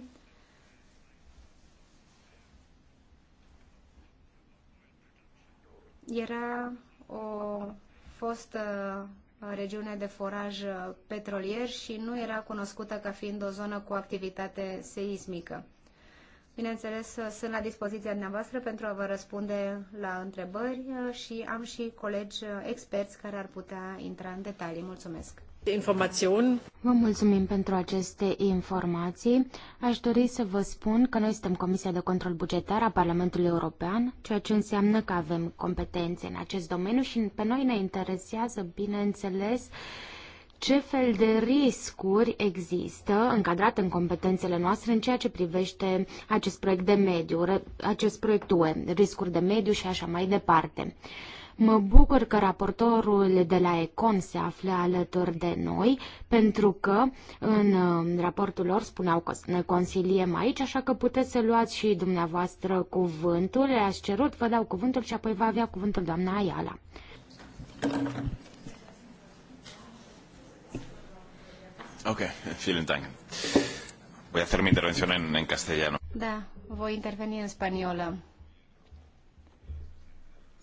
era o fost uh, regiune de foraj uh, petrolier și nu era cunoscută ca fiind o zonă cu activitate seismică. Bineînțeles, uh, sunt la dispoziția dumneavoastră pentru a vă răspunde la întrebări și am și colegi experți care ar putea intra în detalii. Mulțumesc! Vă mulțumim pentru aceste informații. Aș dori să vă spun că noi suntem Comisia de Control Bugetar a Parlamentului European, ceea ce înseamnă că avem competențe în acest domeniu și pe noi ne interesează, bineînțeles, ce fel de riscuri există încadrate în competențele noastre în ceea ce privește acest proiect de mediu, acest proiect UE, riscuri de mediu și așa mai departe. Mă bucur că raportorul de la Econ se află alături de noi, pentru că în um, raportul lor spuneau că ne consiliem aici, așa că puteți să luați și dumneavoastră cuvântul. Le-ați cerut, vă dau cuvântul și apoi va avea cuvântul doamna Ayala. Ok, vielen Dank. Voy a hacer mi intervención en, en castellano. Da, voi interveni în spaniolă.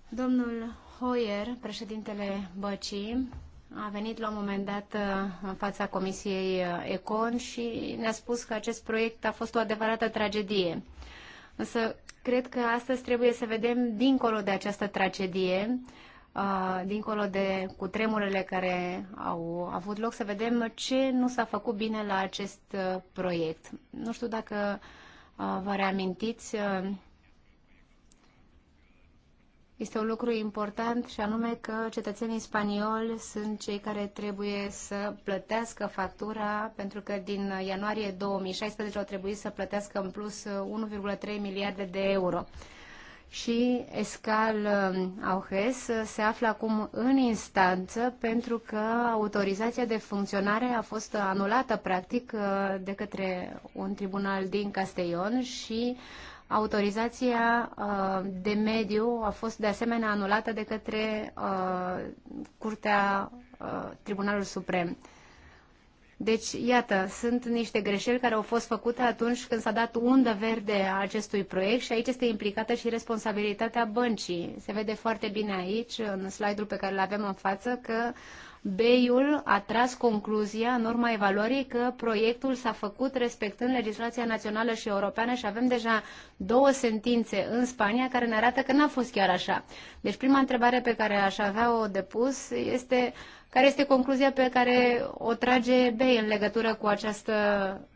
Domnul Hoyer, președintele Băcii, a venit la un moment dat uh, în fața Comisiei uh, Econ și ne-a spus că acest proiect a fost o adevărată tragedie. Însă cred că astăzi trebuie să vedem dincolo de această tragedie, uh, dincolo de cutremurele care au avut loc, să vedem ce nu s-a făcut bine la acest proiect. Nu știu dacă vă reamintiți, este un lucru important și anume că cetățenii spanioli sunt cei care trebuie să plătească factura pentru că din ianuarie 2016 au trebuit să plătească în plus 1,3 miliarde de euro și Escal um, Auges se află acum în instanță pentru că autorizația de funcționare a fost anulată practic uh, de către un tribunal din Castellon și Autorizația uh, de mediu a fost de asemenea anulată de către uh, Curtea uh, Tribunalului Suprem. Deci, iată, sunt niște greșeli care au fost făcute atunci când s-a dat undă verde a acestui proiect și aici este implicată și responsabilitatea băncii. Se vede foarte bine aici, în slide-ul pe care îl avem în față, că uh, bei a tras concluzia, în urma evaluării, că proiectul s-a făcut respectând legislația națională și europeană și avem deja două sentințe în Spania care ne arată că n-a fost chiar așa. Deci prima întrebare pe care aș avea-o depus este care este concluzia pe care o trage BEI în legătură cu această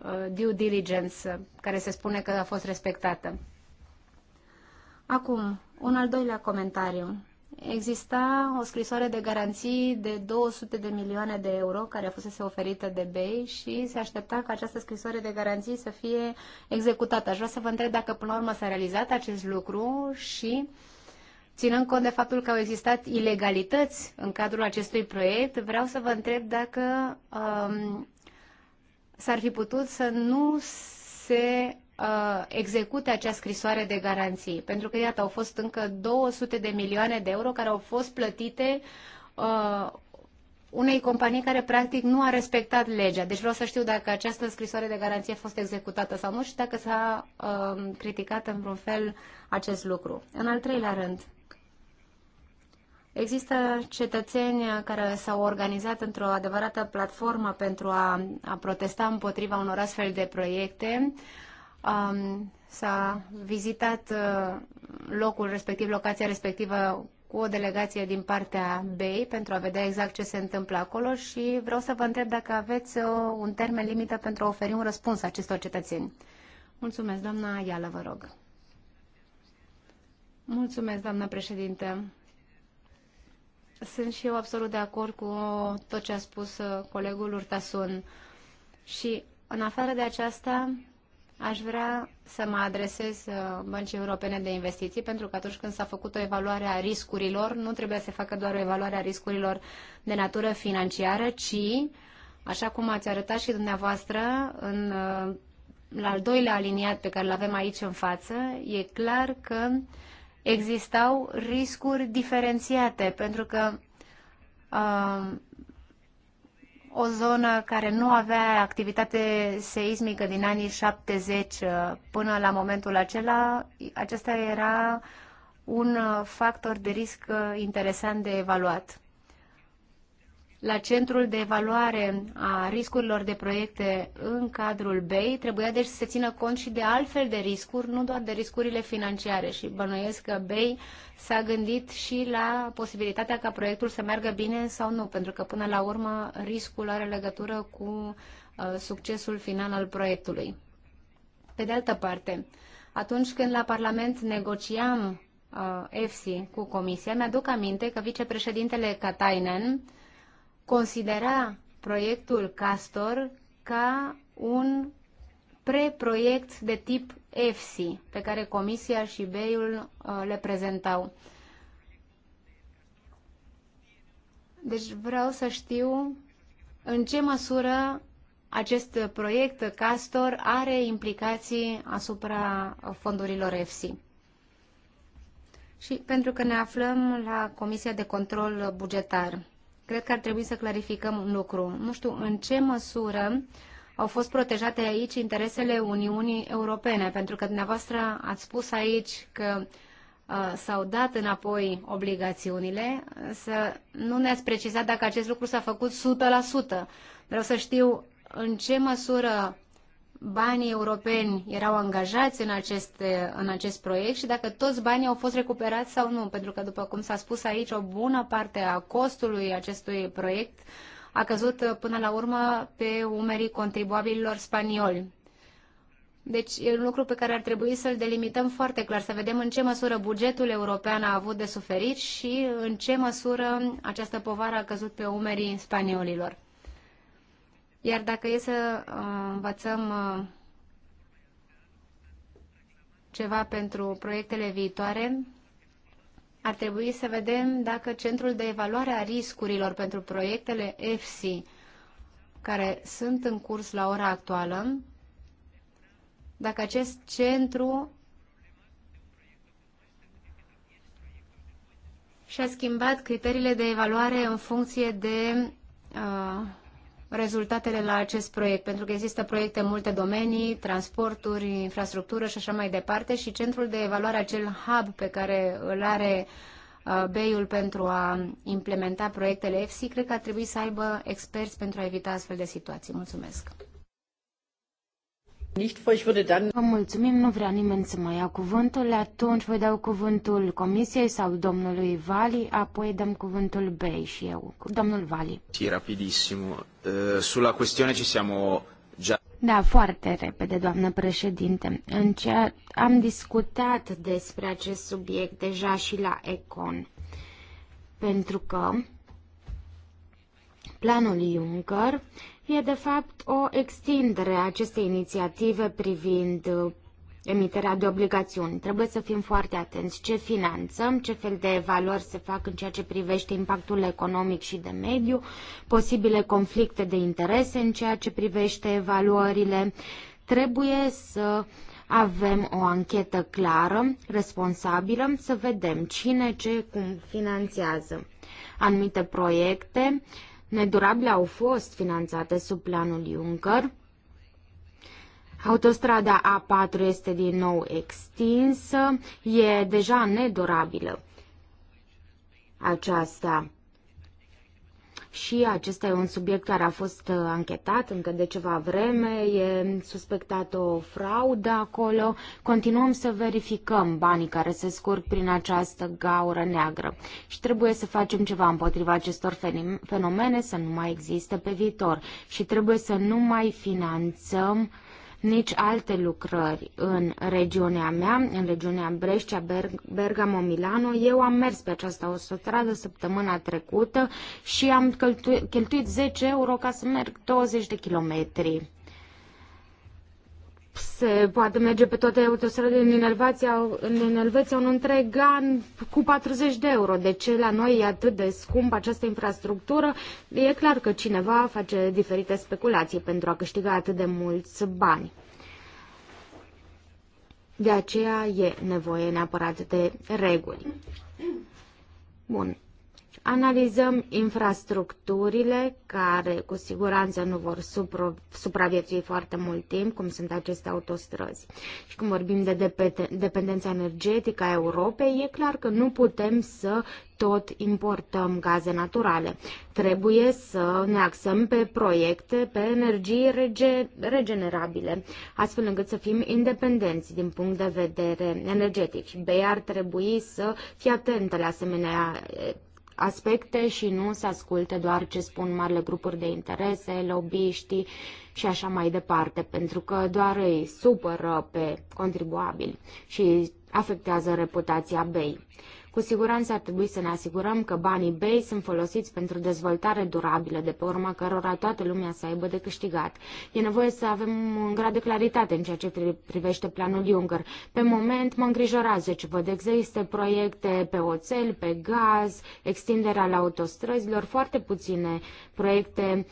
uh, due diligence care se spune că a fost respectată. Acum, un al doilea comentariu exista o scrisoare de garanții de 200 de milioane de euro care a fusese oferită de BEI și se aștepta ca această scrisoare de garanții să fie executată. Aș vrea să vă întreb dacă până la urmă s-a realizat acest lucru și Ținând cont de faptul că au existat ilegalități în cadrul acestui proiect, vreau să vă întreb dacă um, s-ar fi putut să nu se uh, execute acea scrisoare de garanții. Pentru că, iată, au fost încă 200 de milioane de euro care au fost plătite uh, unei companii care practic nu a respectat legea. Deci vreau să știu dacă această scrisoare de garanție a fost executată sau nu și dacă s-a uh, criticat în vreun fel acest lucru. În al treilea rând, Există cetățeni care s-au organizat într-o adevărată platformă pentru a, a protesta împotriva unor astfel de proiecte. Uh, um, s-a vizitat uh, locul respectiv, locația respectivă cu o delegație din partea BEI pentru a vedea exact ce se întâmplă acolo și vreau să vă întreb dacă aveți uh, un termen limită pentru a oferi un răspuns acestor cetățeni. Mulțumesc, doamna Iala, vă rog. Mulțumesc, doamna președinte. Sunt și eu absolut de acord cu tot ce a spus uh, colegul Urtasun. Și în afară de aceasta, Aș vrea să mă adresez uh, Băncii Europene de Investiții, pentru că atunci când s-a făcut o evaluare a riscurilor, nu trebuie să se facă doar o evaluare a riscurilor de natură financiară, ci, așa cum ați arătat și dumneavoastră, în, uh, la al doilea aliniat pe care îl avem aici în față, e clar că existau riscuri diferențiate, pentru că uh, o zonă care nu avea activitate seismică din anii 70 uh, până la momentul acela, acesta era un uh, factor de risc uh, interesant de evaluat la Centrul de Evaluare a Riscurilor de Proiecte în cadrul BEI, trebuia deci să se țină cont și de altfel de riscuri, nu doar de riscurile financiare și bănuiesc că BEI s-a gândit și la posibilitatea ca proiectul să meargă bine sau nu, pentru că până la urmă riscul are legătură cu uh, succesul final al proiectului. Pe de altă parte, atunci când la Parlament negociam uh, EFSI cu Comisia, mi-aduc aminte că vicepreședintele Katainen considera proiectul Castor ca un preproiect de tip EFSI, pe care Comisia și BEI-ul uh, le prezentau. Deci vreau să știu în ce măsură acest proiect Castor are implicații asupra fondurilor EFSI. Și pentru că ne aflăm la Comisia de Control Bugetar cred că ar trebui să clarificăm un lucru. Nu știu în ce măsură au fost protejate aici interesele Uniunii Europene, pentru că dumneavoastră ați spus aici că uh, s-au dat înapoi obligațiunile, să nu ne-ați precizat dacă acest lucru s-a făcut 100%. Vreau să știu în ce măsură banii europeni erau angajați în, acest, în acest proiect și dacă toți banii au fost recuperați sau nu, pentru că, după cum s-a spus aici, o bună parte a costului acestui proiect a căzut uh, până la urmă pe umerii contribuabililor spanioli. Deci e un lucru pe care ar trebui să-l delimităm foarte clar, să vedem în ce măsură bugetul european a avut de suferit și în ce măsură această povară a căzut pe umerii spaniolilor. Iar dacă e să uh, învățăm uh, ceva pentru proiectele viitoare, ar trebui să vedem dacă Centrul de Evaluare a Riscurilor pentru proiectele EFSI, care sunt în curs la ora actuală, dacă acest centru și-a schimbat criteriile de evaluare în funcție de uh, rezultatele la acest proiect, pentru că există proiecte în multe domenii, transporturi, infrastructură și așa mai departe și centrul de evaluare, acel hub pe care îl are uh, BEI-ul pentru a implementa proiectele EFSI, cred că ar trebui să aibă experți pentru a evita astfel de situații. Mulțumesc! Vă mulțumim, nu vrea nimeni să mai ia cuvântul, atunci vă dau cuvântul Comisiei sau domnului Vali, apoi dăm cuvântul Bei și eu. Domnul Vali. Sì, rapidissimo. Eh, sulla questione ci siamo già... Da, foarte repede, doamnă președinte. În cea... Am discutat despre acest subiect deja și la Econ, pentru că planul Juncker e de fapt o extindere a acestei inițiative privind uh, emiterea de obligațiuni. Trebuie să fim foarte atenți ce finanțăm, ce fel de valori se fac în ceea ce privește impactul economic și de mediu, posibile conflicte de interese în ceea ce privește evaluările. Trebuie să avem o anchetă clară, responsabilă, să vedem cine ce cum finanțează anumite proiecte nedurabile au fost finanțate sub planul Juncker. Autostrada A4 este din nou extinsă, e deja nedurabilă aceasta și acesta e un subiect care a fost uh, anchetat încă de ceva vreme, e suspectată o fraudă acolo. Continuăm să verificăm banii care se scurg prin această gaură neagră și trebuie să facem ceva împotriva acestor fenomene să nu mai existe pe viitor și trebuie să nu mai finanțăm uh, nici alte lucrări în regiunea mea, în regiunea Brescia, Bergamo, Milano. Eu am mers pe această autostradă săptămâna trecută și am cheltuit 10 euro ca să merg 20 de kilometri se poate merge pe toate autostradele în Elveția, în Elveția un întreg an cu 40 de euro. De ce la noi e atât de scump această infrastructură? E clar că cineva face diferite speculații pentru a câștiga atât de mulți bani. De aceea e nevoie neapărat de reguli. Bun. Analizăm infrastructurile care cu siguranță nu vor supraviețui foarte mult timp, cum sunt aceste autostrăzi. Și când vorbim de dependența energetică a Europei, e clar că nu putem să tot importăm gaze naturale. Trebuie să ne axăm pe proiecte, pe energii rege, regenerabile, astfel încât să fim independenți din punct de vedere energetic. Și BEI ar trebui să fie atentă la asemenea aspecte și nu să asculte doar ce spun marile grupuri de interese, lobbyiștii și așa mai departe, pentru că doar îi supără pe contribuabili și afectează reputația BEI. Cu siguranță ar trebui să ne asigurăm că banii BEI sunt folosiți pentru dezvoltare durabilă, de pe urma cărora toată lumea să aibă de câștigat. E nevoie să avem un grad de claritate în ceea ce privește planul Juncker. Pe moment mă îngrijorează ce văd. Există proiecte pe oțel, pe gaz, extinderea la autostrăzilor, foarte puține proiecte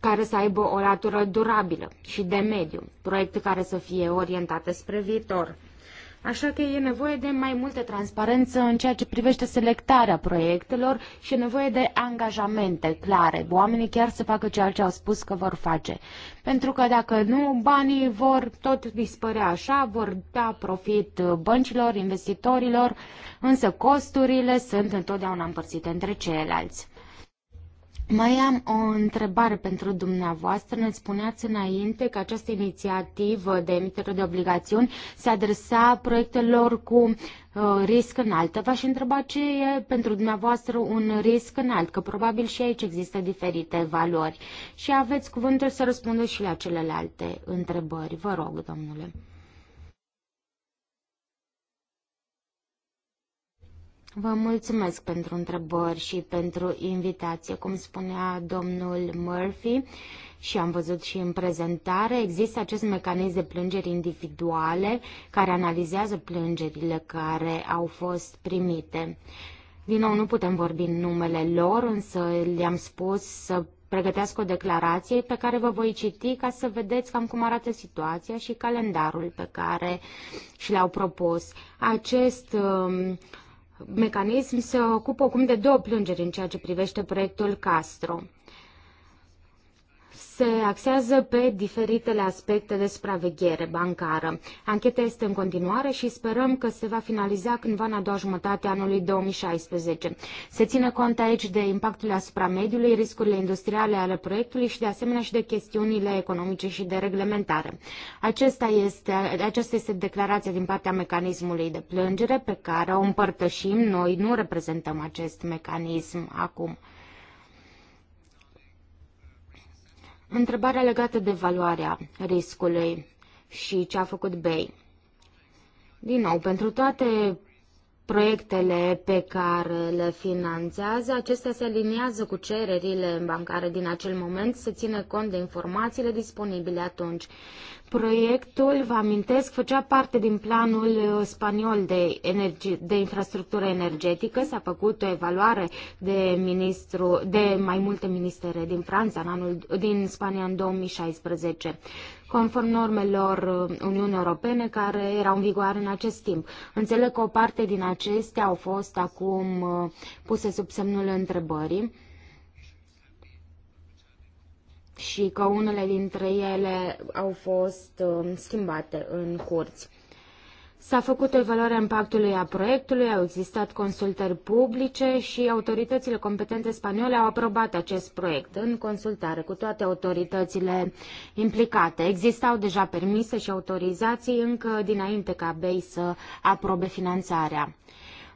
care să aibă o latură durabilă și de mediu, proiecte care să fie orientate spre viitor. Așa că e nevoie de mai multă transparență în ceea ce privește selectarea proiectelor și e nevoie de angajamente clare. Oamenii chiar să facă ceea ce au spus că vor face. Pentru că dacă nu, banii vor tot dispărea așa, vor da profit băncilor, investitorilor, însă costurile sunt întotdeauna împărțite între ceilalți. Mai am o întrebare pentru dumneavoastră. Ne spuneați înainte că această inițiativă de emitere de obligațiuni se adresa proiectelor cu uh, risc înalt. V-aș întreba ce e pentru dumneavoastră un risc înalt, că probabil și aici există diferite valori. Și aveți cuvântul să răspundeți și la celelalte întrebări. Vă rog, domnule. Vă mulțumesc pentru întrebări și pentru invitație. Cum spunea domnul Murphy, și am văzut și în prezentare, există acest mecanism de plângeri individuale care analizează plângerile care au fost primite. Din nou, nu putem vorbi în numele lor, însă le-am spus să pregătească o declarație pe care vă voi citi ca să vedeți cam cum arată situația și calendarul pe care și l-au propus. Acest uh, mecanism se ocupă acum de două plângeri în ceea ce privește proiectul Castro se axează pe diferitele aspecte de supraveghere bancară. Ancheta este în continuare și sperăm că se va finaliza cândva în a doua jumătate anului 2016. Se ține cont aici de impactul asupra mediului, riscurile industriale ale proiectului și de asemenea și de chestiunile economice și de reglementare. Acesta este, aceasta este declarația din partea mecanismului de plângere pe care o împărtășim. Noi nu reprezentăm acest mecanism acum. Întrebarea legată de valoarea riscului și ce a făcut Bay. Din nou, pentru toate proiectele pe care le finanțează, acestea se aliniază cu cererile bancare din acel moment, se ține cont de informațiile disponibile atunci. Proiectul, vă amintesc, făcea parte din planul uh, spaniol de, energie, de infrastructură energetică. S-a făcut o evaluare de, ministru, de mai multe ministere din Franța, în anul, din Spania în 2016 conform normelor uh, Uniunii Europene care erau în vigoare în acest timp. Înțeleg că o parte din acestea au fost acum uh, puse sub semnul întrebării și că unele dintre ele au fost um, schimbate în curți. S-a făcut o evaluare a impactului a proiectului, au existat consultări publice și autoritățile competente spaniole au aprobat acest proiect în consultare cu toate autoritățile implicate. Existau deja permise și autorizații încă dinainte ca BEI să aprobe finanțarea.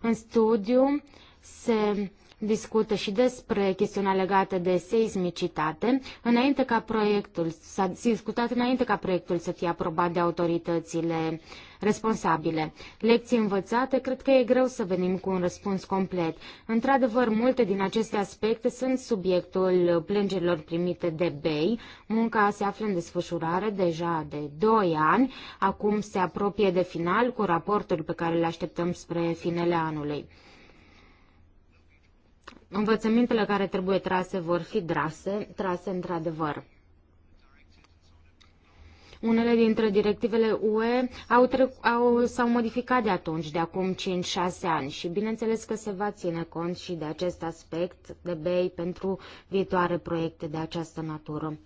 În studiu se discută și despre chestiunea legată de seismicitate, înainte ca proiectul, s-a discutat înainte ca proiectul să fie aprobat de autoritățile responsabile. Lecții învățate, cred că e greu să venim cu un răspuns complet. Într-adevăr, multe din aceste aspecte sunt subiectul plângerilor primite de BEI. Munca se află în desfășurare deja de 2 ani. Acum se apropie de final cu raportul pe care îl așteptăm spre finele anului învățămintele care trebuie trase vor fi trase, trase într-adevăr. Unele dintre directivele UE au trec, au, s-au modificat de atunci, de acum 5-6 ani și bineînțeles că se va ține cont și de acest aspect de BEI pentru viitoare proiecte de această natură.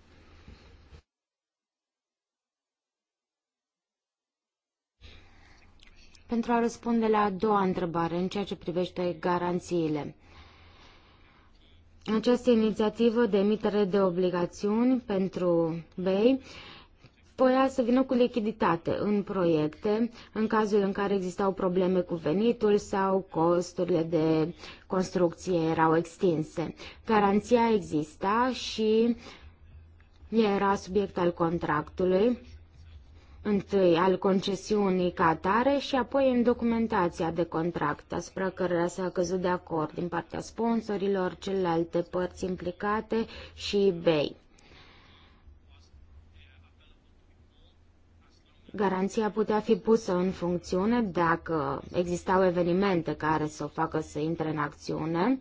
Pentru a răspunde la a doua întrebare în ceea ce privește garanțiile această inițiativă de emitere de obligațiuni pentru BEI voia să vină cu lichiditate în proiecte, în cazul în care existau probleme cu venitul sau costurile de construcție erau extinse. Garanția exista și era subiect al contractului întâi al concesiunii ca atare și apoi în documentația de contract, asupra cărora s-a căzut de acord din partea sponsorilor, celelalte părți implicate și eBay. Garanția putea fi pusă în funcțiune dacă existau evenimente care să o facă să intre în acțiune.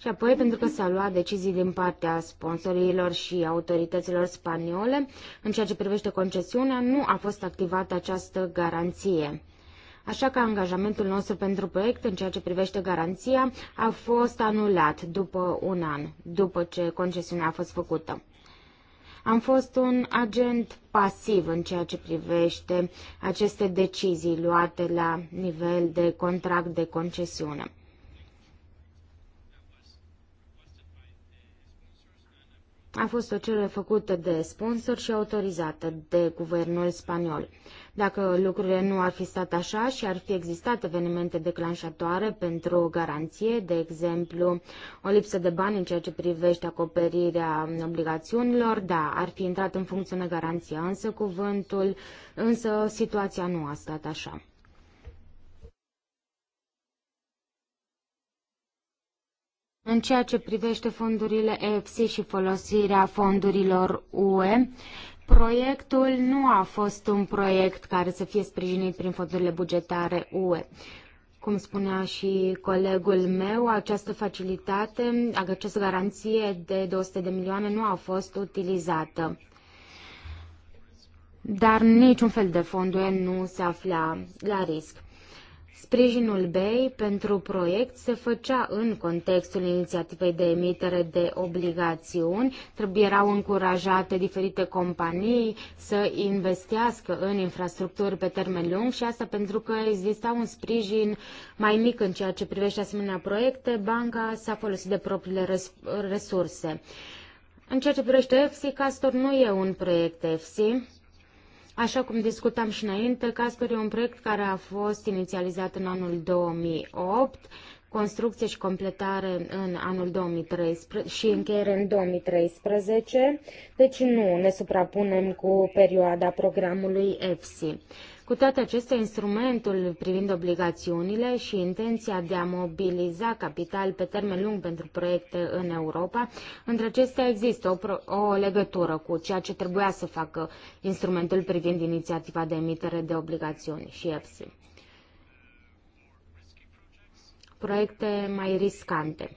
Și apoi, pentru că s a luat decizii din partea sponsorilor și autorităților spaniole, în ceea ce privește concesiunea, nu a fost activată această garanție. Așa că angajamentul nostru pentru proiect în ceea ce privește garanția a fost anulat după un an, după ce concesiunea a fost făcută. Am fost un agent pasiv în ceea ce privește aceste decizii luate la nivel de contract de concesiune. a fost o cerere făcută de sponsor și autorizată de guvernul spaniol. Dacă lucrurile nu ar fi stat așa și ar fi existat evenimente declanșatoare pentru o garanție, de exemplu, o lipsă de bani în ceea ce privește acoperirea obligațiunilor, da, ar fi intrat în funcțiune garanția, însă cuvântul, însă situația nu a stat așa. În ceea ce privește fondurile EFSI și folosirea fondurilor UE, proiectul nu a fost un proiect care să fie sprijinit prin fondurile bugetare UE. Cum spunea și colegul meu, această facilitate, această garanție de 200 de milioane nu a fost utilizată. Dar niciun fel de fonduri nu se afla la risc. Sprijinul BEI pentru proiect se făcea în contextul inițiativei de emitere de obligațiuni, trebuie erau încurajate diferite companii să investească în infrastructuri pe termen lung și asta pentru că exista un sprijin mai mic în ceea ce privește asemenea proiecte, banca s-a folosit de propriile resurse. În ceea ce privește EFSI, Castor nu e un proiect EFSI, Așa cum discutam și înainte, Castor e un proiect care a fost inițializat în anul 2008, construcție și completare în anul 2013 și încheiere în 2013, deci nu ne suprapunem cu perioada programului EFSI. Cu toate acestea, instrumentul privind obligațiunile și intenția de a mobiliza capital pe termen lung pentru proiecte în Europa, între acestea există o, o legătură cu ceea ce trebuia să facă instrumentul privind inițiativa de emitere de obligațiuni și EPSI. Proiecte mai riscante.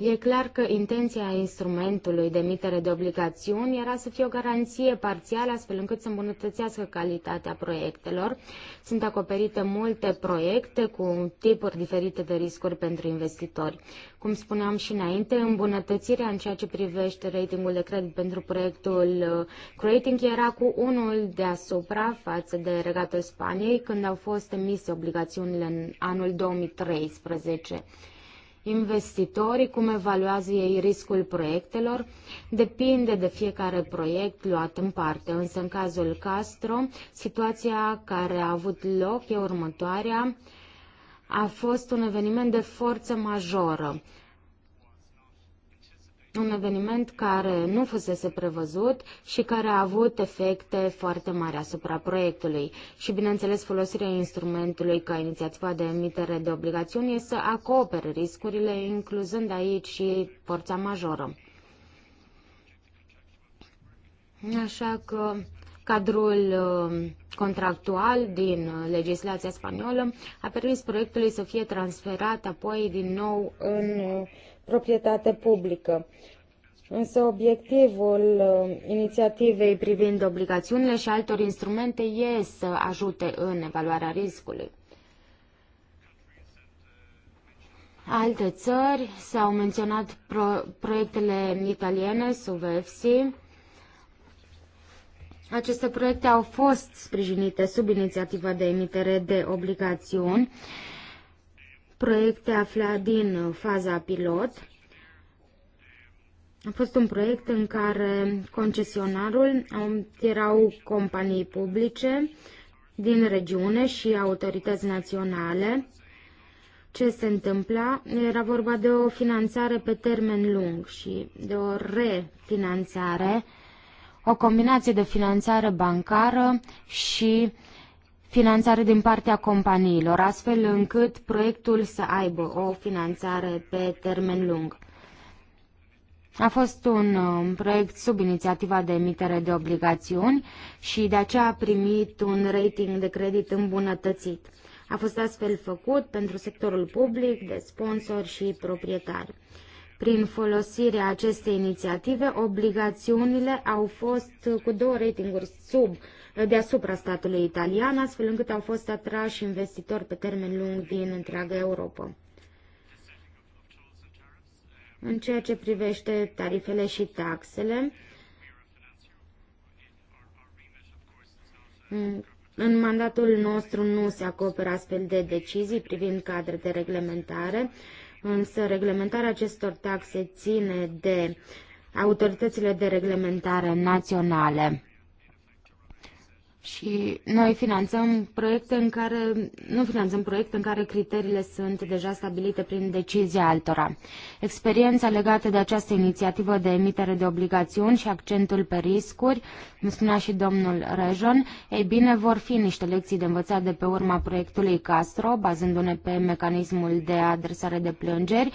E clar că intenția instrumentului de emitere de obligațiuni era să fie o garanție parțială, astfel încât să îmbunătățească calitatea proiectelor. Sunt acoperite multe proiecte cu tipuri diferite de riscuri pentru investitori. Cum spuneam și înainte, îmbunătățirea în ceea ce privește ratingul de credit pentru proiectul uh, Creating era cu unul deasupra față de regatul Spaniei, când au fost emise obligațiunile în anul 2013 investitorii, cum evaluează ei riscul proiectelor, depinde de fiecare proiect luat în parte. Însă, în cazul Castro, situația care a avut loc e următoarea. A fost un eveniment de forță majoră un eveniment care nu fusese prevăzut și care a avut efecte foarte mari asupra proiectului. Și, bineînțeles, folosirea instrumentului ca inițiativa de emitere de obligațiuni este să acopere riscurile, incluzând aici și forța majoră. Așa că cadrul uh, contractual din uh, legislația spaniolă a permis proiectului să fie transferat apoi din nou în uh, proprietate publică. Însă obiectivul uh, inițiativei privind obligațiunile și altor instrumente e să ajute în evaluarea riscului. Alte țări s-au menționat pro- proiectele italiene sub EFSI. Aceste proiecte au fost sprijinite sub inițiativa de emitere de obligațiuni proiecte aflat din uh, faza pilot. A fost un proiect în care concesionarul erau companii publice din regiune și autorități naționale. Ce se întâmpla? Era vorba de o finanțare pe termen lung și de o refinanțare, o combinație de finanțare bancară și uh, finanțare din partea companiilor, astfel încât proiectul să aibă o finanțare pe termen lung. A fost un uh, proiect sub inițiativa de emitere de obligațiuni și de aceea a primit un rating de credit îmbunătățit. A fost astfel făcut pentru sectorul public, de sponsor și proprietari. Prin folosirea acestei inițiative, obligațiunile au fost cu două ratinguri sub deasupra statului italian, astfel încât au fost atrași investitori pe termen lung din întreaga Europa. În ceea ce privește tarifele și taxele, în mandatul nostru nu se acoperă astfel de decizii privind cadre de reglementare, însă reglementarea acestor taxe ține de autoritățile de reglementare naționale. Și noi finanțăm proiecte în care, nu finanțăm proiecte în care criteriile sunt deja stabilite prin decizia altora. Experiența legată de această inițiativă de emitere de obligațiuni și accentul pe riscuri, cum spunea și domnul Rejon, ei bine, vor fi niște lecții de învățat de pe urma proiectului Castro, bazându-ne pe mecanismul de adresare de plângeri,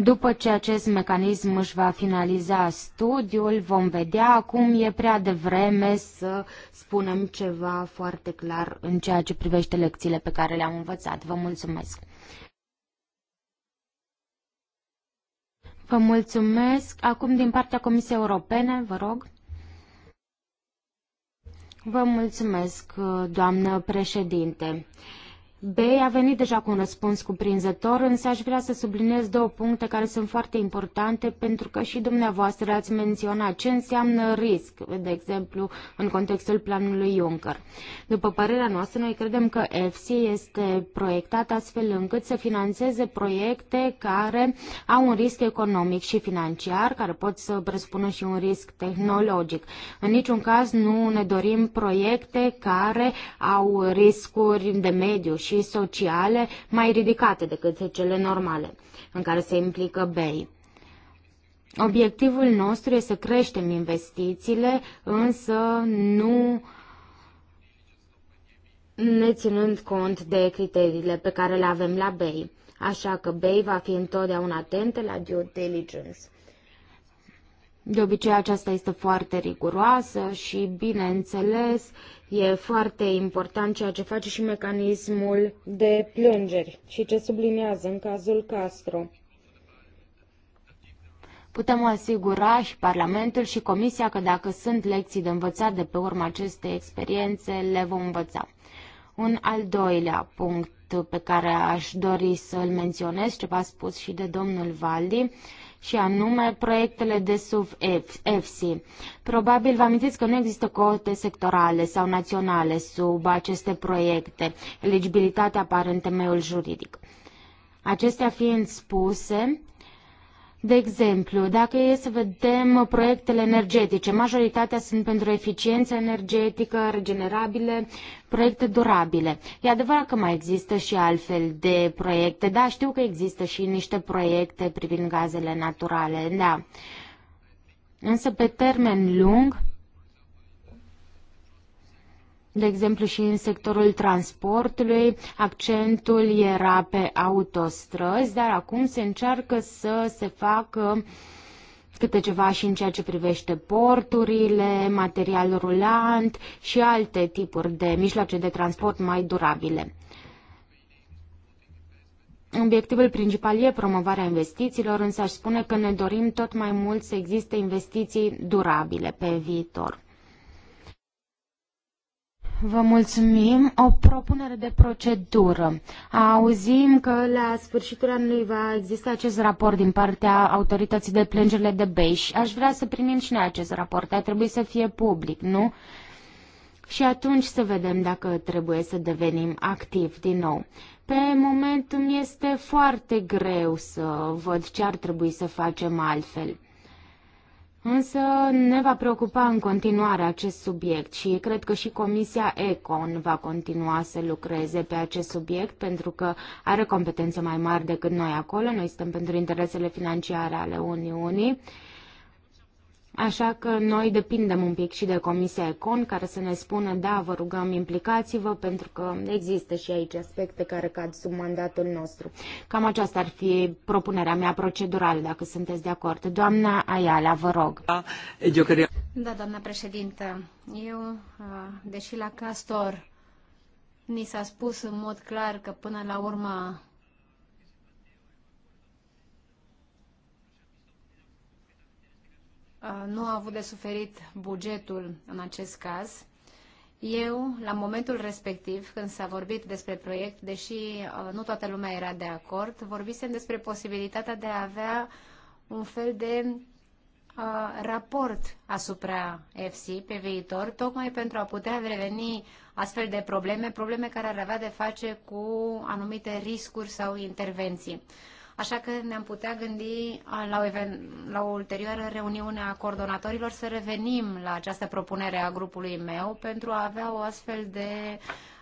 după ce acest mecanism își va finaliza studiul, vom vedea. Acum e prea devreme să spunem ceva foarte clar în ceea ce privește lecțiile pe care le-am învățat. Vă mulțumesc! Vă mulțumesc. Acum din partea Comisiei Europene, vă rog. Vă mulțumesc, doamnă președinte. B a venit deja cu un răspuns cuprinzător, însă aș vrea să subliniez două puncte care sunt foarte importante, pentru că și dumneavoastră ați menționat ce înseamnă risc, de exemplu, în contextul planului Juncker. După părerea noastră, noi credem că EFSI este proiectat astfel încât să financeze proiecte care au un risc economic și financiar, care pot să presupună și un risc tehnologic. În niciun caz nu ne dorim proiecte care au riscuri de mediu și și sociale mai ridicate decât cele normale în care se implică BEI. Obiectivul nostru este să creștem investițiile, însă nu ne ținând cont de criteriile pe care le avem la BEI. Așa că BEI va fi întotdeauna atentă la due diligence. De obicei aceasta este foarte riguroasă și, bineînțeles, e foarte important ceea ce face și mecanismul de plângeri și ce sublinează în cazul Castro. Putem asigura și Parlamentul și Comisia că dacă sunt lecții de învățat de pe urma acestei experiențe, le vom învăța. Un al doilea punct pe care aș dori să-l menționez, ceva spus și de domnul Valdi, și anume proiectele de sub EFSI. Probabil vă amintiți că nu există cote sectorale sau naționale sub aceste proiecte. Eligibilitatea apare în temeiul juridic. Acestea fiind spuse, de exemplu, dacă e să vedem proiectele energetice, majoritatea sunt pentru eficiență energetică, regenerabile, proiecte durabile. E adevărat că mai există și altfel de proiecte, da, știu că există și niște proiecte privind gazele naturale, da. Însă pe termen lung, de exemplu, și în sectorul transportului, accentul era pe autostrăzi, dar acum se încearcă să se facă câte ceva și în ceea ce privește porturile, material rulant și alte tipuri de mijloace de transport mai durabile. Obiectivul principal e promovarea investițiilor, însă aș spune că ne dorim tot mai mult să existe investiții durabile pe viitor. Vă mulțumim. O propunere de procedură. Auzim că la sfârșitul anului va exista acest raport din partea autorității de plângerile de Beiș. Aș vrea să primim și noi acest raport. Ar trebui să fie public, nu? Și atunci să vedem dacă trebuie să devenim activi din nou. Pe moment îmi este foarte greu să văd ce ar trebui să facem altfel. Însă ne va preocupa în continuare acest subiect și cred că și Comisia ECON va continua să lucreze pe acest subiect pentru că are competențe mai mari decât noi acolo. Noi suntem pentru interesele financiare ale Uniunii. Așa că noi depindem un pic și de Comisia Econ, care să ne spună, da, vă rugăm, implicați-vă, pentru că există și aici aspecte care cad sub mandatul nostru. Cam aceasta ar fi propunerea mea procedurală, dacă sunteți de acord. Doamna Ayala, vă rog. Da, doamna președintă, eu, deși la Castor ni s-a spus în mod clar că până la urmă nu a avut de suferit bugetul în acest caz. Eu, la momentul respectiv, când s-a vorbit despre proiect, deși nu toată lumea era de acord, vorbisem despre posibilitatea de a avea un fel de uh, raport asupra FC pe viitor, tocmai pentru a putea reveni astfel de probleme, probleme care ar avea de face cu anumite riscuri sau intervenții. Uh, Așa că ne-am putea gândi la o, even- la o ulterioară reuniune a coordonatorilor să revenim la această propunere a grupului meu pentru a avea o astfel de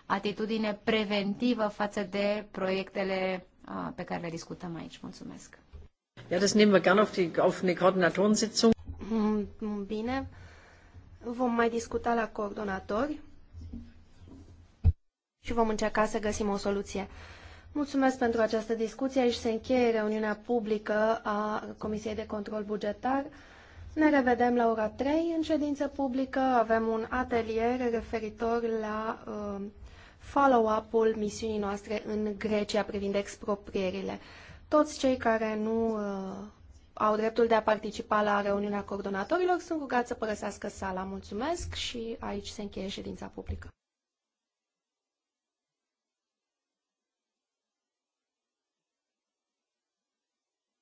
atitudine preventivă față de proiectele pe care le discutăm aici. Mulțumesc. Ja, das nehmen wir gerne auf die auf eine Koordinatorensitzung. Mm, bine. Vom mai discuta la coordonatori și vom încerca să găsim o soluție. Mulțumesc pentru această discuție. Aici se încheie reuniunea publică a Comisiei de Control Bugetar. Ne revedem la ora 3 în ședință publică. Avem un atelier referitor la uh, follow-up-ul misiunii noastre în Grecia privind exproprierile. Toți cei care nu uh, au dreptul de a participa la reuniunea coordonatorilor sunt rugați să părăsească sala. Mulțumesc și aici se încheie ședința publică.